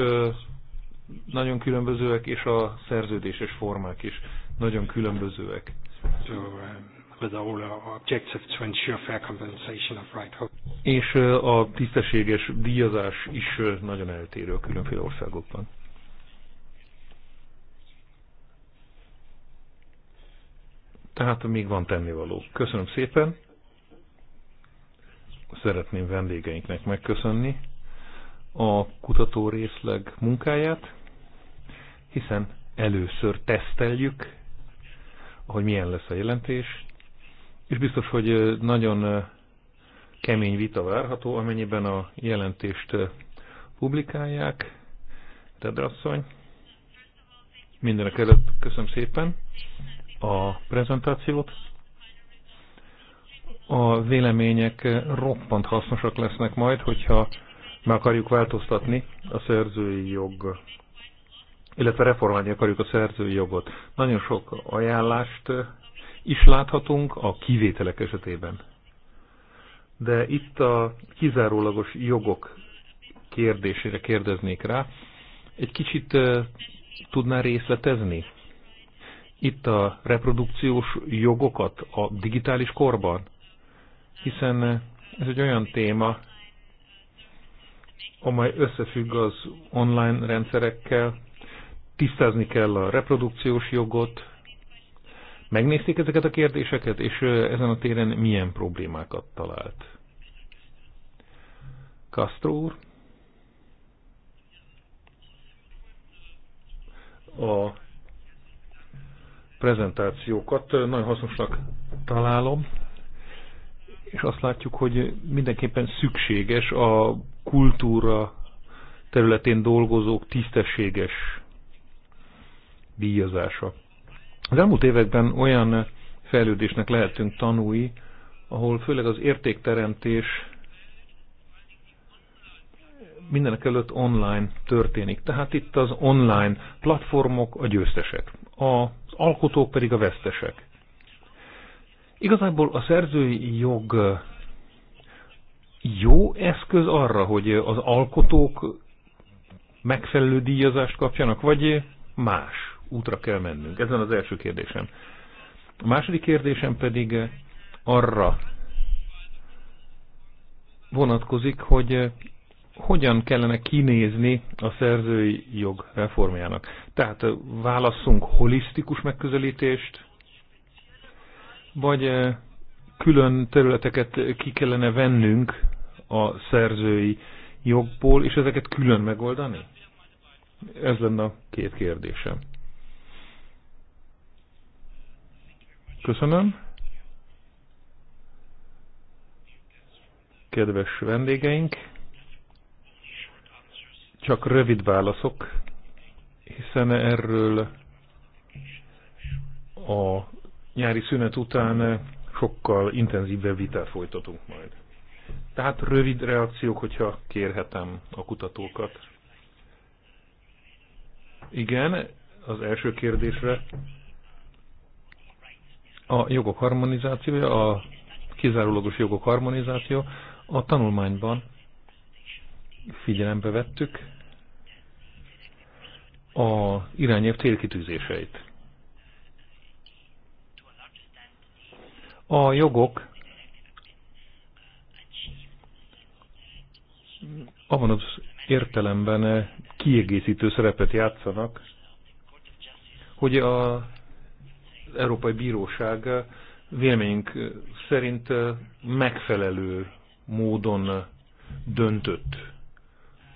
nagyon különbözőek, és a szerződéses formák is nagyon különbözőek. So, uh, with all our objectives to ensure fair compensation of right És uh, a tisztességes díjazás is uh, nagyon eltérő a különféle országokban. Tehát még van tennivaló. Köszönöm szépen. Szeretném vendégeinknek megköszönni a kutató részleg munkáját, hiszen először teszteljük hogy milyen lesz a jelentés, és biztos, hogy nagyon kemény vita várható, amennyiben a jelentést publikálják. Redrasszony, mindenek előtt köszönöm szépen a prezentációt. A vélemények roppant hasznosak lesznek majd, hogyha meg akarjuk változtatni a szerzői jog illetve reformálni akarjuk a szerzői jogot. Nagyon sok ajánlást is láthatunk a kivételek esetében. De itt a kizárólagos jogok kérdésére kérdeznék rá. Egy kicsit tudná részletezni? Itt a reprodukciós jogokat a digitális korban? Hiszen ez egy olyan téma, amely összefügg az online rendszerekkel, tisztázni kell a reprodukciós jogot. Megnézték ezeket a kérdéseket, és ezen a téren milyen problémákat talált? Castro úr? A prezentációkat nagyon hasznosnak találom, és azt látjuk, hogy mindenképpen szükséges a kultúra területén dolgozók tisztességes díjazása. Az elmúlt években olyan fejlődésnek lehetünk tanúi, ahol főleg az értékteremtés mindenek előtt online történik. Tehát itt az online platformok a győztesek, az alkotók pedig a vesztesek. Igazából a szerzői jog jó eszköz arra, hogy az alkotók megfelelő díjazást kapjanak, vagy más? útra kell mennünk. Ezen az első kérdésem. A második kérdésem pedig eh, arra vonatkozik, hogy eh, hogyan kellene kinézni a szerzői jog reformjának. Tehát eh, válasszunk holisztikus megközelítést, vagy külön területeket ki kellene vennünk a szerzői jogból, és ezeket külön megoldani? Ez lenne a két kérdésem. Köszönöm. Kedves vendégeink, csak rövid válaszok, hiszen erről a nyári szünet után sokkal intenzívebb vitát folytatunk majd. Tehát rövid reakciók, hogyha kérhetem a kutatókat. Igen, az első kérdésre a jogok harmonizációja, a kizárólagos jogok harmonizáció a tanulmányban figyelembe vettük a irányelv célkitűzéseit. A jogok abban az értelemben kiegészítő szerepet játszanak, hogy a Európai Bíróság véleményünk szerint megfelelő módon döntött.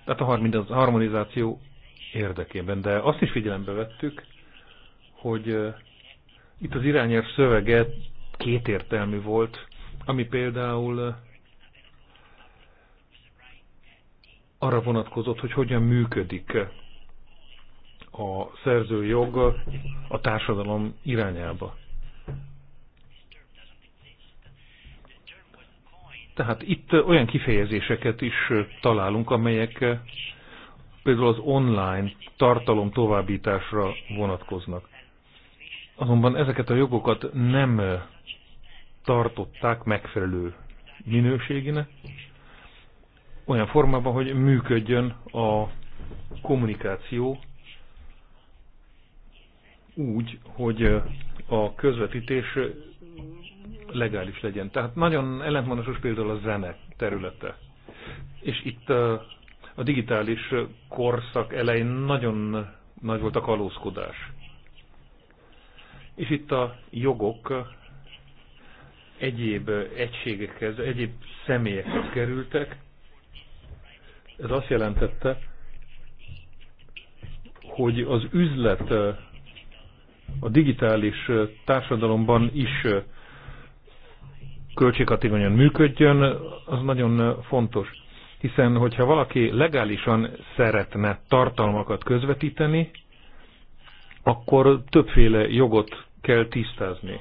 Tehát a harmonizáció érdekében. De azt is figyelembe vettük, hogy eh, itt az irányelv szövege kétértelmű volt, ami például eh, arra vonatkozott, hogy hogyan működik eh, a szerzőjog a társadalom irányába. Tehát itt olyan kifejezéseket is találunk, amelyek például az online tartalom továbbításra vonatkoznak. Azonban ezeket a jogokat nem tartották megfelelő minőségine, olyan formában, hogy működjön a kommunikáció úgy, hogy a közvetítés legális legyen. Tehát nagyon ellentmondásos például a zene területe. És itt a digitális korszak elején nagyon nagy volt a kalózkodás. És itt a jogok egyéb egységekhez, egyéb személyekhez kerültek. Ez azt jelentette, hogy az üzlet a digitális társadalomban is költséghatékonyan működjön, az nagyon fontos. Hiszen, hogyha valaki legálisan szeretne tartalmakat közvetíteni, akkor többféle jogot kell tisztázni.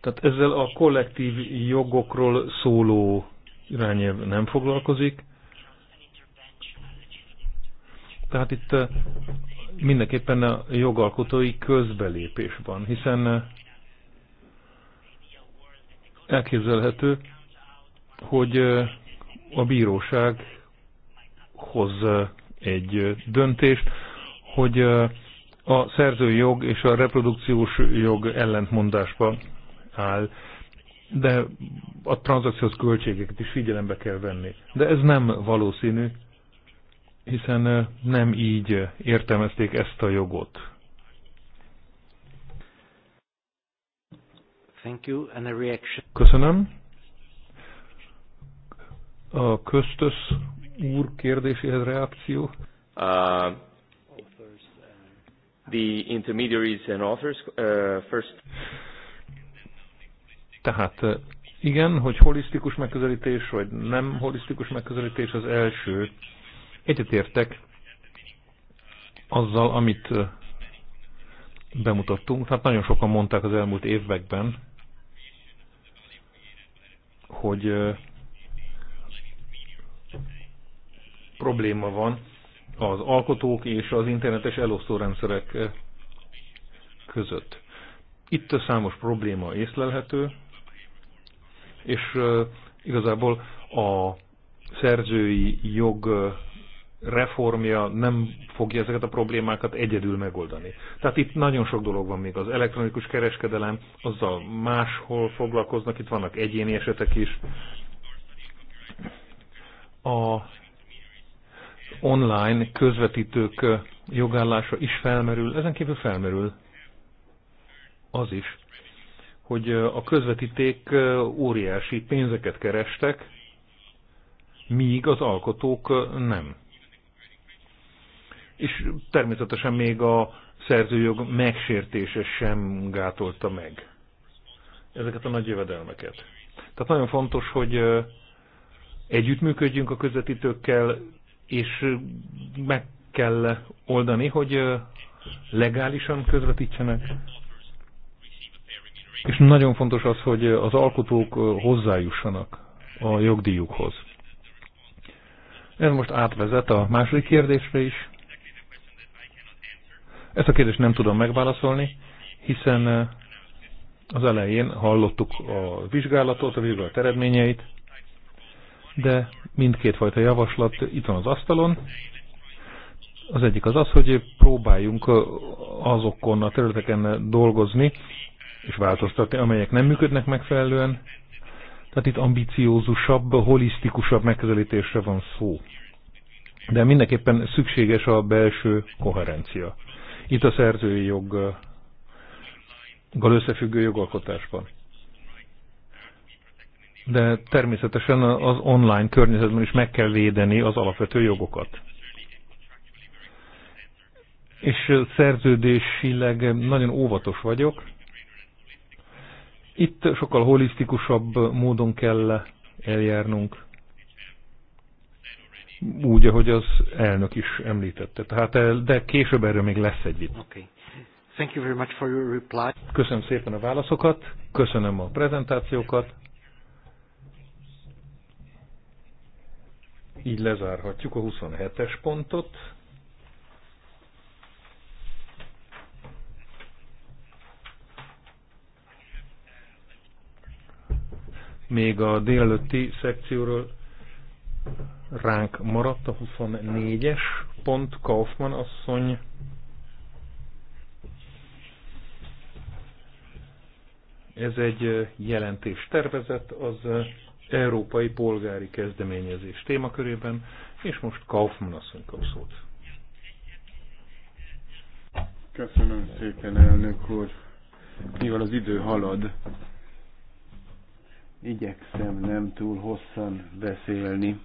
Tehát ezzel a kollektív jogokról szóló irányelv nem foglalkozik, tehát itt mindenképpen a jogalkotói közbelépés van, hiszen elképzelhető, hogy a bíróság hoz egy döntést, hogy a szerzői jog és a reprodukciós jog ellentmondásba áll, de a tranzakciós költségeket is figyelembe kell venni. De ez nem valószínű, hiszen nem így értelmezték ezt a jogot.
Thank you. And a reaction.
Köszönöm. A köztös úr kérdéséhez reakció.
Uh, the intermediaries and authors
uh, first. Tehát igen, hogy holisztikus megközelítés, vagy nem holisztikus megközelítés az első Egyetértek azzal, amit bemutattunk. Hát nagyon sokan mondták az elmúlt években, hogy probléma van az alkotók és az internetes elosztórendszerek között. Itt számos probléma észlelhető, és igazából a szerzői jog reformja nem fogja ezeket a problémákat egyedül megoldani. Tehát itt nagyon sok dolog van még. Az elektronikus kereskedelem, azzal máshol foglalkoznak, itt vannak egyéni esetek is. A online közvetítők jogállása is felmerül, ezen kívül felmerül az is, hogy a közvetíték óriási pénzeket kerestek, míg az alkotók nem és természetesen még a szerzőjog megsértése sem gátolta meg ezeket a nagy jövedelmeket. Tehát nagyon fontos, hogy együttműködjünk a közvetítőkkel, és meg kell oldani, hogy legálisan közvetítsenek. És nagyon fontos az, hogy az alkotók hozzájussanak a jogdíjukhoz. Ez most átvezet a második kérdésre is. Ezt a kérdést nem tudom megválaszolni, hiszen eh, az elején hallottuk a vizsgálatot, a vizsgálat eredményeit, de mindkét fajta javaslat itt van az asztalon. Az egyik az az, hogy próbáljunk eh, azokon a területeken dolgozni, és változtatni, amelyek nem működnek megfelelően. Tehát itt ambiciózusabb, holisztikusabb megközelítésre van szó. De mindenképpen szükséges a belső koherencia itt a szerzői joggal összefüggő jogalkotásban. De természetesen az online környezetben is meg kell védeni az alapvető jogokat. És szerződésileg nagyon óvatos vagyok. Itt sokkal holisztikusabb módon kell eljárnunk úgy, ahogy az elnök is említette. Tehát, eh, de később erről még lesz egy vita. Okay.
Thank you very much for your
reply. Köszönöm szépen a válaszokat, köszönöm a prezentációkat. Így lezárhatjuk a 27-es pontot. Még a délelőtti szekcióról ránk maradt a 24-es pont Kaufmann asszony. Ez egy jelentés tervezet az európai polgári kezdeményezés témakörében, és most Kaufmann asszony kap
szót. Köszönöm szépen, elnök úr. Mivel az idő halad, Igyekszem nem túl hosszan beszélni.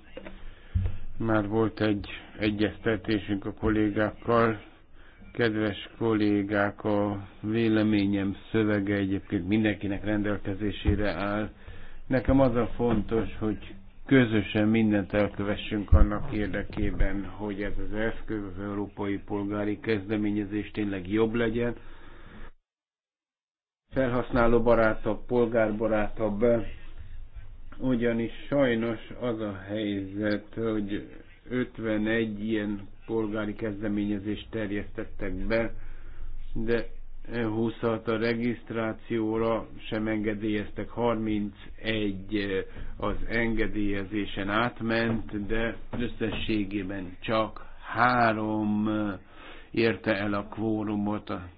Már volt egy egyeztetésünk a kollégákkal. Kedves kollégák, a véleményem szövege egyébként mindenkinek rendelkezésére áll. Nekem az a fontos, hogy közösen mindent elkövessünk annak érdekében, hogy ez az eszköz, az európai polgári kezdeményezés tényleg jobb legyen, felhasználó barátabb, polgárbarátabb, ugyanis sajnos az a helyzet, hogy 51 ilyen polgári kezdeményezést terjesztettek be, de 20 a regisztrációra sem engedélyeztek, 31 az engedélyezésen átment, de összességében csak három érte el a kvórumot a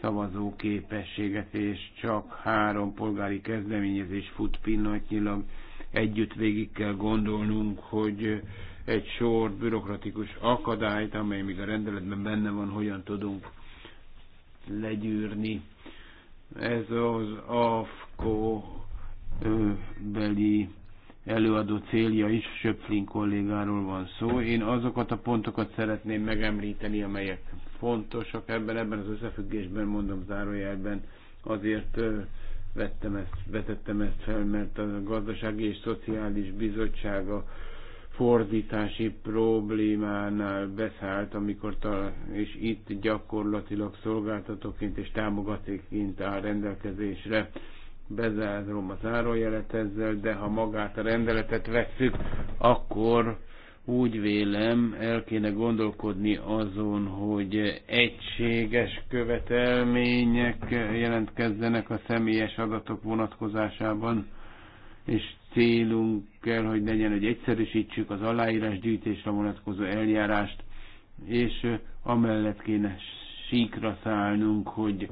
szavazóképességet, és csak három polgári kezdeményezés fut pillanatnyilag. Együtt végig kell gondolnunk, hogy egy sor bürokratikus akadályt, amely még a rendeletben benne van, hogyan tudunk legyűrni. Ez az AFKO beli előadó célja is, Söpflin kollégáról van szó. Én azokat a pontokat szeretném megemlíteni, amelyek fontosak ebben, ebben az összefüggésben, mondom zárójelben, azért vettem ezt, vetettem ezt fel, mert a Gazdasági és Szociális Bizottsága fordítási problémánál beszállt, amikor tal és itt gyakorlatilag szolgáltatóként és támogatéként áll rendelkezésre bezárom a zárójelet ezzel, de ha magát a rendeletet vesszük, akkor úgy vélem, el kéne gondolkodni azon, hogy egységes követelmények jelentkezzenek a személyes adatok vonatkozásában, és célunk kell, hogy legyen, hogy egyszerűsítsük az aláírás gyűjtésre vonatkozó eljárást, és amellett kéne síkra szállnunk, hogy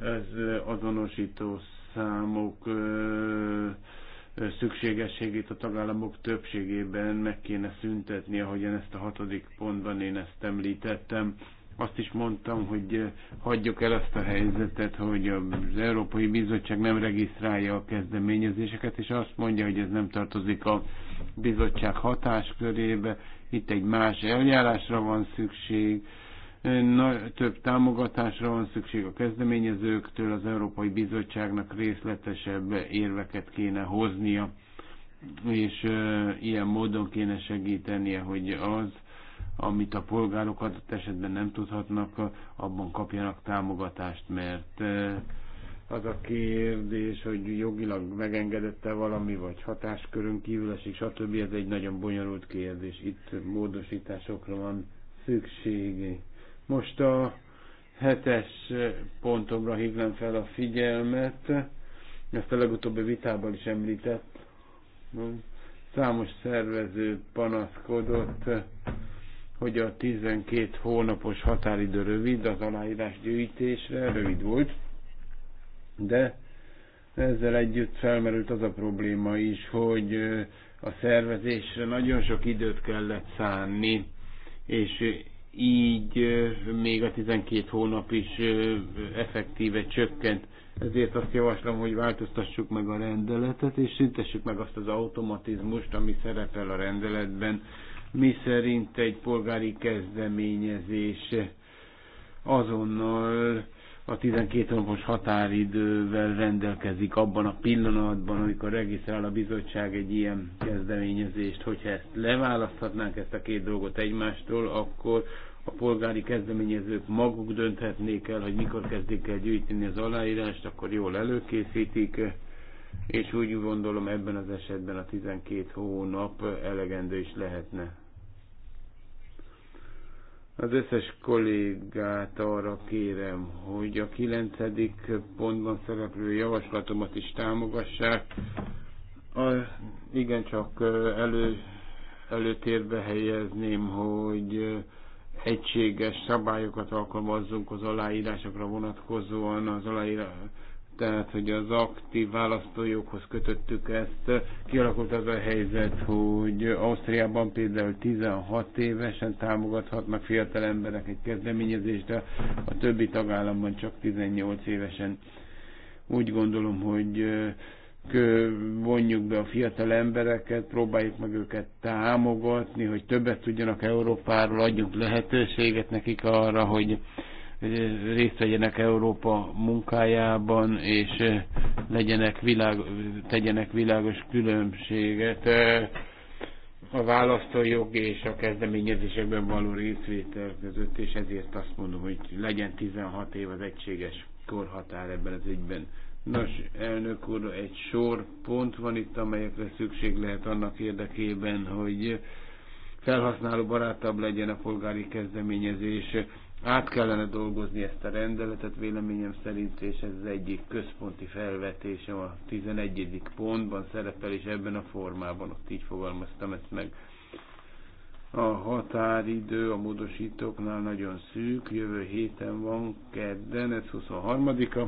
ez azonosító számok szükségességét a tagállamok többségében meg kéne szüntetni, ahogyan ezt a hatodik pontban én ezt említettem. Azt is mondtam, hogy hagyjuk el azt a helyzetet, hogy az Európai Bizottság nem regisztrálja a kezdeményezéseket, és azt mondja, hogy ez nem tartozik a bizottság hatáskörébe, itt egy más eljárásra van szükség, nagy, több támogatásra van szükség a kezdeményezőktől, az Európai Bizottságnak részletesebb érveket kéne hoznia, és ilyen módon kéne segítenie, hogy az, amit a polgárok adott esetben nem tudhatnak, abban kapjanak támogatást, mert az a kérdés, hogy jogilag megengedette valami, vagy hatáskörön kívül esik, stb. Ez egy nagyon bonyolult kérdés. Itt módosításokra van szükség. Most a hetes pontomra hívnám fel a figyelmet, ezt a legutóbbi vitában is említett. Számos szervező panaszkodott, hogy a 12 hónapos határidő rövid, az aláírás gyűjtésre rövid volt, de ezzel együtt felmerült az a probléma is, hogy a szervezésre nagyon sok időt kellett szánni, és így még a 12 hónap is effektíve csökkent. Ezért azt javaslom, hogy változtassuk meg a rendeletet, és szüntessük meg azt az automatizmust, ami szerepel a rendeletben, mi szerint egy polgári kezdeményezés azonnal a 12 hónapos határidővel rendelkezik abban a pillanatban, amikor regisztrál a bizottság egy ilyen kezdeményezést. Hogyha ezt leválaszthatnánk, ezt a két dolgot egymástól, akkor a polgári kezdeményezők maguk dönthetnék el, hogy mikor kezdik el gyűjteni az aláírást, akkor jól előkészítik, és úgy gondolom ebben az esetben a 12 hónap elegendő is lehetne. Az összes kollégát arra kérem, hogy a 9. pontban szereplő javaslatomat is támogassák. A, igen, csak elő, előtérbe helyezném, hogy egységes szabályokat alkalmazzunk az aláírásokra vonatkozóan, az aláírás, tehát hogy az aktív választójoghoz kötöttük ezt. Kialakult az a helyzet, hogy Ausztriában például 16 évesen támogathatnak fiatal emberek egy kezdeményezést, de a többi tagállamban csak 18 évesen. Úgy gondolom, hogy vonjuk be a fiatal embereket, próbáljuk meg őket támogatni, hogy többet tudjanak Európáról, adjunk lehetőséget nekik arra, hogy részt vegyenek Európa munkájában, és legyenek világ, tegyenek világos különbséget a választójog és a kezdeményezésekben való részvétel között, és ezért azt mondom, hogy legyen 16 év az egységes korhatár ebben az ügyben. Nos, elnök úr, egy sor pont van itt, amelyekre szükség lehet annak érdekében, hogy felhasználó barátabb legyen a polgári kezdeményezés. Át kellene dolgozni ezt a rendeletet véleményem szerint, és ez az egyik központi felvetésem a 11. pontban szerepel, és ebben a formában, ott így fogalmaztam ezt meg. A határidő a módosítóknál nagyon szűk, jövő héten van, kedden, ez 23-a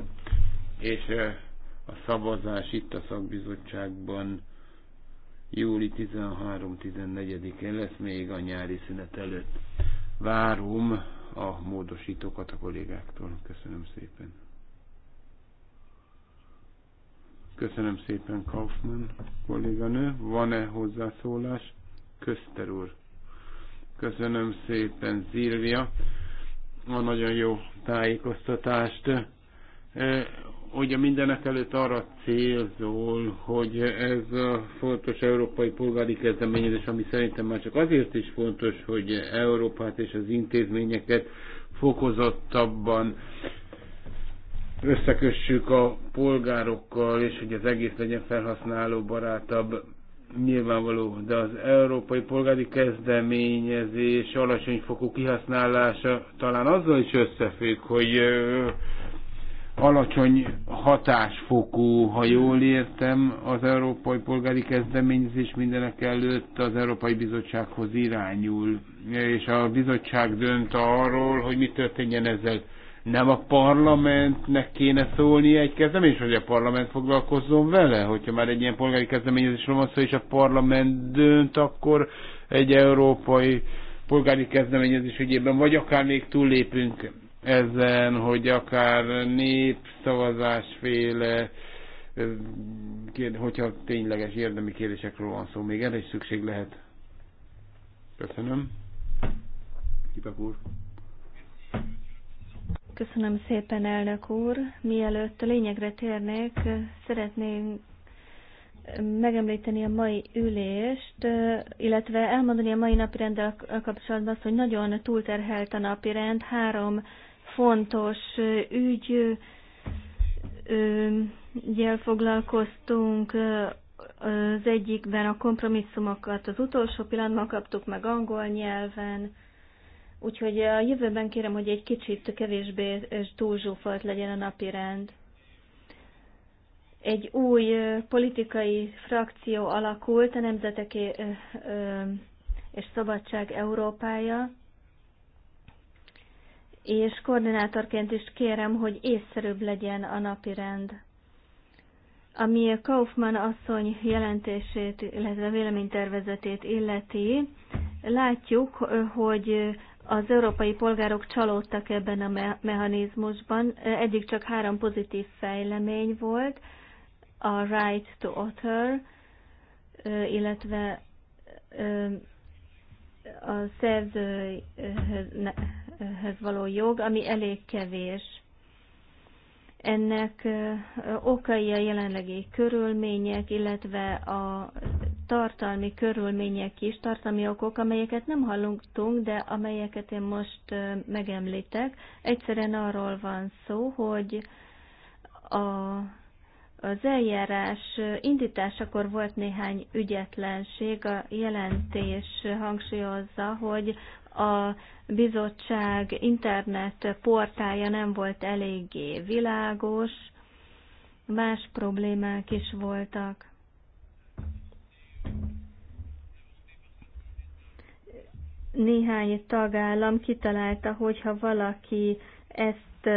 és a szavazás itt a szakbizottságban júli 13-14-én lesz még a nyári szünet előtt. Várom a módosítókat a kollégáktól. Köszönöm szépen. Köszönöm szépen Kaufmann kolléganő. Van-e hozzászólás? Közter úr. Köszönöm szépen Zilvia a nagyon jó tájékoztatást a mindenek előtt arra célzol, hogy ez a fontos európai polgári kezdeményezés, ami szerintem már csak azért is fontos, hogy Európát és az intézményeket fokozottabban összekössük a polgárokkal, és hogy az egész legyen felhasználó barátabb nyilvánvaló, de az európai polgári kezdeményezés alacsony fokú kihasználása talán azzal is összefügg, hogy alacsony hatásfokú, ha jól értem, az Európai Polgári Kezdeményezés mindenek előtt az Európai Bizottsághoz irányul, és a bizottság dönt arról, hogy mi történjen ezzel. Nem a parlamentnek kéne szólni egy kezdeményezés, hogy a parlament foglalkozzon vele? Hogyha már egy ilyen polgári kezdeményezésről van szó, és a parlament dönt, akkor egy európai polgári kezdeményezés ügyében, vagy akár még túllépünk ezen, hogy akár népszavazásféle, hogyha tényleges érdemi kérdésekről van szó, még erre is szükség lehet. Köszönöm. Kipek úr.
Köszönöm szépen, elnök úr. Mielőtt a lényegre térnék, szeretném megemlíteni a mai ülést, illetve elmondani a mai napirenddel kapcsolatban azt, hogy nagyon túlterhelt a napirend, három fontos ügy, ügyel foglalkoztunk, az egyikben a kompromisszumokat az utolsó pillanatban kaptuk meg angol nyelven, úgyhogy a jövőben kérem, hogy egy kicsit kevésbé zsúfolt legyen a napi rend. Egy új politikai frakció alakult, a Nemzetek és Szabadság Európája, és koordinátorként is kérem, hogy észszerűbb legyen a napi rend. Ami Kaufmann asszony jelentését, illetve véleménytervezetét illeti, látjuk, hogy az európai polgárok csalódtak ebben a mechanizmusban. Eddig csak három pozitív fejlemény volt, a Right to Author, illetve a szerzőhöz munkához való jog, ami elég kevés. Ennek okai a jelenlegi körülmények, illetve a tartalmi körülmények is, tartalmi okok, amelyeket nem hallottunk, de amelyeket én most megemlítek. Egyszerűen arról van szó, hogy a, az eljárás indításakor volt néhány ügyetlenség. A jelentés hangsúlyozza, hogy a bizottság internet portája nem volt eléggé világos, más problémák is voltak. Néhány tagállam kitalálta, hogyha valaki ezt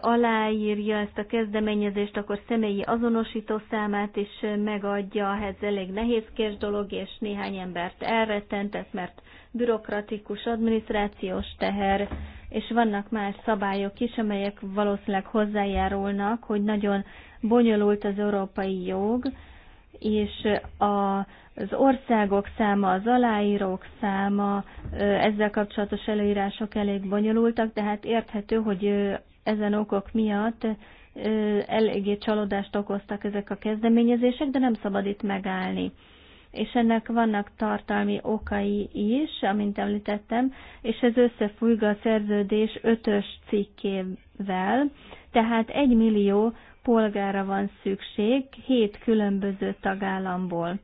aláírja ezt a kezdeményezést, akkor személyi azonosító számát is megadja. Ez elég nehézkes dolog, és néhány embert elrettent, mert bürokratikus, adminisztrációs teher, és vannak más szabályok is, amelyek valószínűleg hozzájárulnak, hogy nagyon bonyolult az európai jog, és a az országok száma, az aláírók száma, ezzel kapcsolatos előírások elég bonyolultak, tehát érthető, hogy ezen okok miatt eléggé csalódást okoztak ezek a kezdeményezések, de nem szabad itt megállni. És ennek vannak tartalmi okai is, amint említettem, és ez összefügg a szerződés ötös cikkével, tehát egy millió polgára van szükség hét különböző tagállamból.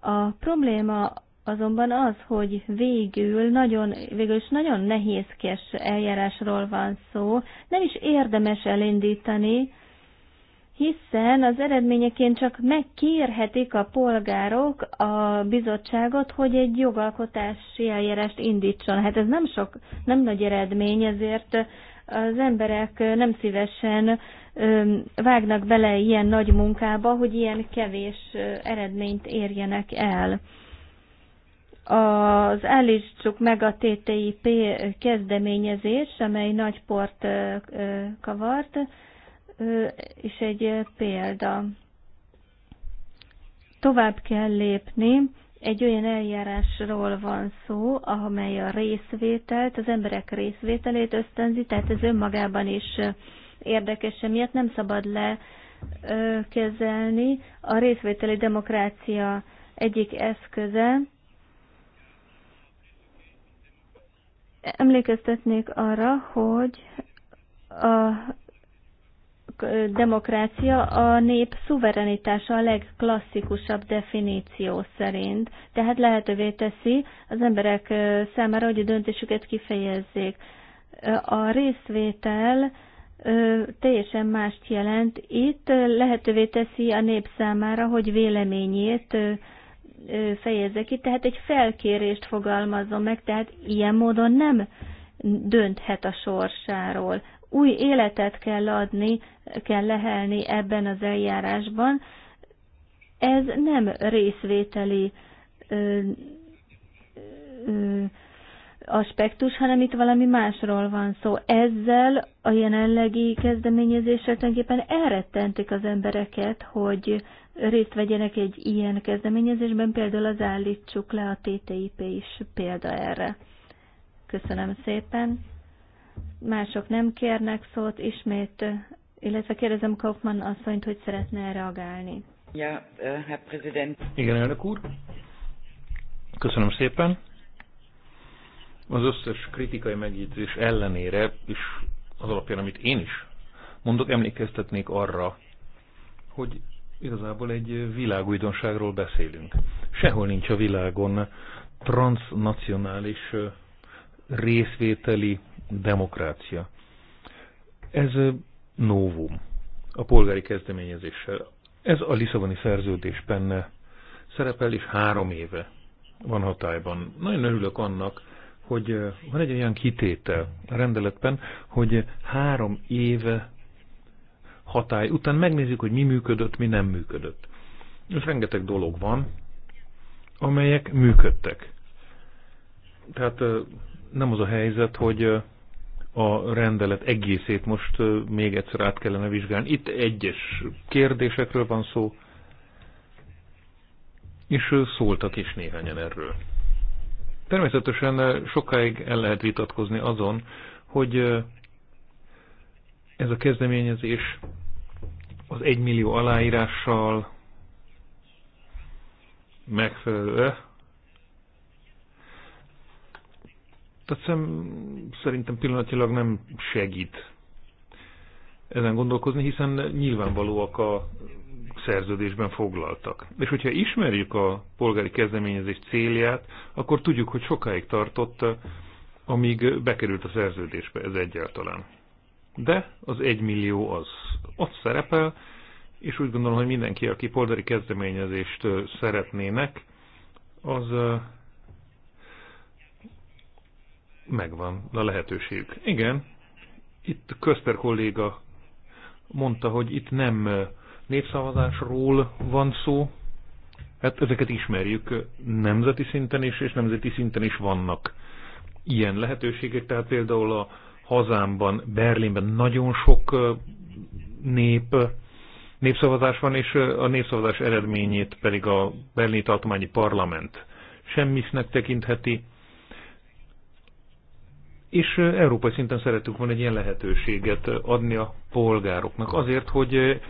A probléma azonban az, hogy végül nagyon, végül is nagyon nehézkes eljárásról van szó, nem is érdemes elindítani, hiszen az eredményeként csak megkérhetik a polgárok a bizottságot, hogy egy jogalkotási eljárást indítson. Hát ez nem sok, nem nagy eredmény, ezért az emberek nem szívesen vágnak bele ilyen nagy munkába, hogy ilyen kevés eredményt érjenek el az állítsuk meg a TTIP kezdeményezés, amely nagy port kavart, és egy példa. Tovább kell lépni, egy olyan eljárásról van szó, amely a részvételt, az emberek részvételét ösztönzi, tehát ez önmagában is érdekes, emiatt nem szabad lekezelni. A részvételi demokrácia egyik eszköze, Emlékeztetnék arra, hogy a demokrácia a nép szuverenitása a legklasszikusabb definíció szerint, tehát lehetővé teszi az emberek számára, hogy a döntésüket kifejezzék. A részvétel teljesen mást jelent. Itt lehetővé teszi a nép számára, hogy véleményét fejezze ki, tehát egy felkérést fogalmazom meg, tehát ilyen módon nem dönthet a sorsáról. Új életet kell adni, kell lehelni ebben az eljárásban. Ez nem részvételi ö, ö, aspektus, hanem itt valami másról van szó. Ezzel a jelenlegi kezdeményezéssel tulajdonképpen elrettentik az embereket, hogy részt vegyenek egy ilyen kezdeményezésben, például az állítsuk le a TTIP is példa erre. Köszönöm szépen. Mások nem kérnek szót, ismét, illetve kérdezem Kaufmann asszonyt, hogy szeretne reagálni. Ja, Herr eh, hát, Präsident. Igen, elnök
úr. Köszönöm szépen az összes kritikai megjegyzés ellenére, és az alapján, amit én is mondok, emlékeztetnék arra, hogy igazából egy világújdonságról beszélünk. Sehol nincs a világon transnacionális részvételi demokrácia. Ez novum a polgári kezdeményezéssel. Ez a Lisszaboni benne szerepel, és három éve van hatályban. Nagyon örülök annak, hogy van egy olyan kitétel a rendeletben, hogy három év hatály után megnézzük, hogy mi működött, mi nem működött. És rengeteg dolog van, amelyek működtek. Tehát nem az a helyzet, hogy a rendelet egészét most még egyszer át kellene vizsgálni. Itt egyes kérdésekről van szó, és szóltak is néhányan erről. Természetesen eh, sokáig el lehet vitatkozni azon, hogy eh, ez a kezdeményezés az egymillió aláírással megfelelő. Tehát szem, szerintem pillanatilag nem segít ezen gondolkozni, hiszen nyilvánvalóak a szerződésben foglaltak. És hogyha ismerjük a polgári kezdeményezés célját, akkor tudjuk, hogy sokáig tartott, amíg bekerült a szerződésbe ez egyáltalán. De az egymillió az ott szerepel, és úgy gondolom, hogy mindenki, aki polgári kezdeményezést szeretnének, az megvan a lehetőség. Igen, itt köster kolléga mondta, hogy itt nem népszavazásról van szó, hát ezeket ismerjük nemzeti szinten is, és nemzeti szinten is vannak ilyen lehetőségek, tehát például a hazámban, Berlinben nagyon sok nép, népszavazás van, és a népszavazás eredményét pedig a berlini tartományi parlament semmisnek tekintheti. És európai szinten szeretünk volna egy ilyen lehetőséget adni a polgároknak azért, hogy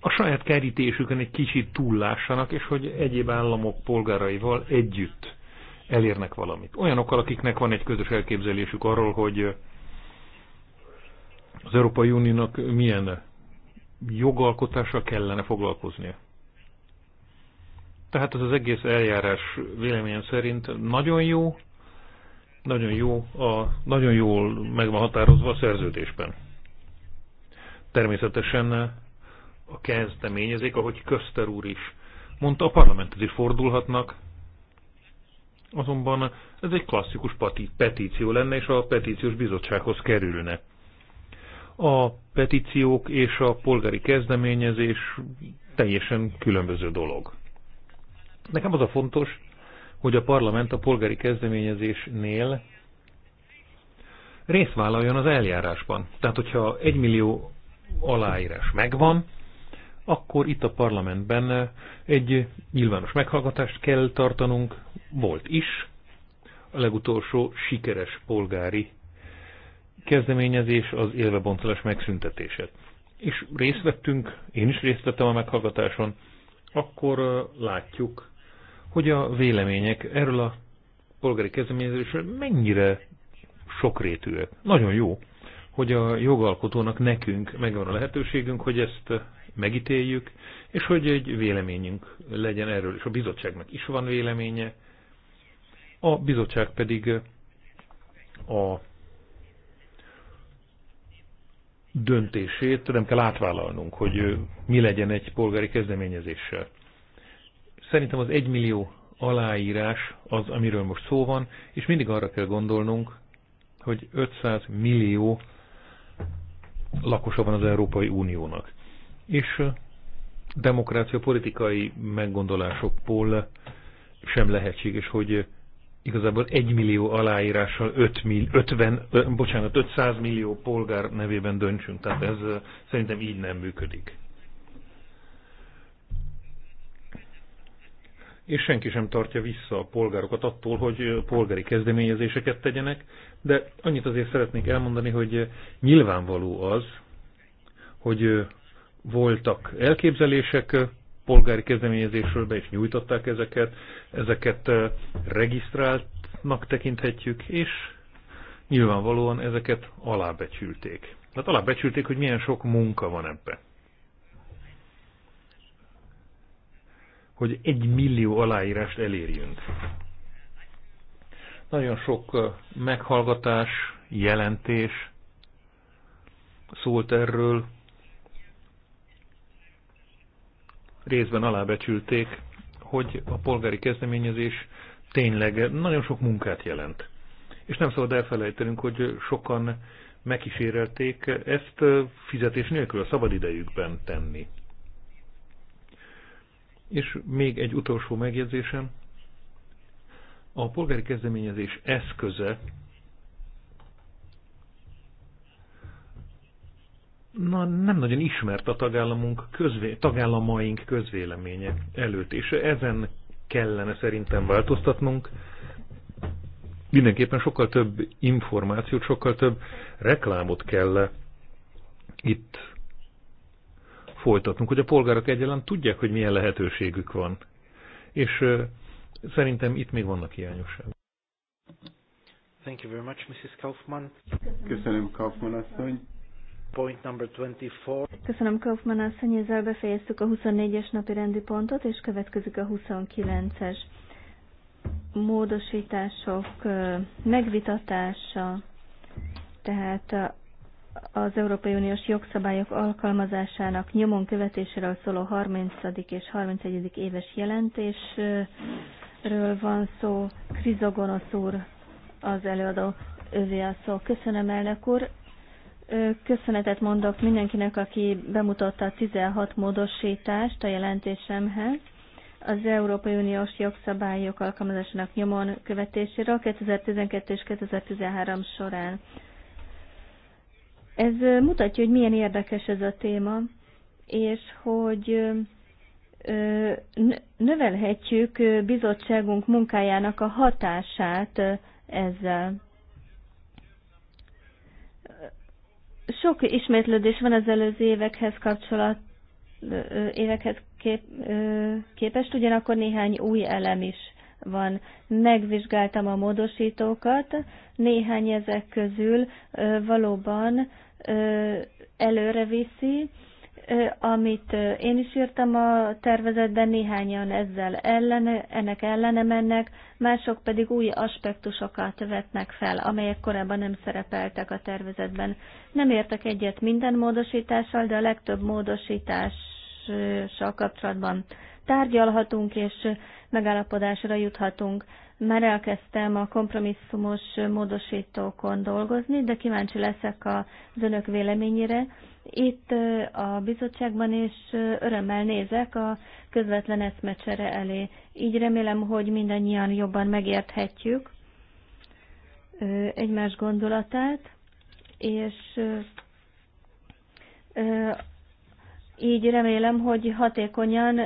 a saját kerítésükön egy kicsit túllássanak, és hogy egyéb államok polgáraival együtt elérnek valamit. Olyanokkal, akiknek van egy közös elképzelésük arról, hogy az Európai Uniónak milyen jogalkotásra kellene foglalkoznia. Tehát ez az egész eljárás véleményem szerint nagyon jó, nagyon jó, a, nagyon jól meg van határozva a szerződésben. Természetesen a kezdeményezék, ahogy Köszter úr is mondta, a parlamenthez is fordulhatnak, azonban ez egy klasszikus petíció lenne, és a petíciós bizottsághoz kerülne. A petíciók és a polgári kezdeményezés teljesen különböző dolog. Nekem az a fontos, hogy a parlament a polgári kezdeményezésnél részt vállaljon az eljárásban. Tehát, hogyha egy millió aláírás megvan, akkor itt a parlamentben eh, egy nyilvános meghallgatást kell tartanunk, volt is, a legutolsó sikeres polgári kezdeményezés az élvebontalás megszüntetése. És részt vettünk, én is részt vettem a meghallgatáson, akkor eh, látjuk, hogy a vélemények erről a polgári kezdeményezésről mennyire sokrétűek. Nagyon jó, hogy a jogalkotónak nekünk megvan a lehetőségünk, hogy ezt eh, megítéljük, és hogy egy véleményünk legyen erről, és a bizottságnak is van véleménye, a bizottság pedig a döntését nem kell átvállalnunk, hogy mi legyen egy polgári kezdeményezéssel. Szerintem az egymillió aláírás az, amiről most szó van, és mindig arra kell gondolnunk, hogy 500 millió lakosa van az Európai Uniónak és demokrácia politikai meggondolásokból sem lehetséges, hogy igazából 1 millió aláírással 5 mill, 50, bocsánat, 500 millió polgár nevében döntsünk. Tehát ez szerintem így nem működik. És senki sem tartja vissza a polgárokat attól, hogy polgári kezdeményezéseket tegyenek, de annyit azért szeretnék elmondani, hogy nyilvánvaló az, hogy voltak elképzelések polgári kezdeményezésről be, és nyújtották ezeket, ezeket regisztráltnak tekinthetjük, és nyilvánvalóan ezeket alábecsülték. Tehát alábecsülték, hogy milyen sok munka van ebben. Hogy egy millió aláírást elérjünk. Nagyon sok meghallgatás, jelentés szólt erről, részben alábecsülték, hogy a polgári kezdeményezés tényleg nagyon sok munkát jelent. És nem szabad elfelejtenünk, hogy sokan megkísérelték ezt fizetés nélkül a szabadidejükben tenni. És még egy utolsó megjegyzésem. A polgári kezdeményezés eszköze na, nem nagyon ismert a tagállamunk közvé, tagállamaink közvéleménye előtt, és ezen kellene szerintem változtatnunk. Mindenképpen sokkal több információt, sokkal több reklámot kell itt folytatnunk, hogy a polgárok egyáltalán tudják, hogy milyen lehetőségük van. És szerintem itt még vannak hiányosságok.
Thank you very much, Mrs. Kaufman. Köszönöm, Kaufman asszony.
Köszönöm Kaufmann asszony, ezzel befejeztük a 24-es napi rendi pontot, és következik a 29-es módosítások megvitatása, tehát az Európai Uniós jogszabályok alkalmazásának nyomon követéséről szóló 30. és 31. éves jelentésről van szó. Krizogonosz úr az előadó ővé a szó. Köszönöm, elnök úr. Köszönetet mondok mindenkinek, aki bemutatta a 16 módosítást a jelentésemhez az Európai Uniós jogszabályok alkalmazásának nyomon követéséről 2012 és 2013 során. Ez mutatja, hogy milyen érdekes ez a téma, és hogy növelhetjük bizottságunk munkájának a hatását ezzel. Sok ismétlődés van az előző évekhez kapcsolat, évekhez kép, képest, ugyanakkor néhány új elem is van. Megvizsgáltam a módosítókat, néhány ezek közül valóban előre viszi amit én is írtam a tervezetben, néhányan ezzel ellene, ennek ellene mennek, mások pedig új aspektusokat vetnek fel, amelyek korábban nem szerepeltek a tervezetben. Nem értek egyet minden módosítással, de a legtöbb módosítással kapcsolatban tárgyalhatunk és megállapodásra juthatunk. Már elkezdtem a kompromisszumos módosítókon dolgozni, de kíváncsi leszek az önök véleményére itt a bizottságban is örömmel nézek a közvetlen eszmecsere elé. Így remélem, hogy mindannyian jobban megérthetjük egymás gondolatát, és így remélem, hogy hatékonyan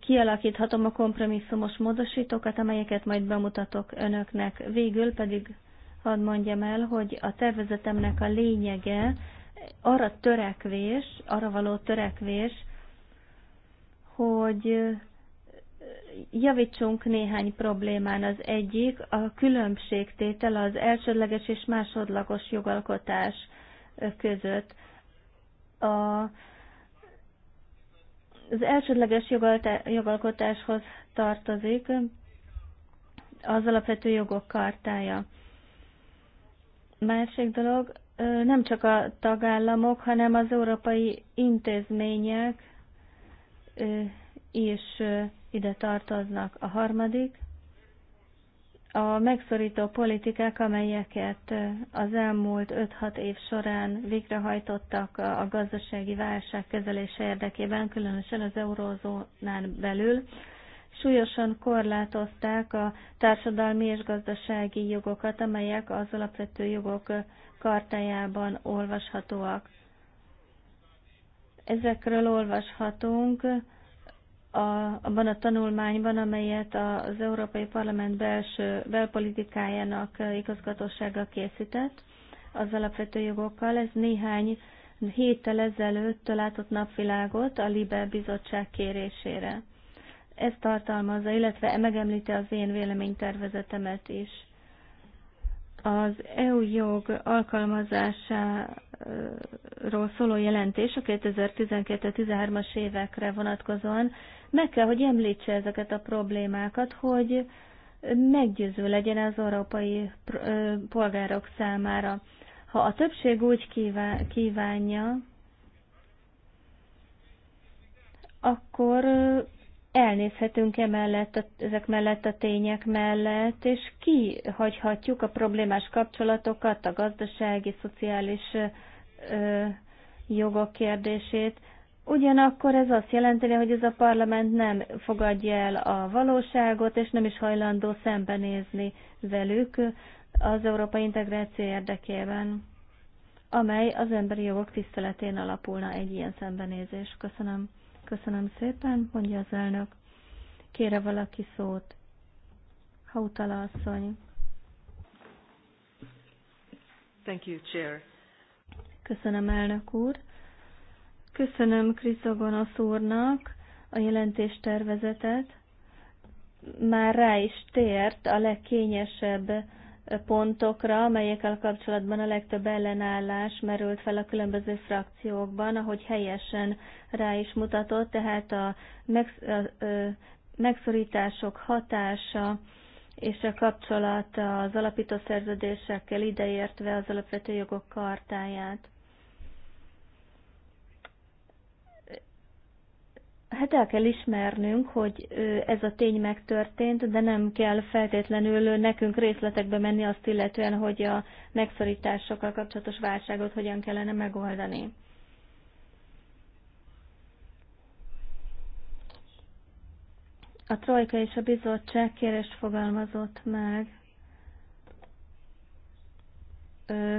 kialakíthatom a kompromisszumos módosítókat, amelyeket majd bemutatok önöknek. Végül pedig hadd mondjam el, hogy a tervezetemnek a lényege arra törekvés, arra való törekvés, hogy javítsunk néhány problémán. Az egyik a különbségtétel az elsődleges és másodlagos jogalkotás között. A, az elsődleges jogalkotáshoz tartozik az alapvető jogok kartája. Másik dolog, nem csak a tagállamok, hanem az európai intézmények is ide tartoznak. A harmadik, a megszorító politikák, amelyeket az elmúlt 5-6 év során végrehajtottak a gazdasági válság kezelése érdekében, különösen az eurózónán belül, súlyosan korlátozták a társadalmi és gazdasági jogokat, amelyek az alapvető jogok kartájában olvashatóak. Ezekről olvashatunk a, abban a tanulmányban, amelyet az Európai Parlament belső belpolitikájának igazgatósága készített az alapvető jogokkal. Ez néhány héttel ezelőtt látott napvilágot a Libe bizottság kérésére. Ez tartalmazza, illetve megemlíti az én véleménytervezetemet is az EU jog alkalmazásáról szóló jelentés a 2012-13-as évekre vonatkozóan meg kell, hogy említse ezeket a problémákat, hogy meggyőző legyen az európai polgárok számára. Ha a többség úgy kívánja, akkor elnézhetünk emellett, a, ezek mellett a tények mellett, és kihagyhatjuk a problémás kapcsolatokat, a gazdasági, szociális ö, jogok kérdését. Ugyanakkor ez azt jelenti, hogy ez a parlament nem fogadja el a valóságot, és nem is hajlandó szembenézni velük az európai integráció érdekében, amely az emberi jogok tiszteletén alapulna egy ilyen szembenézés. Köszönöm. Köszönöm szépen, mondja az elnök. Kére valaki szót. Hautala asszony. Thank you, Chair. Köszönöm, elnök úr. Köszönöm Kriszogonosz úrnak a jelentéstervezetet. Már rá is tért a legkényesebb pontokra, amelyekkel kapcsolatban a legtöbb ellenállás merült fel a különböző frakciókban, ahogy helyesen rá is mutatott, tehát a, megsz, a, megszorítások hatása és a kapcsolat az alapító szerződésekkel ideértve az alapvető jogok kartáját. Hát el kell ismernünk, hogy ez a tény megtörtént, de nem kell feltétlenül nekünk részletekbe menni azt illetően, hogy a megszorításokkal kapcsolatos válságot hogyan kellene megoldani. A Trojka és a bizottság kérést fogalmazott meg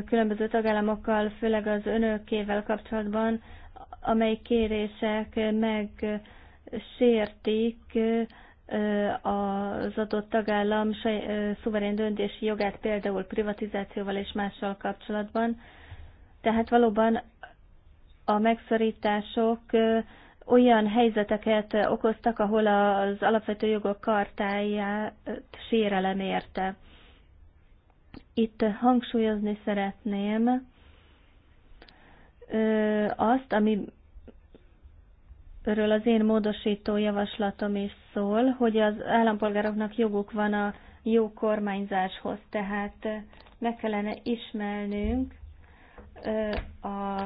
különböző tagállamokkal, főleg az önökével kapcsolatban, amely kérések megsértik az adott tagállam szuverén döntési jogát például privatizációval és mással kapcsolatban. Tehát valóban a megszorítások olyan helyzeteket okoztak, ahol az alapvető jogok kartáját sérelem érte. Itt hangsúlyozni szeretném azt, ami erről az én módosító javaslatom is szól, hogy az állampolgároknak joguk van a jó kormányzáshoz, tehát meg kellene ismernünk, a,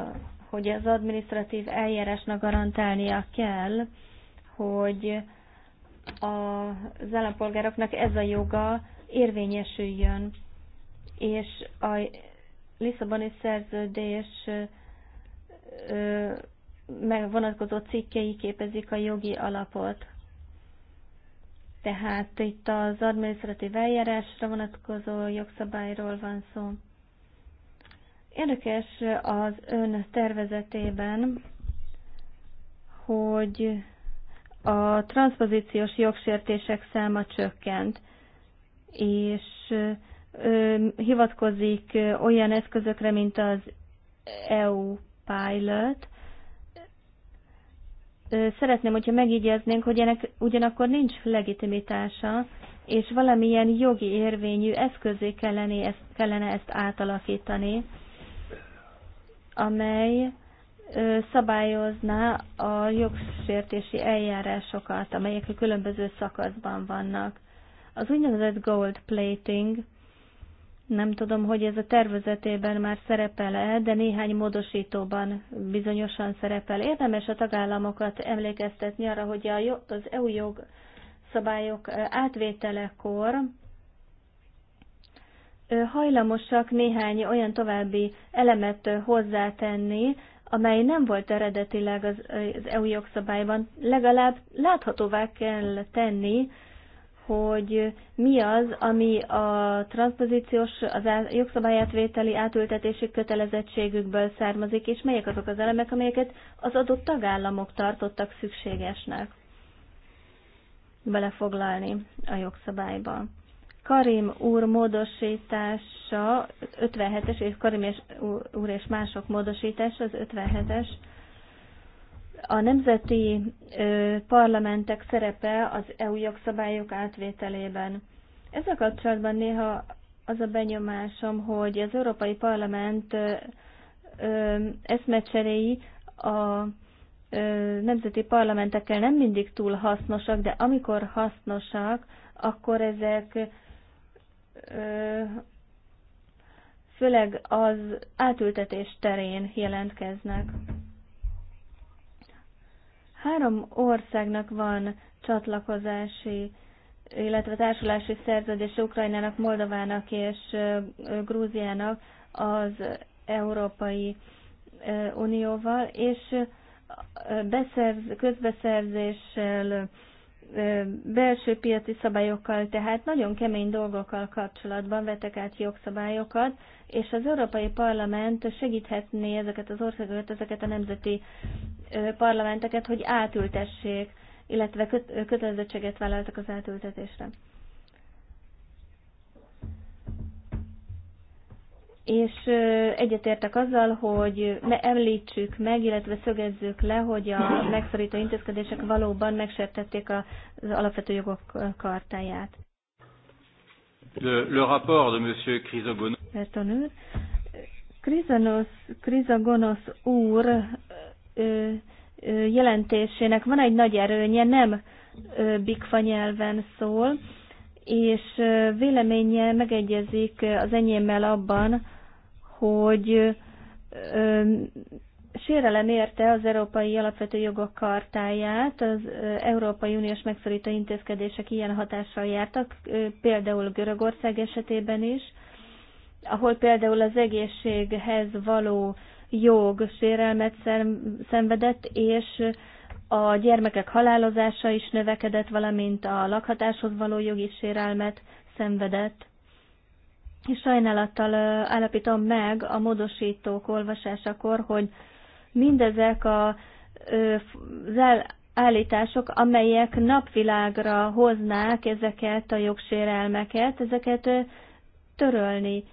hogy az administratív eljárásnak garantálnia kell, hogy az állampolgároknak ez a joga érvényesüljön, és a Lisszaboni szerződés megvonatkozó cikkei képezik a jogi alapot. Tehát itt az adminisztratív eljárásra vonatkozó jogszabályról van szó. Érdekes az ön tervezetében, hogy a transzpozíciós jogsértések száma csökkent, és hivatkozik olyan eszközökre, mint az EU Pilot, szeretném, hogyha megígyeznénk, hogy ennek ugyanakkor nincs legitimitása, és valamilyen jogi érvényű eszközé kellene ezt, kellene ezt átalakítani, amely szabályozná a jogsértési eljárásokat, amelyek a különböző szakaszban vannak. Az úgynevezett gold plating nem tudom, hogy ez a tervezetében már szerepel-e, de néhány módosítóban bizonyosan szerepel. Érdemes a tagállamokat emlékeztetni arra, hogy az EU jog szabályok átvételekor hajlamosak néhány olyan további elemet hozzátenni, amely nem volt eredetileg az, az EU jogszabályban, legalább láthatóvá kell tenni hogy mi az, ami a transzpozíciós, az jogszabályátvételi átültetési kötelezettségükből származik, és melyek azok az elemek, amelyeket az adott tagállamok tartottak szükségesnek belefoglalni a jogszabályba. Karim úr módosítása, 57-es, és Karim és, úr és mások módosítása, az 57-es a nemzeti parlamentek szerepe az EU jogszabályok átvételében. Ezzel kapcsolatban néha az a benyomásom, hogy az Európai Parlament eszmecseréi a nemzeti parlamentekkel nem mindig túl hasznosak, de amikor hasznosak, akkor ezek főleg az átültetés terén jelentkeznek. Három országnak van csatlakozási, illetve társulási szerződés Ukrajnának, Moldovának és Grúziának az Európai Unióval, és közbeszerzéssel belső piaci szabályokkal, tehát nagyon kemény dolgokkal kapcsolatban vetek át jogszabályokat, és az Európai Parlament segíthetné ezeket az országokat, ezeket a nemzeti parlamenteket, hogy átültessék, illetve kötelezettséget vállaltak az átültetésre. és egyetértek azzal, hogy ne említsük meg, illetve szögezzük le, hogy a megszorító intézkedések valóban megsértették az alapvető jogok kartáját.
Le, le rapport de Monsieur
Chrysogonos. Krizonos, úr. úr ö, ö, jelentésének van egy nagy erőnye, nem ö, bikfa nyelven szól, és véleménye megegyezik az enyémmel abban, hogy sérelem érte az Európai Alapvető Jogok Kartáját, az Európai Uniós megszorító intézkedések ilyen hatással jártak, például Görögország esetében is, ahol például az egészséghez való jog sérelmet szenvedett, és a gyermekek halálozása is növekedett, valamint a lakhatáshoz való jogi sérelmet szenvedett és sajnálattal állapítom meg a módosítók olvasásakor, hogy mindezek a, az állítások, amelyek napvilágra hoznák ezeket a jogsérelmeket, ezeket törölni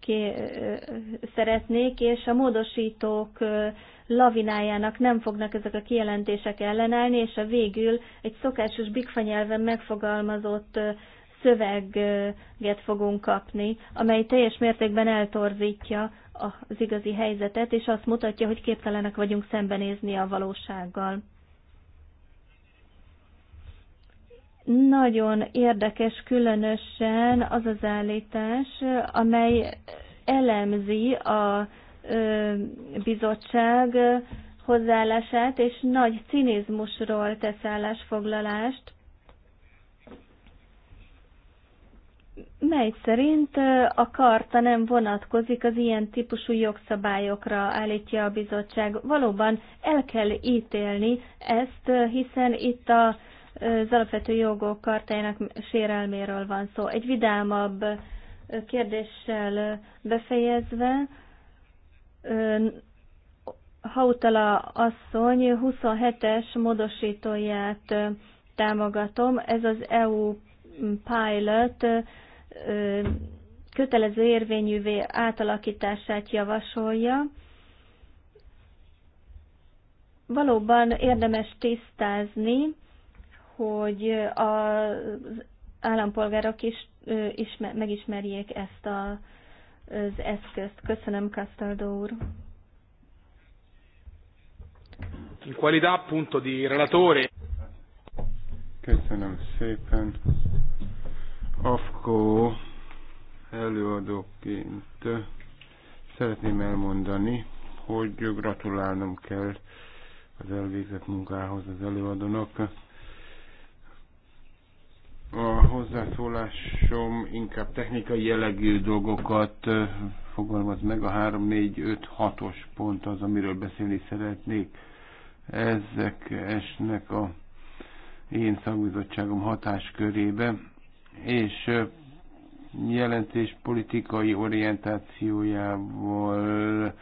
ké, szeretnék, és a módosítók lavinájának nem fognak ezek a kijelentések ellenállni, és a végül egy szokásos bigfanyelven megfogalmazott szöveget fogunk kapni, amely teljes mértékben eltorzítja az igazi helyzetet, és azt mutatja, hogy képtelenek vagyunk szembenézni a valósággal. Nagyon érdekes különösen az az állítás, amely elemzi a bizottság hozzáállását, és nagy cinizmusról tesz állásfoglalást, mely szerint a karta nem vonatkozik az ilyen típusú jogszabályokra, állítja a bizottság. Valóban el kell ítélni ezt, hiszen itt a, az alapvető jogok kartájának sérelméről van szó. Egy vidámabb kérdéssel befejezve, Hautala asszony 27-es módosítóját támogatom. Ez az EU pilot kötelező érvényűvé átalakítását javasolja. Valóban érdemes tisztázni, hogy az állampolgárok is, ismer, megismerjék ezt a, az eszközt. Köszönöm, Castaldo úr.
In qualità appunto di relatore. Köszönöm szépen AFKO előadóként szeretném elmondani, hogy gratulálnom kell az elvégzett munkához az előadónak. A hozzászólásom inkább technikai jellegű dolgokat fogalmaz meg. A 3, 4, 5, 6-os pont az, amiről beszélni szeretnék. Ezek esnek a én szakbizottságom hatáskörébe és jelentés politikai orientációjával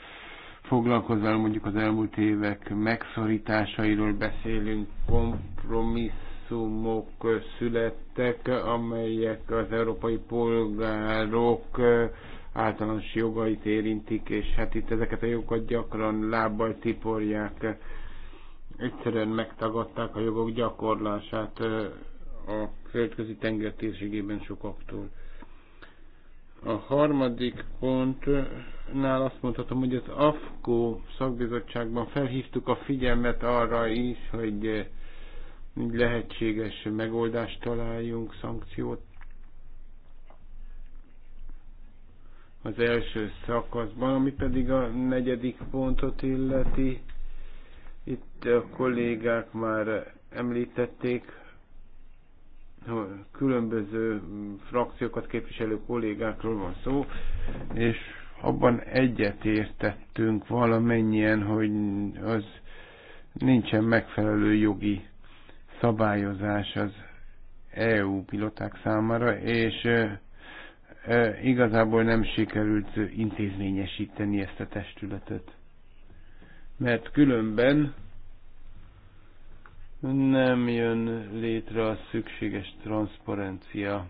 foglalkozva mondjuk az elmúlt évek megszorításairól beszélünk, kompromisszumok születtek, amelyek az európai polgárok általános jogait érintik, és hát itt ezeket a jogokat gyakran lábbal tiporják, egyszerűen megtagadták a jogok gyakorlását, a földközi tenger térségében sokaktól. A harmadik pontnál azt mondhatom, hogy az AFKO szakbizottságban felhívtuk a figyelmet arra is, eh, hogy lehetséges megoldást találjunk, szankciót. Az első szakaszban, ami pedig a negyedik pontot illeti, itt a kollégák már említették, különböző frakciókat képviselő kollégákról van szó, és abban egyetértettünk valamennyien, hogy az nincsen megfelelő jogi szabályozás az EU piloták számára, és igazából nem sikerült intézményesíteni ezt a testületet. Mert különben nem jön létre a szükséges transzparencia.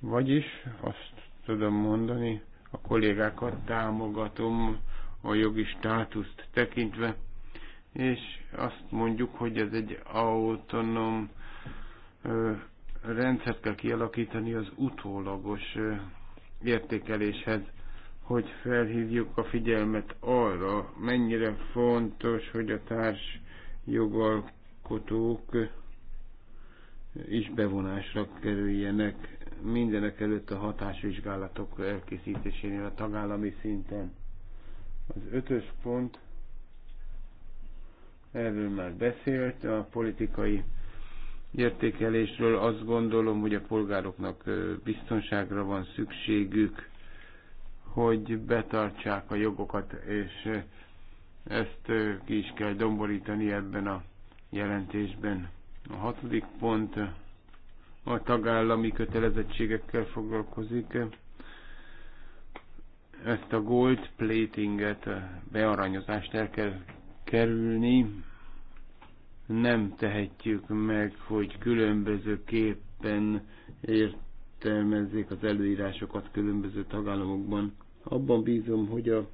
Vagyis azt tudom mondani, a kollégákat támogatom a jogi státuszt tekintve, és azt mondjuk, hogy ez egy autonóm rendszert kell kialakítani az utólagos ö, értékeléshez, hogy felhívjuk a figyelmet arra, mennyire fontos, hogy a társ jogalkotók is bevonásra kerüljenek mindenek előtt a hatásvizsgálatok elkészítésénél a tagállami szinten. Az ötös pont, erről már beszélt, a politikai értékelésről azt gondolom, hogy a polgároknak biztonságra van szükségük, hogy betartsák a jogokat, és ezt ki is kell domborítani ebben a jelentésben. A hatodik pont a tagállami kötelezettségekkel foglalkozik. Ezt a gold platinget, bearanyozást el kell kerülni. Nem tehetjük meg, hogy különbözőképpen értelmezzék az előírásokat különböző tagállamokban. Abban bízom, hogy a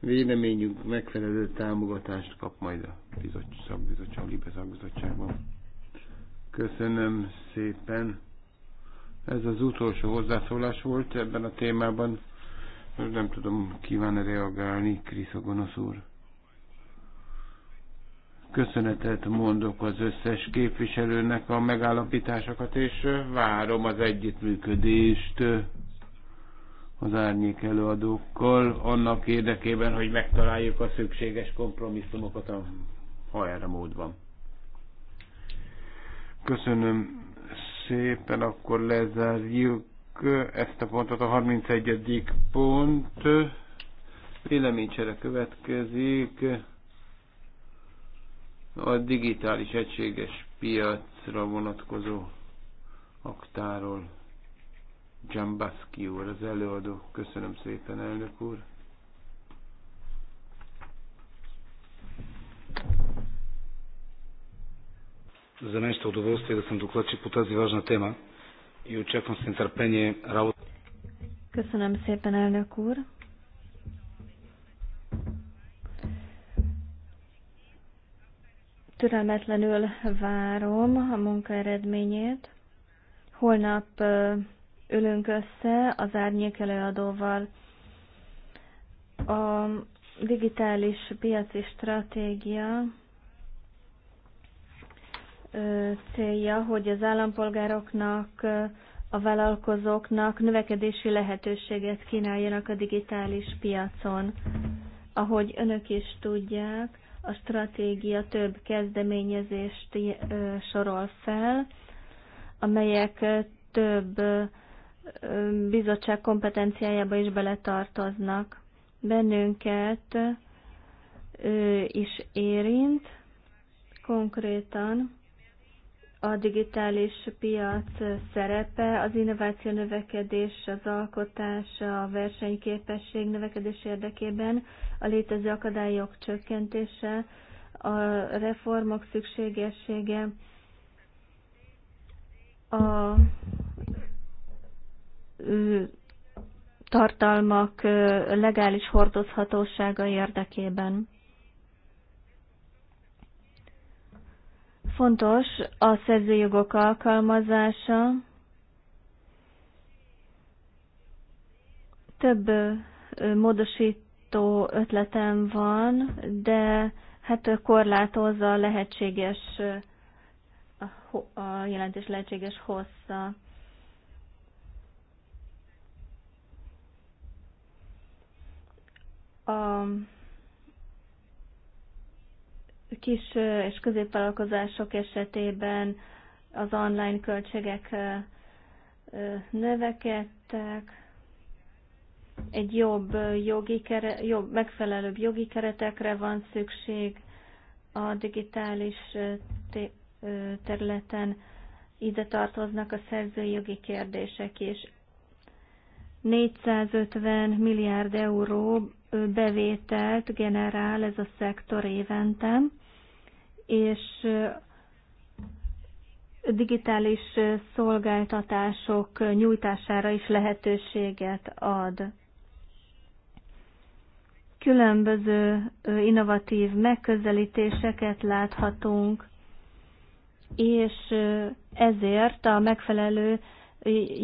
véleményünk megfelelő támogatást kap majd a bizottság, szakbizottság, a szakbizottságban. Köszönöm szépen. Ez az utolsó hozzászólás volt ebben a témában. Most nem tudom, kíván -e reagálni Kriszogonosz úr. Köszönetet mondok az összes képviselőnek a megállapításokat, és várom az együttműködést az árnyék előadókkal annak érdekében, hogy megtaláljuk a szükséges kompromisszumokat, a, hajára módban. Köszönöm szépen, akkor lezárjuk ezt a pontot, a 31. pont. Véleménycsere következik. A digitális egységes piacra vonatkozó aktáról. Jambaszki úr, az előadó. Köszönöm szépen, elnök úr. За мен ще удоволствие да съм докладчик по тази важна тема и очаквам с нетърпение работа.
Köszönöm szépen, elnök úr. Türelmetlenül várom a munka eredményét. Holnap ülünk össze az árnyék előadóval. A digitális piaci stratégia célja, hogy az állampolgároknak, a vállalkozóknak növekedési lehetőséget kínáljanak a digitális piacon. Ahogy önök is tudják, a stratégia több kezdeményezést sorol fel, amelyek több bizottság kompetenciájába is beletartoznak. Bennünket ő is érint, konkrétan a digitális piac szerepe, az innováció növekedés, az alkotás, a versenyképesség növekedés érdekében, a létező akadályok csökkentése, a reformok szükségessége, a tartalmak legális hordozhatósága érdekében. Fontos a szerzőjogok alkalmazása. Több módosító ötletem van, de hát korlátozza a lehetséges a jelentés lehetséges hossza. a kis és középvállalkozások esetében az online költségek növekedtek, egy jobb, jogi kere, jobb, megfelelőbb jogi keretekre van szükség a digitális területen. Ide tartoznak a szerzői jogi kérdések is. 450 milliárd euró bevételt generál ez a szektor évente, és digitális szolgáltatások nyújtására is lehetőséget ad. Különböző innovatív megközelítéseket láthatunk, és ezért a megfelelő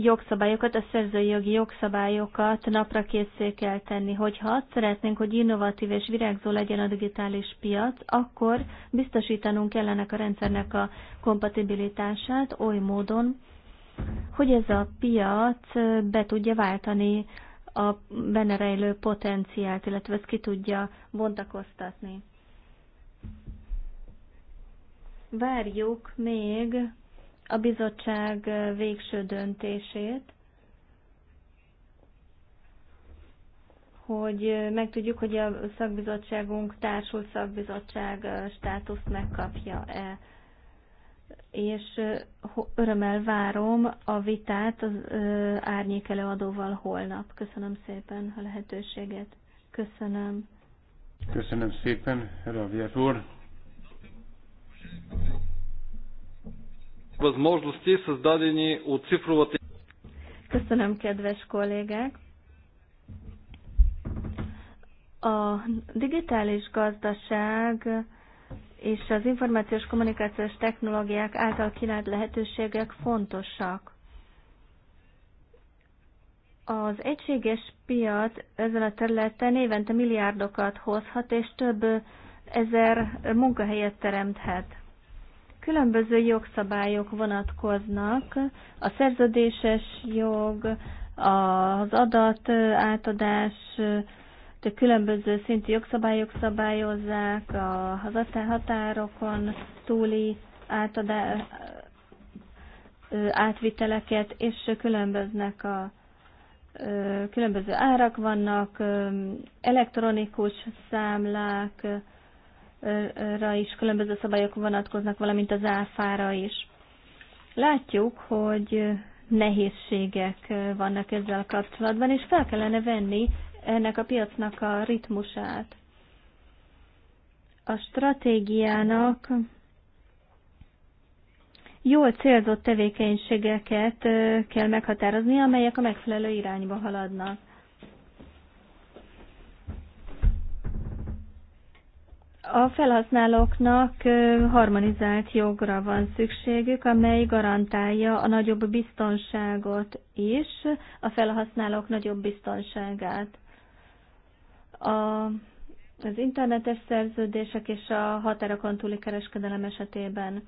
jogszabályokat, a szerzői jogi jogszabályokat napra készé kell tenni. Hogyha azt szeretnénk, hogy innovatív és virágzó legyen a digitális piac, akkor biztosítanunk kell ennek a rendszernek a kompatibilitását oly módon, hogy ez a piac be tudja váltani a benne rejlő potenciált, illetve ezt ki tudja bontakoztatni. Várjuk még a bizottság végső döntését, hogy megtudjuk, hogy a szakbizottságunk társult szakbizottság státuszt megkapja-e. És örömmel várom a vitát az árnyék előadóval holnap. Köszönöm szépen a lehetőséget. Köszönöm.
Köszönöm szépen, Ravját úr възможности, създадени от цифровата.
Köszönöm, kedves kollégák! A digitális gazdaság és az információs kommunikációs technológiák által kínált lehetőségek fontosak. Az egységes piac ezen a területen évente milliárdokat hozhat, és több ezer munkahelyet teremthet. Különböző jogszabályok vonatkoznak, a szerződéses jog, az adat átadás, de különböző szintű jogszabályok szabályozzák a határokon túli átadá, átviteleket, és különböznek a különböző árak vannak, elektronikus számlák, ra is különböző szabályok vonatkoznak, valamint az áfára is. Látjuk, hogy nehézségek vannak ezzel kapcsolatban, és fel kellene venni ennek a piacnak a ritmusát. A stratégiának jól célzott tevékenységeket kell meghatározni, amelyek a megfelelő irányba haladnak. A felhasználóknak harmonizált jogra van szükségük, amely garantálja a nagyobb biztonságot is, a felhasználók nagyobb biztonságát. A, az internetes szerződések és a határokon túli kereskedelem esetében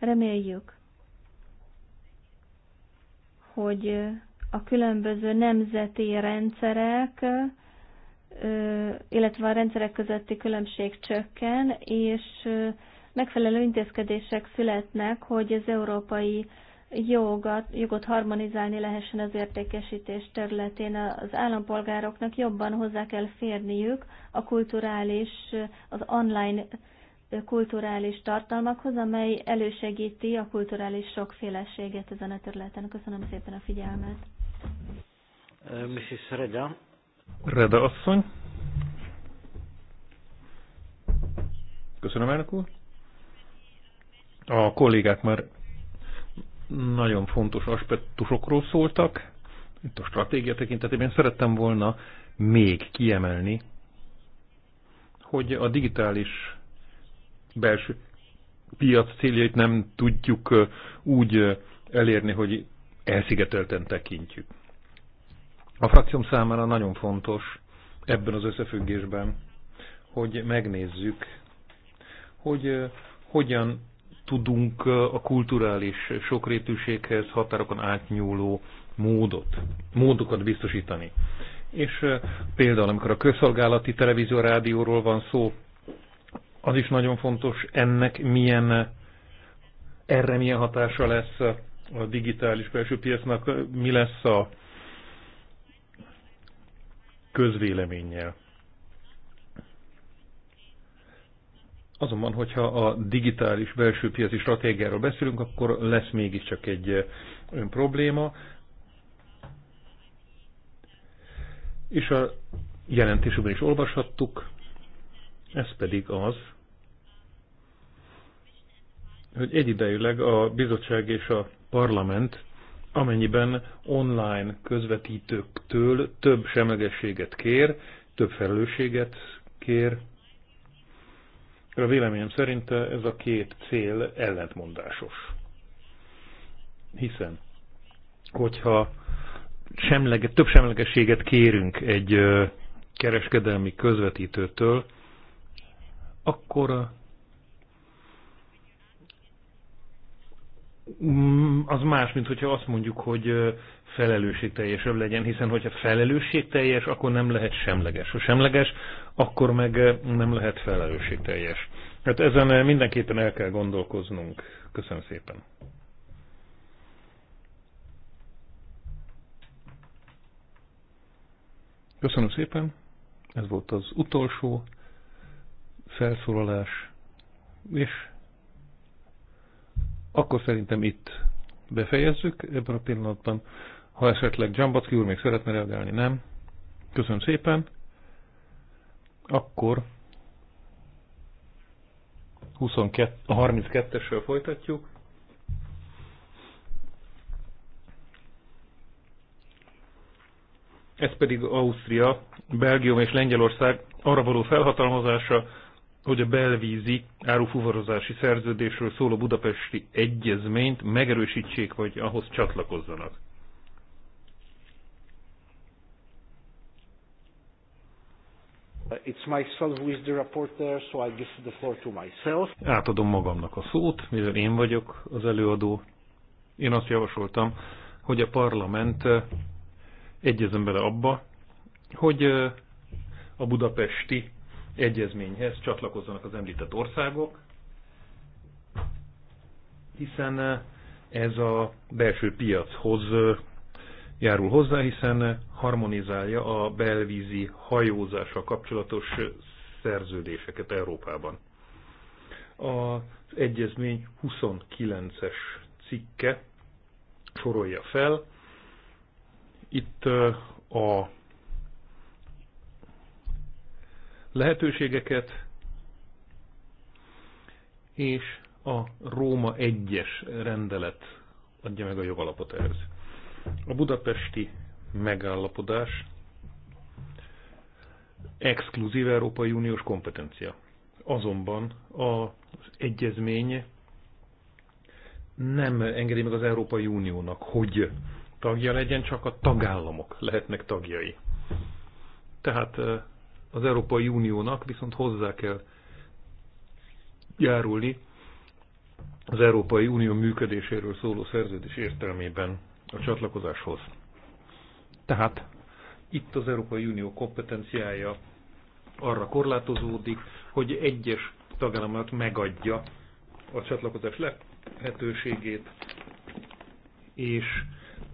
reméljük, hogy a különböző nemzeti rendszerek illetve a rendszerek közötti különbség csökken, és megfelelő intézkedések születnek, hogy az európai jogot, jogot harmonizálni lehessen az értékesítés területén. Az állampolgároknak jobban hozzá kell férniük a kulturális, az online kulturális tartalmakhoz, amely elősegíti a kulturális sokféleséget ezen a területen. Köszönöm szépen a figyelmet. Mrs. Reda.
Reda asszony. Köszönöm, elnök úr. A kollégák már nagyon fontos aspektusokról szóltak. Itt a stratégia tekintetében szerettem volna még kiemelni, hogy a digitális belső piac céljait nem tudjuk úgy elérni, hogy elszigetelten tekintjük. A frakcióm számára nagyon fontos ebben az összefüggésben, hogy megnézzük, hogy hogyan tudunk a kulturális sokrétűséghez határokon átnyúló módot, módokat biztosítani. És például, amikor a közszolgálati televízió rádióról van szó, az is nagyon fontos, ennek milyen, erre milyen hatása lesz a digitális belső piacnak, mi lesz a közvéleménnyel. Azonban, hogyha a digitális belső piaci stratégiáról beszélünk, akkor lesz mégiscsak egy eh, ön probléma. És a jelentésben is olvashattuk, ez pedig az, hogy egyidejűleg a bizottság és a parlament amennyiben online közvetítőktől több semlegességet kér, több felelősséget kér. A véleményem szerint ez a két cél ellentmondásos. Hiszen, hogyha semlege, több semlegességet kérünk egy kereskedelmi közvetítőtől, akkor Mm, az más, mint hogyha azt mondjuk, hogy felelősségteljesebb legyen, hiszen hogyha felelősségteljes, akkor nem lehet semleges. Ha semleges, akkor meg nem lehet felelősségteljes. Hát ezen mindenképpen el kell gondolkoznunk. Köszönöm szépen. Köszönöm szépen. Ez volt az utolsó felszólalás, és akkor szerintem itt befejezzük ebben a pillanatban. Ha esetleg Dzsambacki úr még szeretne reagálni, nem? Köszönöm szépen. Akkor 22, a 32-essel folytatjuk. Ez pedig Ausztria, Belgium és Lengyelország arra való felhatalmazása, hogy a belvízi árufuvarozási szerződésről szóló budapesti egyezményt megerősítsék, vagy ahhoz csatlakozzanak.
It's myself who is the reporter, so I give the floor to myself.
Átadom magamnak a szót, mivel én vagyok az előadó. Én azt javasoltam, hogy a parlament eh, egyezem bele abba, hogy eh, a budapesti egyezményhez csatlakozzanak az említett országok, hiszen eh, ez a belső piachoz eh, járul hozzá, hiszen harmonizálja a belvízi hajózással kapcsolatos eh, szerződéseket Európában. Az egyezmény 29-es cikke sorolja fel. Itt a lehetőségeket, és a Róma 1-es rendelet adja meg a jogalapot ehhez. A budapesti megállapodás exkluzív Európai Uniós kompetencia. Azonban az egyezmény nem engedi meg az Európai Uniónak, hogy tagja legyen, csak a tagállamok lehetnek tagjai. Tehát eh, az Európai Uniónak viszont hozzá kell járulni az Európai Unió működéséről szóló szerződés értelmében a csatlakozáshoz. Tehát itt az Európai Unió kompetenciája arra korlátozódik, hogy egyes tagállamnak megadja a csatlakozás lehetőségét, és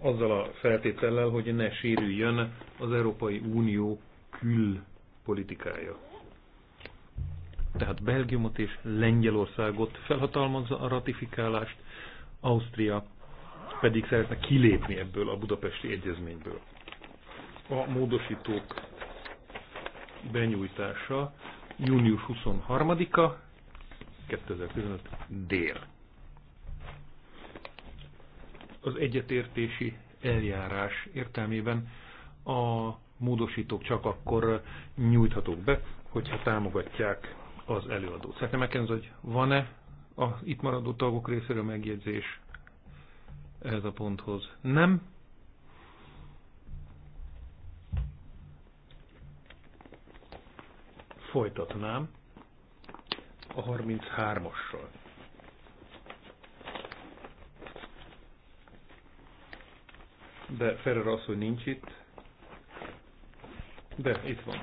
azzal a feltétellel, hogy ne sérüljön az Európai Unió kül politikája. Tehát Belgiumot és Lengyelországot felhatalmazza a ratifikálást, Ausztria pedig szeretne kilépni ebből a budapesti egyezményből. A módosítók benyújtása június 23-a, 2015 dél. Az egyetértési eljárás értelmében a módosítók csak akkor nyújthatók be, hogyha támogatják az előadót. Szeretném megkérdezni, hogy van-e a itt maradó tagok részéről megjegyzés ez a ponthoz? Nem. Folytatnám a 33-assal. De Ferrer az, hogy nincs itt, de itt van.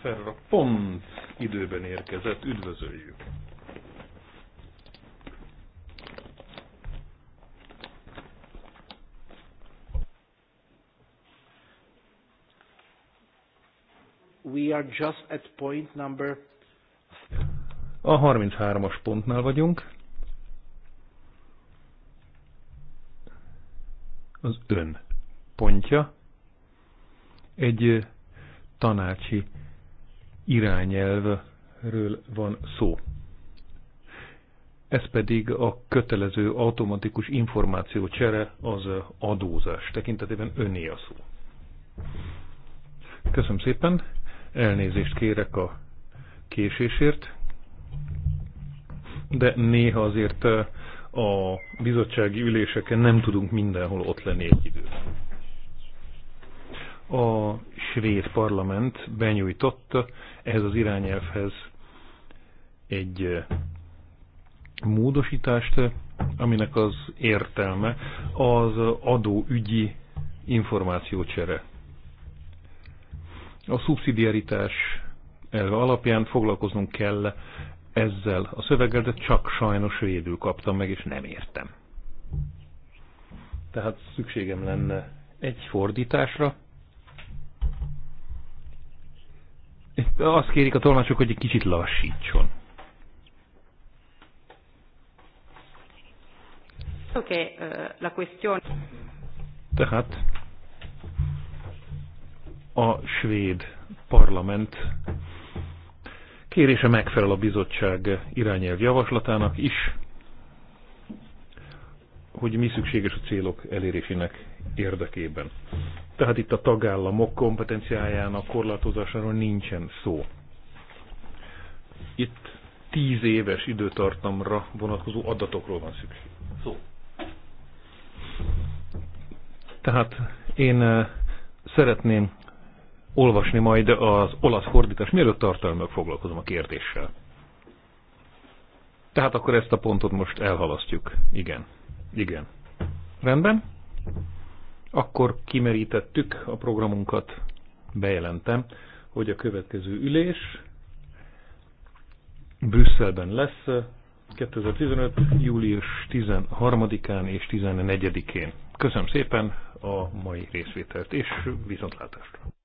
Ferra pont időben érkezett. Üdvözöljük.
We are just at point number
a 33-as pontnál vagyunk. Az ön pontja. Egy tanácsi irányelvről van szó. Ez pedig a kötelező automatikus csere az adózás tekintetében öné a szó. Köszönöm szépen, elnézést kérek a késésért, de néha azért eh, a bizottsági üléseken nem tudunk mindenhol ott lenni egy időben a svéd parlament benyújtott ehhez az irányelvhez egy eh, módosítást, aminek az értelme az adóügyi információcsere. A szubszidiaritás elve alapján foglalkoznunk kell ezzel a szöveggel, de csak sajnos védül kaptam meg, és nem értem. Tehát szükségem lenne egy fordításra, Azt kérik a tolmácsok, hogy egy kicsit lassítson.
Oké, okay, uh, la question.
Tehát a svéd parlament kérése megfelel a bizottság irányelv javaslatának is, hogy mi szükséges a célok elérésének érdekében. Tehát itt a tagállamok kompetenciájának korlátozásáról nincsen szó. Itt tíz éves időtartamra vonatkozó adatokról van szükség. Szó. Tehát én eh, szeretném olvasni majd az olasz fordítás, mielőtt tartalmak foglalkozom a kérdéssel. Tehát akkor ezt a pontot most elhalasztjuk. Igen. Igen. Rendben. Akkor kimerítettük a programunkat, bejelentem, hogy a következő ülés Brüsszelben lesz 2015. Eh, július 13-án és 14-én. Köszönöm szépen a mai részvételt, és viszontlátást.